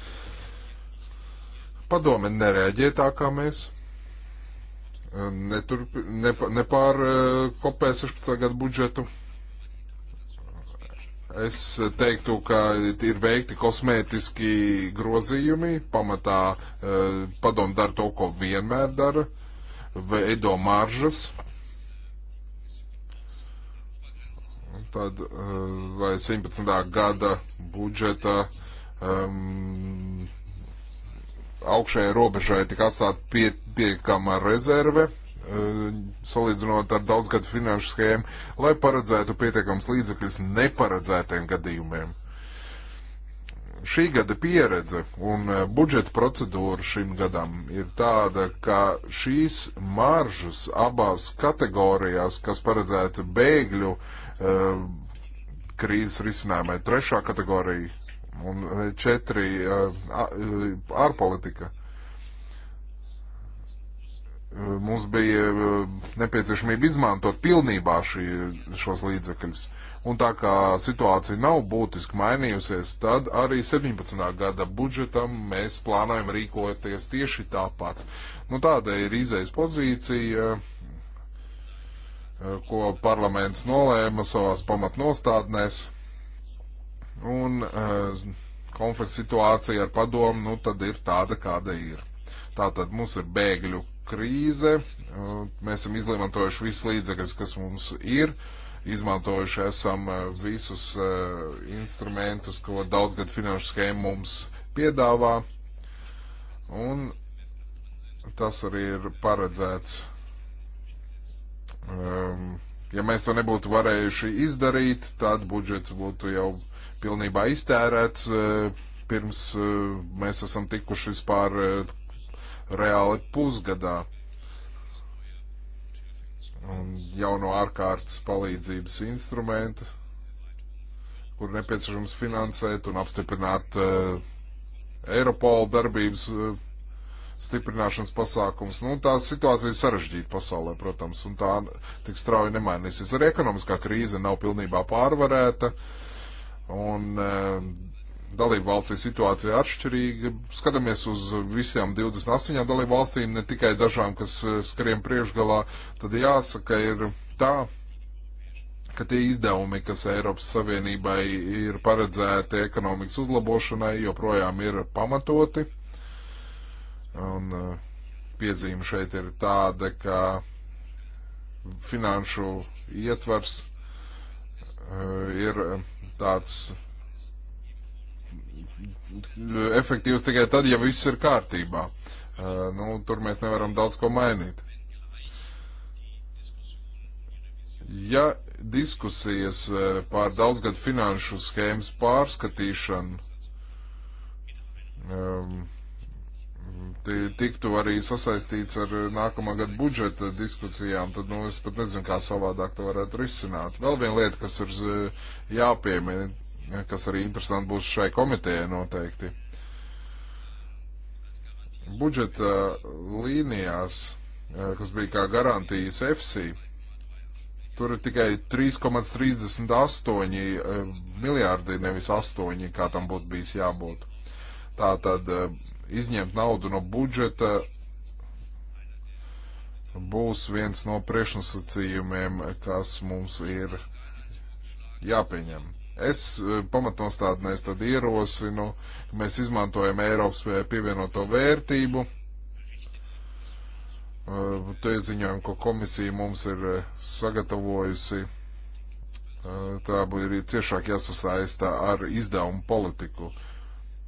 Padome nereaģē tā, kā mēs. Netur, nepa, nepār kopē 16. gadu budžetu Es teiktu, ka ir veikti kosmētiski grozījumi, pamatā e, padomu dara to, ko vienmēr dara, veido maržas, tad, e, lai 17. gada budžeta um, augšējai robežai tika atstāta pie, piekama rezerve, Eh, salīdzinot ar daudzgadu finanšu schēmu, lai paredzētu pietiekams līdzekļus neparedzētiem gadījumiem. Šī gada pieredze un eh, budžeta procedūra šim gadam ir tāda, ka šīs maržas abās kategorijās, kas paredzēta bēgļu eh, krīzes risinājumai, trešā kategorija un četri ārpolitika. Eh, mums bija eh, nepieciešamība izmantot pilnībā šī, šos līdzekļus. Un tā kā situācija nav būtiski mainījusies, tad arī 17. gada budžetam mēs plānojam rīkoties tieši tāpat. Nu, tāda ir izējas pozīcija, eh, ko parlaments nolēma savās pamatnostādnēs. Un konflikts situācija ar padomu, nu, tad ir tāda, kāda ir. Tātad mums ir bēgļu krīze. Mēs esam izlimantojuši visus līdzekļus, kas mums ir. Izmantojuši esam visus instrumentus, ko daudzgad finanšu schēma mums piedāvā. Un tas arī ir paredzēts. Ja mēs to nebūtu varējuši izdarīt, tad budžets būtu jau pilnībā iztērēts pirms mēs esam tikuši vispār reāli pusgadā. Un jauno ārkārtas palīdzības instrumentu, kur nepieciešams finansēt un apstiprināt uh, Eiropola darbības uh, stiprināšanas pasākums. Nu, tā situācija ir sarežģīta pasaulē, protams, un tā tik strauji nemainīsies. Arī ekonomiskā krīze nav pilnībā pārvarēta, un uh, dalību valstī situācija ir atšķirīga. Skatāmies uz visām 28 dalību valstīm, ne tikai dažām, kas eh, skrien priekšgalā, tad jāsaka ir tā, ka tie izdevumi, kas Eiropas Savienībai ir paredzēti ekonomikas uzlabošanai, joprojām ir pamatoti. Un eh, piezīme šeit ir tāda, ka finanšu ietvers eh, ir tāds efektīvs tikai tad, ja viss ir kārtībā. Eh, nu, tur mēs nevaram daudz ko mainīt. Ja diskusijas eh, pār daudzgadu finanšu schēmas pārskatīšanu um, tiktu arī sasaistīts ar nākamā gada budžeta diskusijām, tad nu, es pat nezinu, kā savādāk to varētu risināt. Vēl viena lieta, kas ir eh, jāpiemina, kas arī interesanti būs šai komitejai noteikti. Budžeta līnijās, eh, kas bija kā garantijas EFSI, tur ir tikai 3,38 eh, miljārdi, nevis 8, kā tam būtu bijis jābūt. Tā tad izņemt naudu no budžeta būs viens no priekšnosacījumiem, kas mums ir jāpieņem. Es e, pamatnostādnēs tad ierosinu, ka mēs izmantojam Eiropas pievienoto vērtību. E, te ziņojam, ko komisija mums ir e, sagatavojusi. Tā ir ciešāk jāsasaista ar izdevumu politiku. Uh,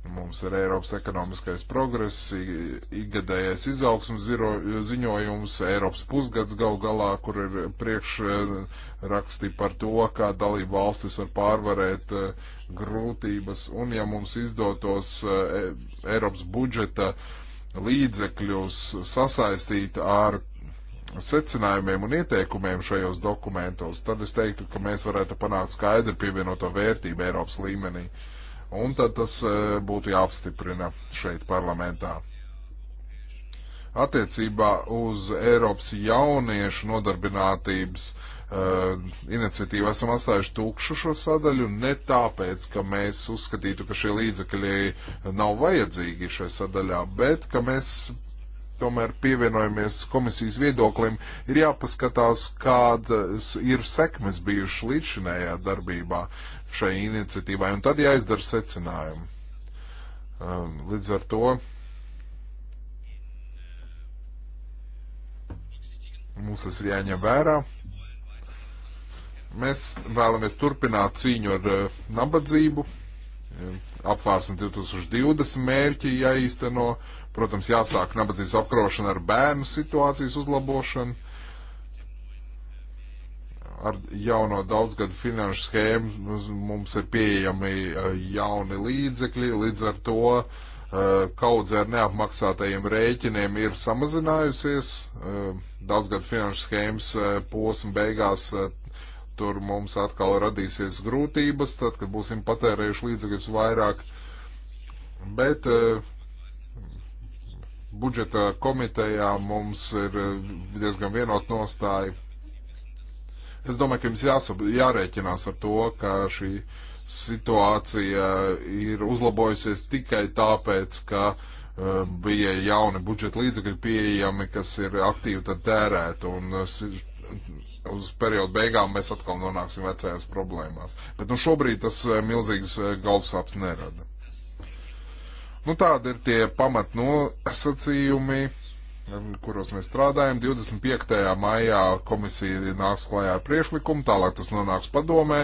Mums ir Eiropas ekonomiskais progress, ikgadējais izaugsmas ziņojums, Eiropas pusgads gal galā, kur ir priekšraksti e, par to, kā dalība valstis var pārvarēt e, grūtības. Un ja mums izdotos e, Eiropas budžeta līdzekļus sasaistīt ar secinājumiem un ieteikumiem šajos dokumentos, tad es teiktu, ka mēs varētu panākt skaidru pievienoto vērtību Eiropas līmenī. Uh, Un tad tas e, būtu jāapstiprina šeit parlamentā. Attiecībā uz Eiropas jauniešu nodarbinātības uh, iniciatīvu esam atstājuši tukšu šo sadaļu ne tāpēc, ka mēs uzskatītu, ka šie līdzekļi nav vajadzīgi šai sadaļā, bet ka mēs tomēr pievienojamies komisijas viedoklim, ir jāpaskatās, kādas ir sekmes bijušas līdzinējā darbībā šai iniciatīvai, un tad jāizdara secinājumi. Um, līdz ar to mums tas ir jāņem vērā. Mēs vēlamies turpināt cīņu ar uh, nabadzību. Um, apvārsni 2020 mērķi jāīsteno. Protams, jāsāk nabadzības apkarošana ar bērnu situācijas uzlabošanu ar jauno daudzgadu finanšu schēmu mums ir pieejami eh, jauni līdzekļi, līdz ar to eh, kaudze ar neapmaksātajiem rēķiniem ir samazinājusies. Eh, daudzgadu finanšu schēmas posma beigās tur mums atkal radīsies grūtības, tad, kad būsim patērējuši līdzekļus vairāk. Bet budžeta komitejā mums ir diezgan vienot nostāja Es domāju, ka jums jāsab, jārēķinās ar to, ka šī situācija ir uzlabojusies tikai tāpēc, ka uh, bija jauni budžeta līdzekļi pieejami, kas ir aktīvi tad tērēt. Un uh, uz periodu beigām mēs atkal nonāksim vecajās problēmās. Bet nu šobrīd tas uh, milzīgs uh, galvsāps nerada. Nu tādi ir tie pamatnosacījumi kuros mēs strādājam. 25. maijā komisija nāks klājā ar priešlikumu, tālāk tas nonāks padomē,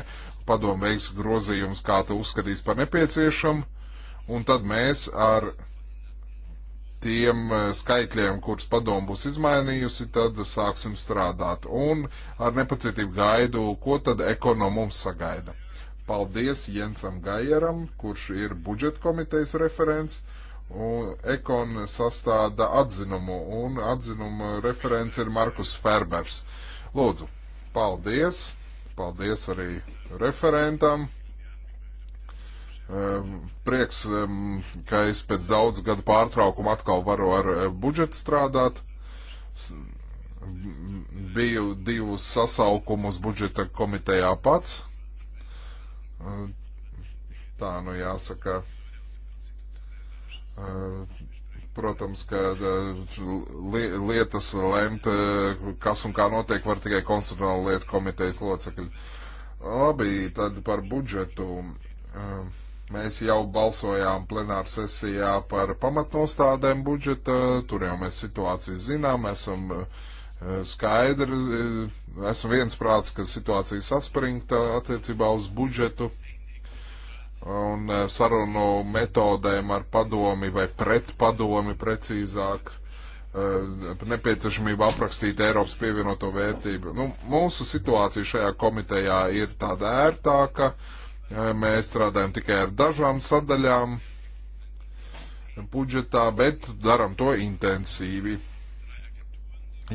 padomē veiks grozījums, kā to uzskatīs par nepieciešamu, un tad mēs ar tiem e, skaitļiem, kurus padomu būs izmainījusi, tad sāksim strādāt. Un ar nepacietību gaidu, ko tad ekono mums sagaida. Paldies Jensam Gajeram, kurš ir budžeta komitejas referents un Ekon sastāda atzinumu, un atzinuma referents ir Markus Ferbers. Lūdzu, paldies! Paldies arī referentam! Ehm, prieks, ehm, ka es pēc daudz gadu pārtraukuma atkal varu ar eh, budžetu strādāt. Biju divus sasaukumus budžeta komitejā pats. Ehm, tā nu jāsaka Eh, protams, ka eh, lietas lemt, eh, kas un kā notiek, var tikai konstitucionāla lietu komitejas locekļi. Labi, tad par budžetu. Mēs jau balsojām plenāru sesijā par pamatnostādēm budžeta, tur jau mēs situāciju zinām, esam skaidri, esam viensprāts, ka situācija saspringta attiecībā uz budžetu un eh, sarunu metodēm ar padomi vai pret padomi precīzāk eh, nepieciešamība aprakstīt Eiropas pievienoto vērtību. Nu, mūsu situācija šajā komitejā ir tāda ērtāka. Eh, mēs strādājam tikai ar dažām sadaļām budžetā, bet daram to intensīvi.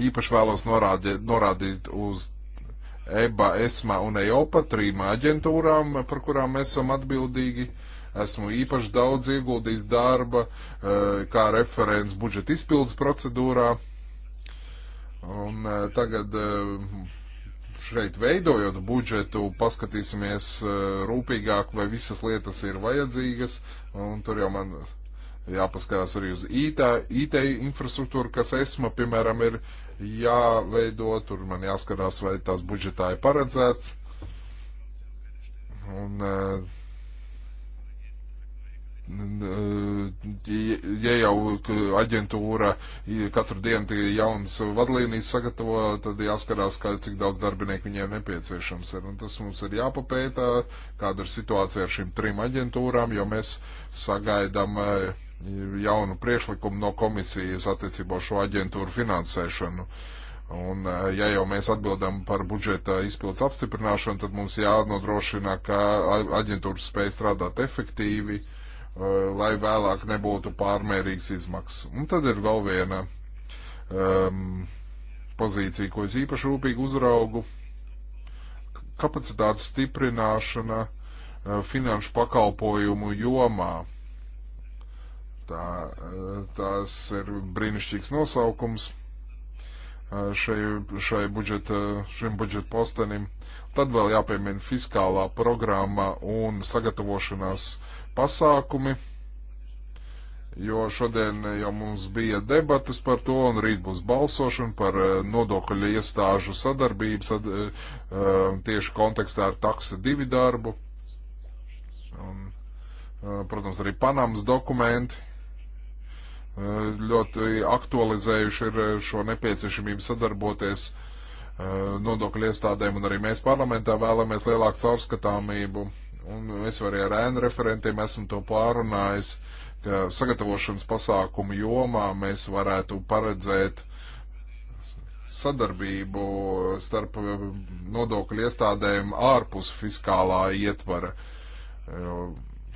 Īpaši vēlos norādīt, norādīt uz EBA, ESMA un EOPA, trim aģentūrām, par kurām mēs esam atbildīgi. Esmu īpaši daudz ieguldījis darba eh, kā referents budžeta izpildes procedūrā. Un eh, tagad eh, šeit veidojot budžetu, paskatīsimies rūpīgāk, vai visas lietas ir vajadzīgas. Un tur jau man jāpaskarās arī uz IT, IT infrastruktūru, kas esma, piemēram, ir jāveido, tur man jāskarās, vai tās budžetā ir paredzēts. Un, eh, eh, ja jau aģentūra katru dienu jaunas vadlīnijas sagatavo, tad jāskarās, kā, cik daudz darbinieku viņiem nepieciešams ir. Un tas mums ir jāpapētā, kāda ir situācija ar šīm trim aģentūrām, jo mēs sagaidām uh, jaunu priešlikumu no komisijas attiecībā uz šo aģentūru finansēšanu. Un, eh, ja jau mēs atbildam par budžeta izpildes apstiprināšanu, tad mums jānodrošina, ka aģentūras spēj strādāt efektīvi, eh, lai vēlāk nebūtu pārmērīgas izmaksas. Un tad ir vēl viena um, pozīcija, ko es īpaši rūpīgi uzraugu - kapacitātes stiprināšana eh, finanšu pakalpojumu jomā Tā, tās ir brīnišķīgs nosaukums šai, šai budžeta, šim budžeta postenim. Tad vēl jāpiemina fiskālā programma un sagatavošanās pasākumi, jo šodien jau mums bija debatas par to, un rīt būs balsošana par nodokļu iestāžu sadarbību sad, tieši kontekstā ar taksa divi darbu. Un, protams, arī Panamas dokumenti ļoti aktualizējuši ir šo nepieciešamību sadarboties nodokļu iestādēm, un arī mēs parlamentā vēlamies lielāku caurskatāmību. Un es arī ar ēnu referentiem esmu to pārunājis, ka sagatavošanas pasākumu jomā mēs varētu paredzēt sadarbību starp nodokļu iestādēm ārpus fiskālā ietvara. Jo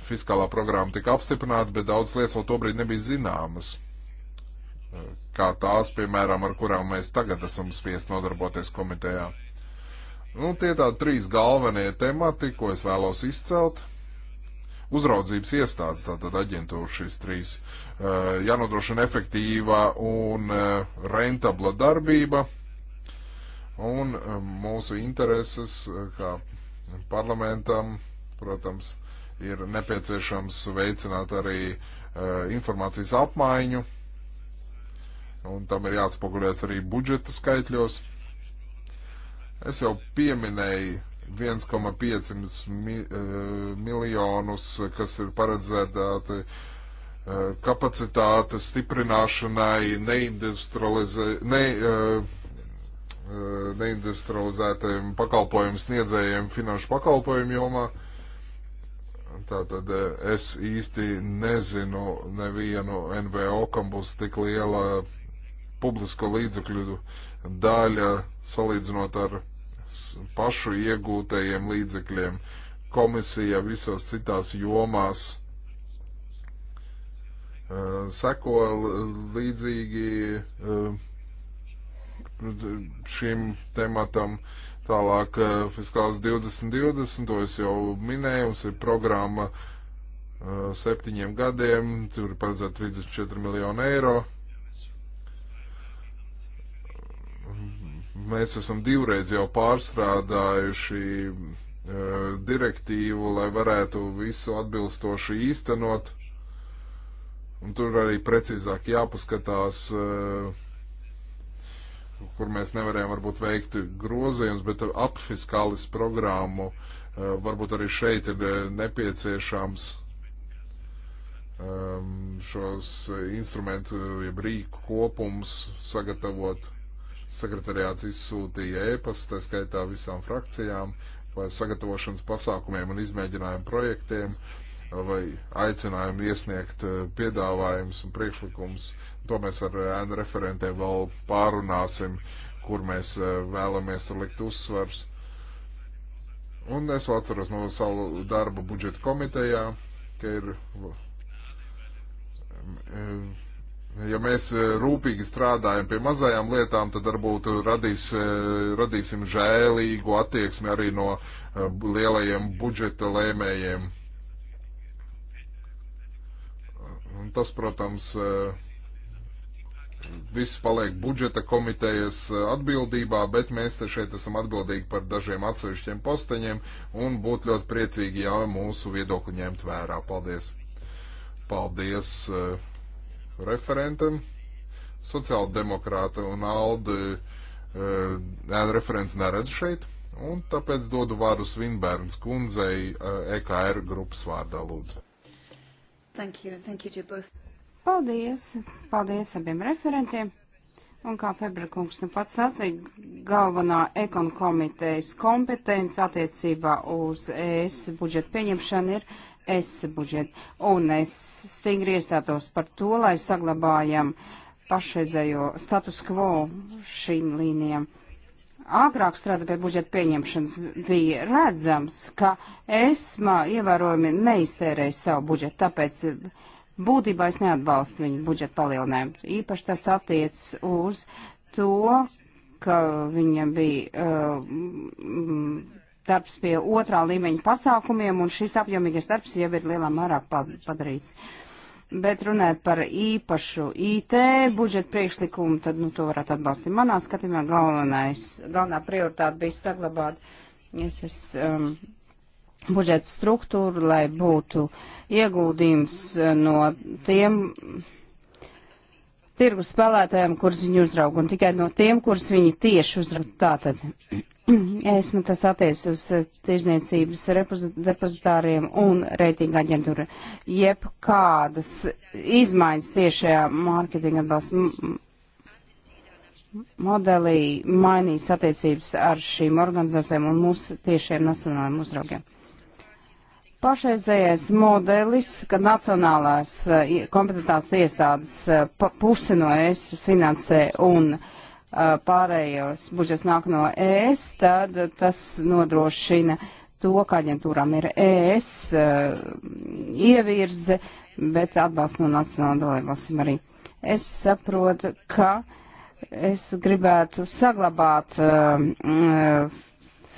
fiskālā programma tika apstiprināta, bet daudz lietas vēl tobrīd nebija zināmas. Kā tās, piemēram, ar kurām mēs tagad esam spiest nodarboties komitejā. Nu, tie tādi trīs galvenie temati, ko es vēlos izcelt. Uzraudzības iestādes, tātad aģentūra šīs trīs, jānodrošina efektīva un rentabla darbība. Un mūsu intereses, kā parlamentam, protams, ir nepieciešams veicināt arī uh, informācijas apmaiņu, un tam ir jāatspoguļojas arī budžeta skaitļos. Es jau pieminēju 1,5 mi, uh, miljonus, kas ir paredzēti uh, e, kapacitātes stiprināšanai neindustrializē, ne, neindustrializētajiem pakalpojumu sniedzējiem finanšu pakalpojumu jomā. Jo Tātad eh, es īsti nezinu nevienu NVO, kam būs tik liela publisko līdzekļu daļa salīdzinot ar pašu iegūtajiem līdzekļiem. Komisija visos citās jomās uh, seko līdzīgi uh, šim tematam. Uh, Tālāk eh, fiskāls 2020, to es jau minēju, mums ir programma eh, septiņiem gadiem, tur ir paredzēta 34 miljonu eiro. Mēs esam divreiz jau pārstrādājuši eh, direktīvu, lai varētu visu atbilstoši īstenot. Un tur arī precīzāk jāpaskatās, uh, kur mēs nevarējām varbūt veikt grozījums, bet apfiskālis programmu eh, varbūt arī šeit ir eh, nepieciešams ehm, šos instrumentu, jeb rīku kopums sagatavot. Sekretariāts izsūtīja ēpas, tā skaitā visām frakcijām, par sagatavošanas pasākumiem un izmēģinājumu projektiem vai aicinājumu iesniegt eh, piedāvājums un priekšlikums. To mēs ar ēnu referentiem vēl pārunāsim, kur mēs eh, vēlamies tur likt uzsvars. Un es vēl atceros no savu darbu budžeta komitejā, ka ir, eh, ja mēs rūpīgi strādājam pie mazajām lietām, tad varbūt radīs, radīsim žēlīgu attieksmi arī no lielajiem budžeta lēmējiem. Tas, protams, eh, viss paliek budžeta komitejas eh, atbildībā, bet mēs te šeit esam atbildīgi par dažiem atsevišķiem posteņiem un būtu ļoti priecīgi, ja mūsu viedokli ņemt vērā. Paldies! Paldies eh, referentam! Sociāldemokrāta un Aldi referents neredz šeit, un tāpēc dodu vārdu Svinbērns kundzei EKR e grupas vārdā lūdzu. Thank you, thank you to both. Paldies, paldies abiem referentiem. Un kā Febra kungs nu pats sacīja, galvenā ekonu komitejas kompetence attiecībā uz ES budžetu pieņemšanu ir ES budžetu. Un es stingri iestātos par to, lai saglabājam pašreizējo status quo šīm līnijām agrāk strādāja pie budžeta pieņemšanas, bija redzams, ka ESMA ievērojami neiztērēja savu budžetu, tāpēc būtībā es neatbalstu viņu budžeta palielinājumu. Īpaši tas attiec uz to, ka viņam bija uh, darbs pie otrā līmeņa pasākumiem, un šis apjomīgais darbs jau ir lielā mērā padarīts. Uh, Bet runājot par īpašu IT budžeta priekšlikumu, tad nu, to varētu atbalstīt. Manā skatījumā galvenais, galvenā prioritāte bija saglabāt es, es, um, budžeta struktūru, lai būtu ieguldījums uh, no tiem tirgus spēlētājiem, kurus viņi uzrauga, un tikai no tiem, kurus viņi tieši uzrauga. Tātad [clears throat] Es nu tas attiec uz eh, tirzniecības depozitāriem un reitinga aģentūra. Jeb kādas izmaiņas tiešajā mārketinga atbalsta modelī mainīs attiecības ar šīm organizācijām un mūsu tiešiem nacionālajiem uzraugiem. Pašreizējais modelis, ka nacionālās eh, kompetentās iestādes eh, pusi no es finansē un uh, pārējos budžets nāk no ES, tad tas nodrošina to, ka aģentūrām ir ES ievirze, bet atbalsts no nacionāla dalībvalstīm arī. Es saprotu, ka es gribētu saglabāt uh,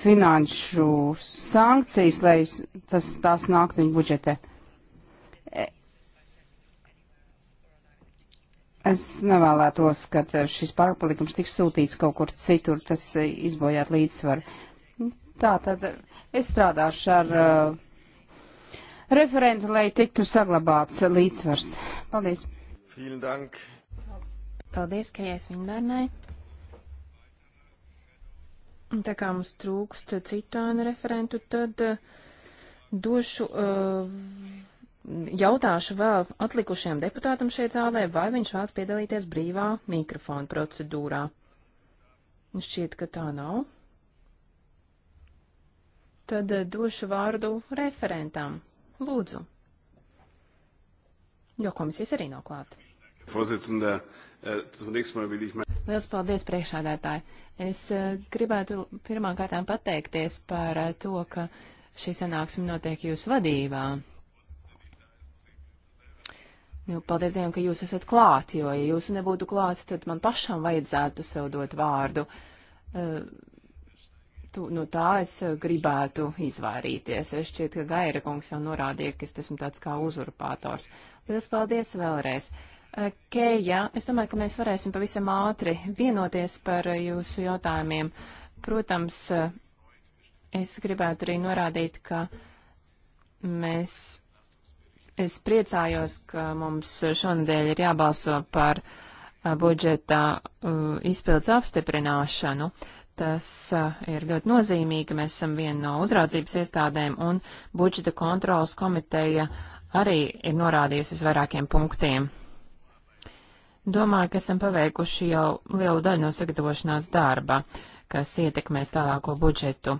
finanšu sankcijas, lai tas, tās nāktu viņa budžetē. Es nevēlētos, ka šis pārpalikums tiks sūtīts kaut kur citur, tas izbojāt līdzsvaru. Tā tad es strādāšu ar uh, referentu, lai tiktu saglabāts līdzsvars. Paldies. Paldies, ka jās vienmērnai. Tā kā mums trūkst citāna referentu, tad uh, došu uh, jautāšu vēl atlikušajam deputātam šeit zālē, vai viņš vēlas piedalīties brīvā mikrofona procedūrā. Šķiet, ka tā nav. Tad eh, došu vārdu referentam. Lūdzu. Jo komisijas arī nav klāt. Äh, Liels paldies, priekšādētāji. Es äh, gribētu pirmkārtām pateikties par äh, to, ka šī sanāksme notiek jūsu vadībā. Nu, paldies Dievam, ka jūs esat klāt, jo, ja jūs nebūtu klāt, tad man pašam vajadzētu sev dot vārdu. Uh, tu, no nu, tā es gribētu izvairīties. Es šķiet, ka Gaira kungs jau norādīja, ka es esmu tāds kā uzurpātors. Lielas paldies vēlreiz. Uh, Keja, es domāju, ka mēs varēsim pavisam ātri vienoties par jūsu jautājumiem. Protams, eh, es gribētu arī norādīt, ka mēs Es priecājos, ka mums šonadēļ ir jābalso par uh, budžeta uh, izpildes apstiprināšanu. Tas uh, ir ļoti nozīmīgi. Mēs esam viena no uzraudzības iestādēm, un budžeta kontrolas komiteja arī ir norādījusi uz vairākiem punktiem. Domāju, ka esam paveikuši jau lielu daļu no sagatavošanās darba, kas ietekmēs tālāko budžetu.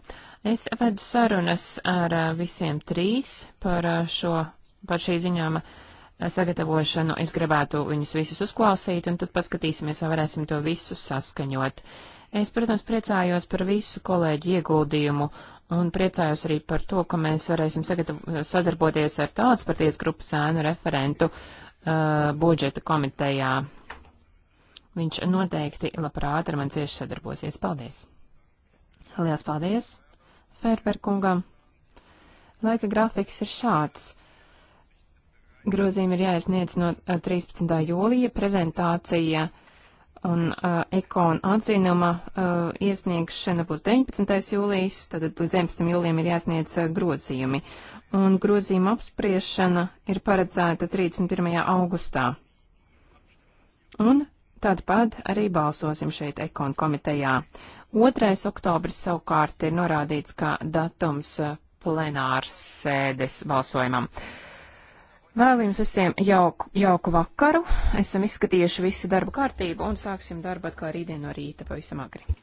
Es vedu sarunas ar visiem trīs par šo par šī ziņojuma eh, sagatavošanu. Es gribētu viņus visus uzklausīt, un tad paskatīsimies, vai varēsim to visu saskaņot. Es, protams, priecājos par visu kolēģu ieguldījumu, un priecājos arī par to, ka mēs varēsim sadarboties ar tautas parties grupas ēnu referentu uh, budžeta komitejā. Viņš noteikti labprāt ar man cieši sadarbosies. Paldies! Lielas paldies Ferberkungam! Laika grafiks ir šāds. Grozījumi ir jāiesniedz no 13. jūlija prezentācija un uh, ekona atzinuma uh, iesniegšana būs 19. jūlijas, tad līdz 11. jūlijam ir jāsniedz uh, grozījumi. Un grozījuma apspriešana ir paredzēta 31. augustā. Un tāpat arī balsosim šeit ekona komitejā. 2. oktobris savukārt ir norādīts kā datums plenārs sēdes balsojumam. Uh, Vēlu jums visiem jauku, jauku vakaru. Esam izskatījuši visu darbu kārtību un sāksim darbu atkal rītdien no rīta pavisam agri.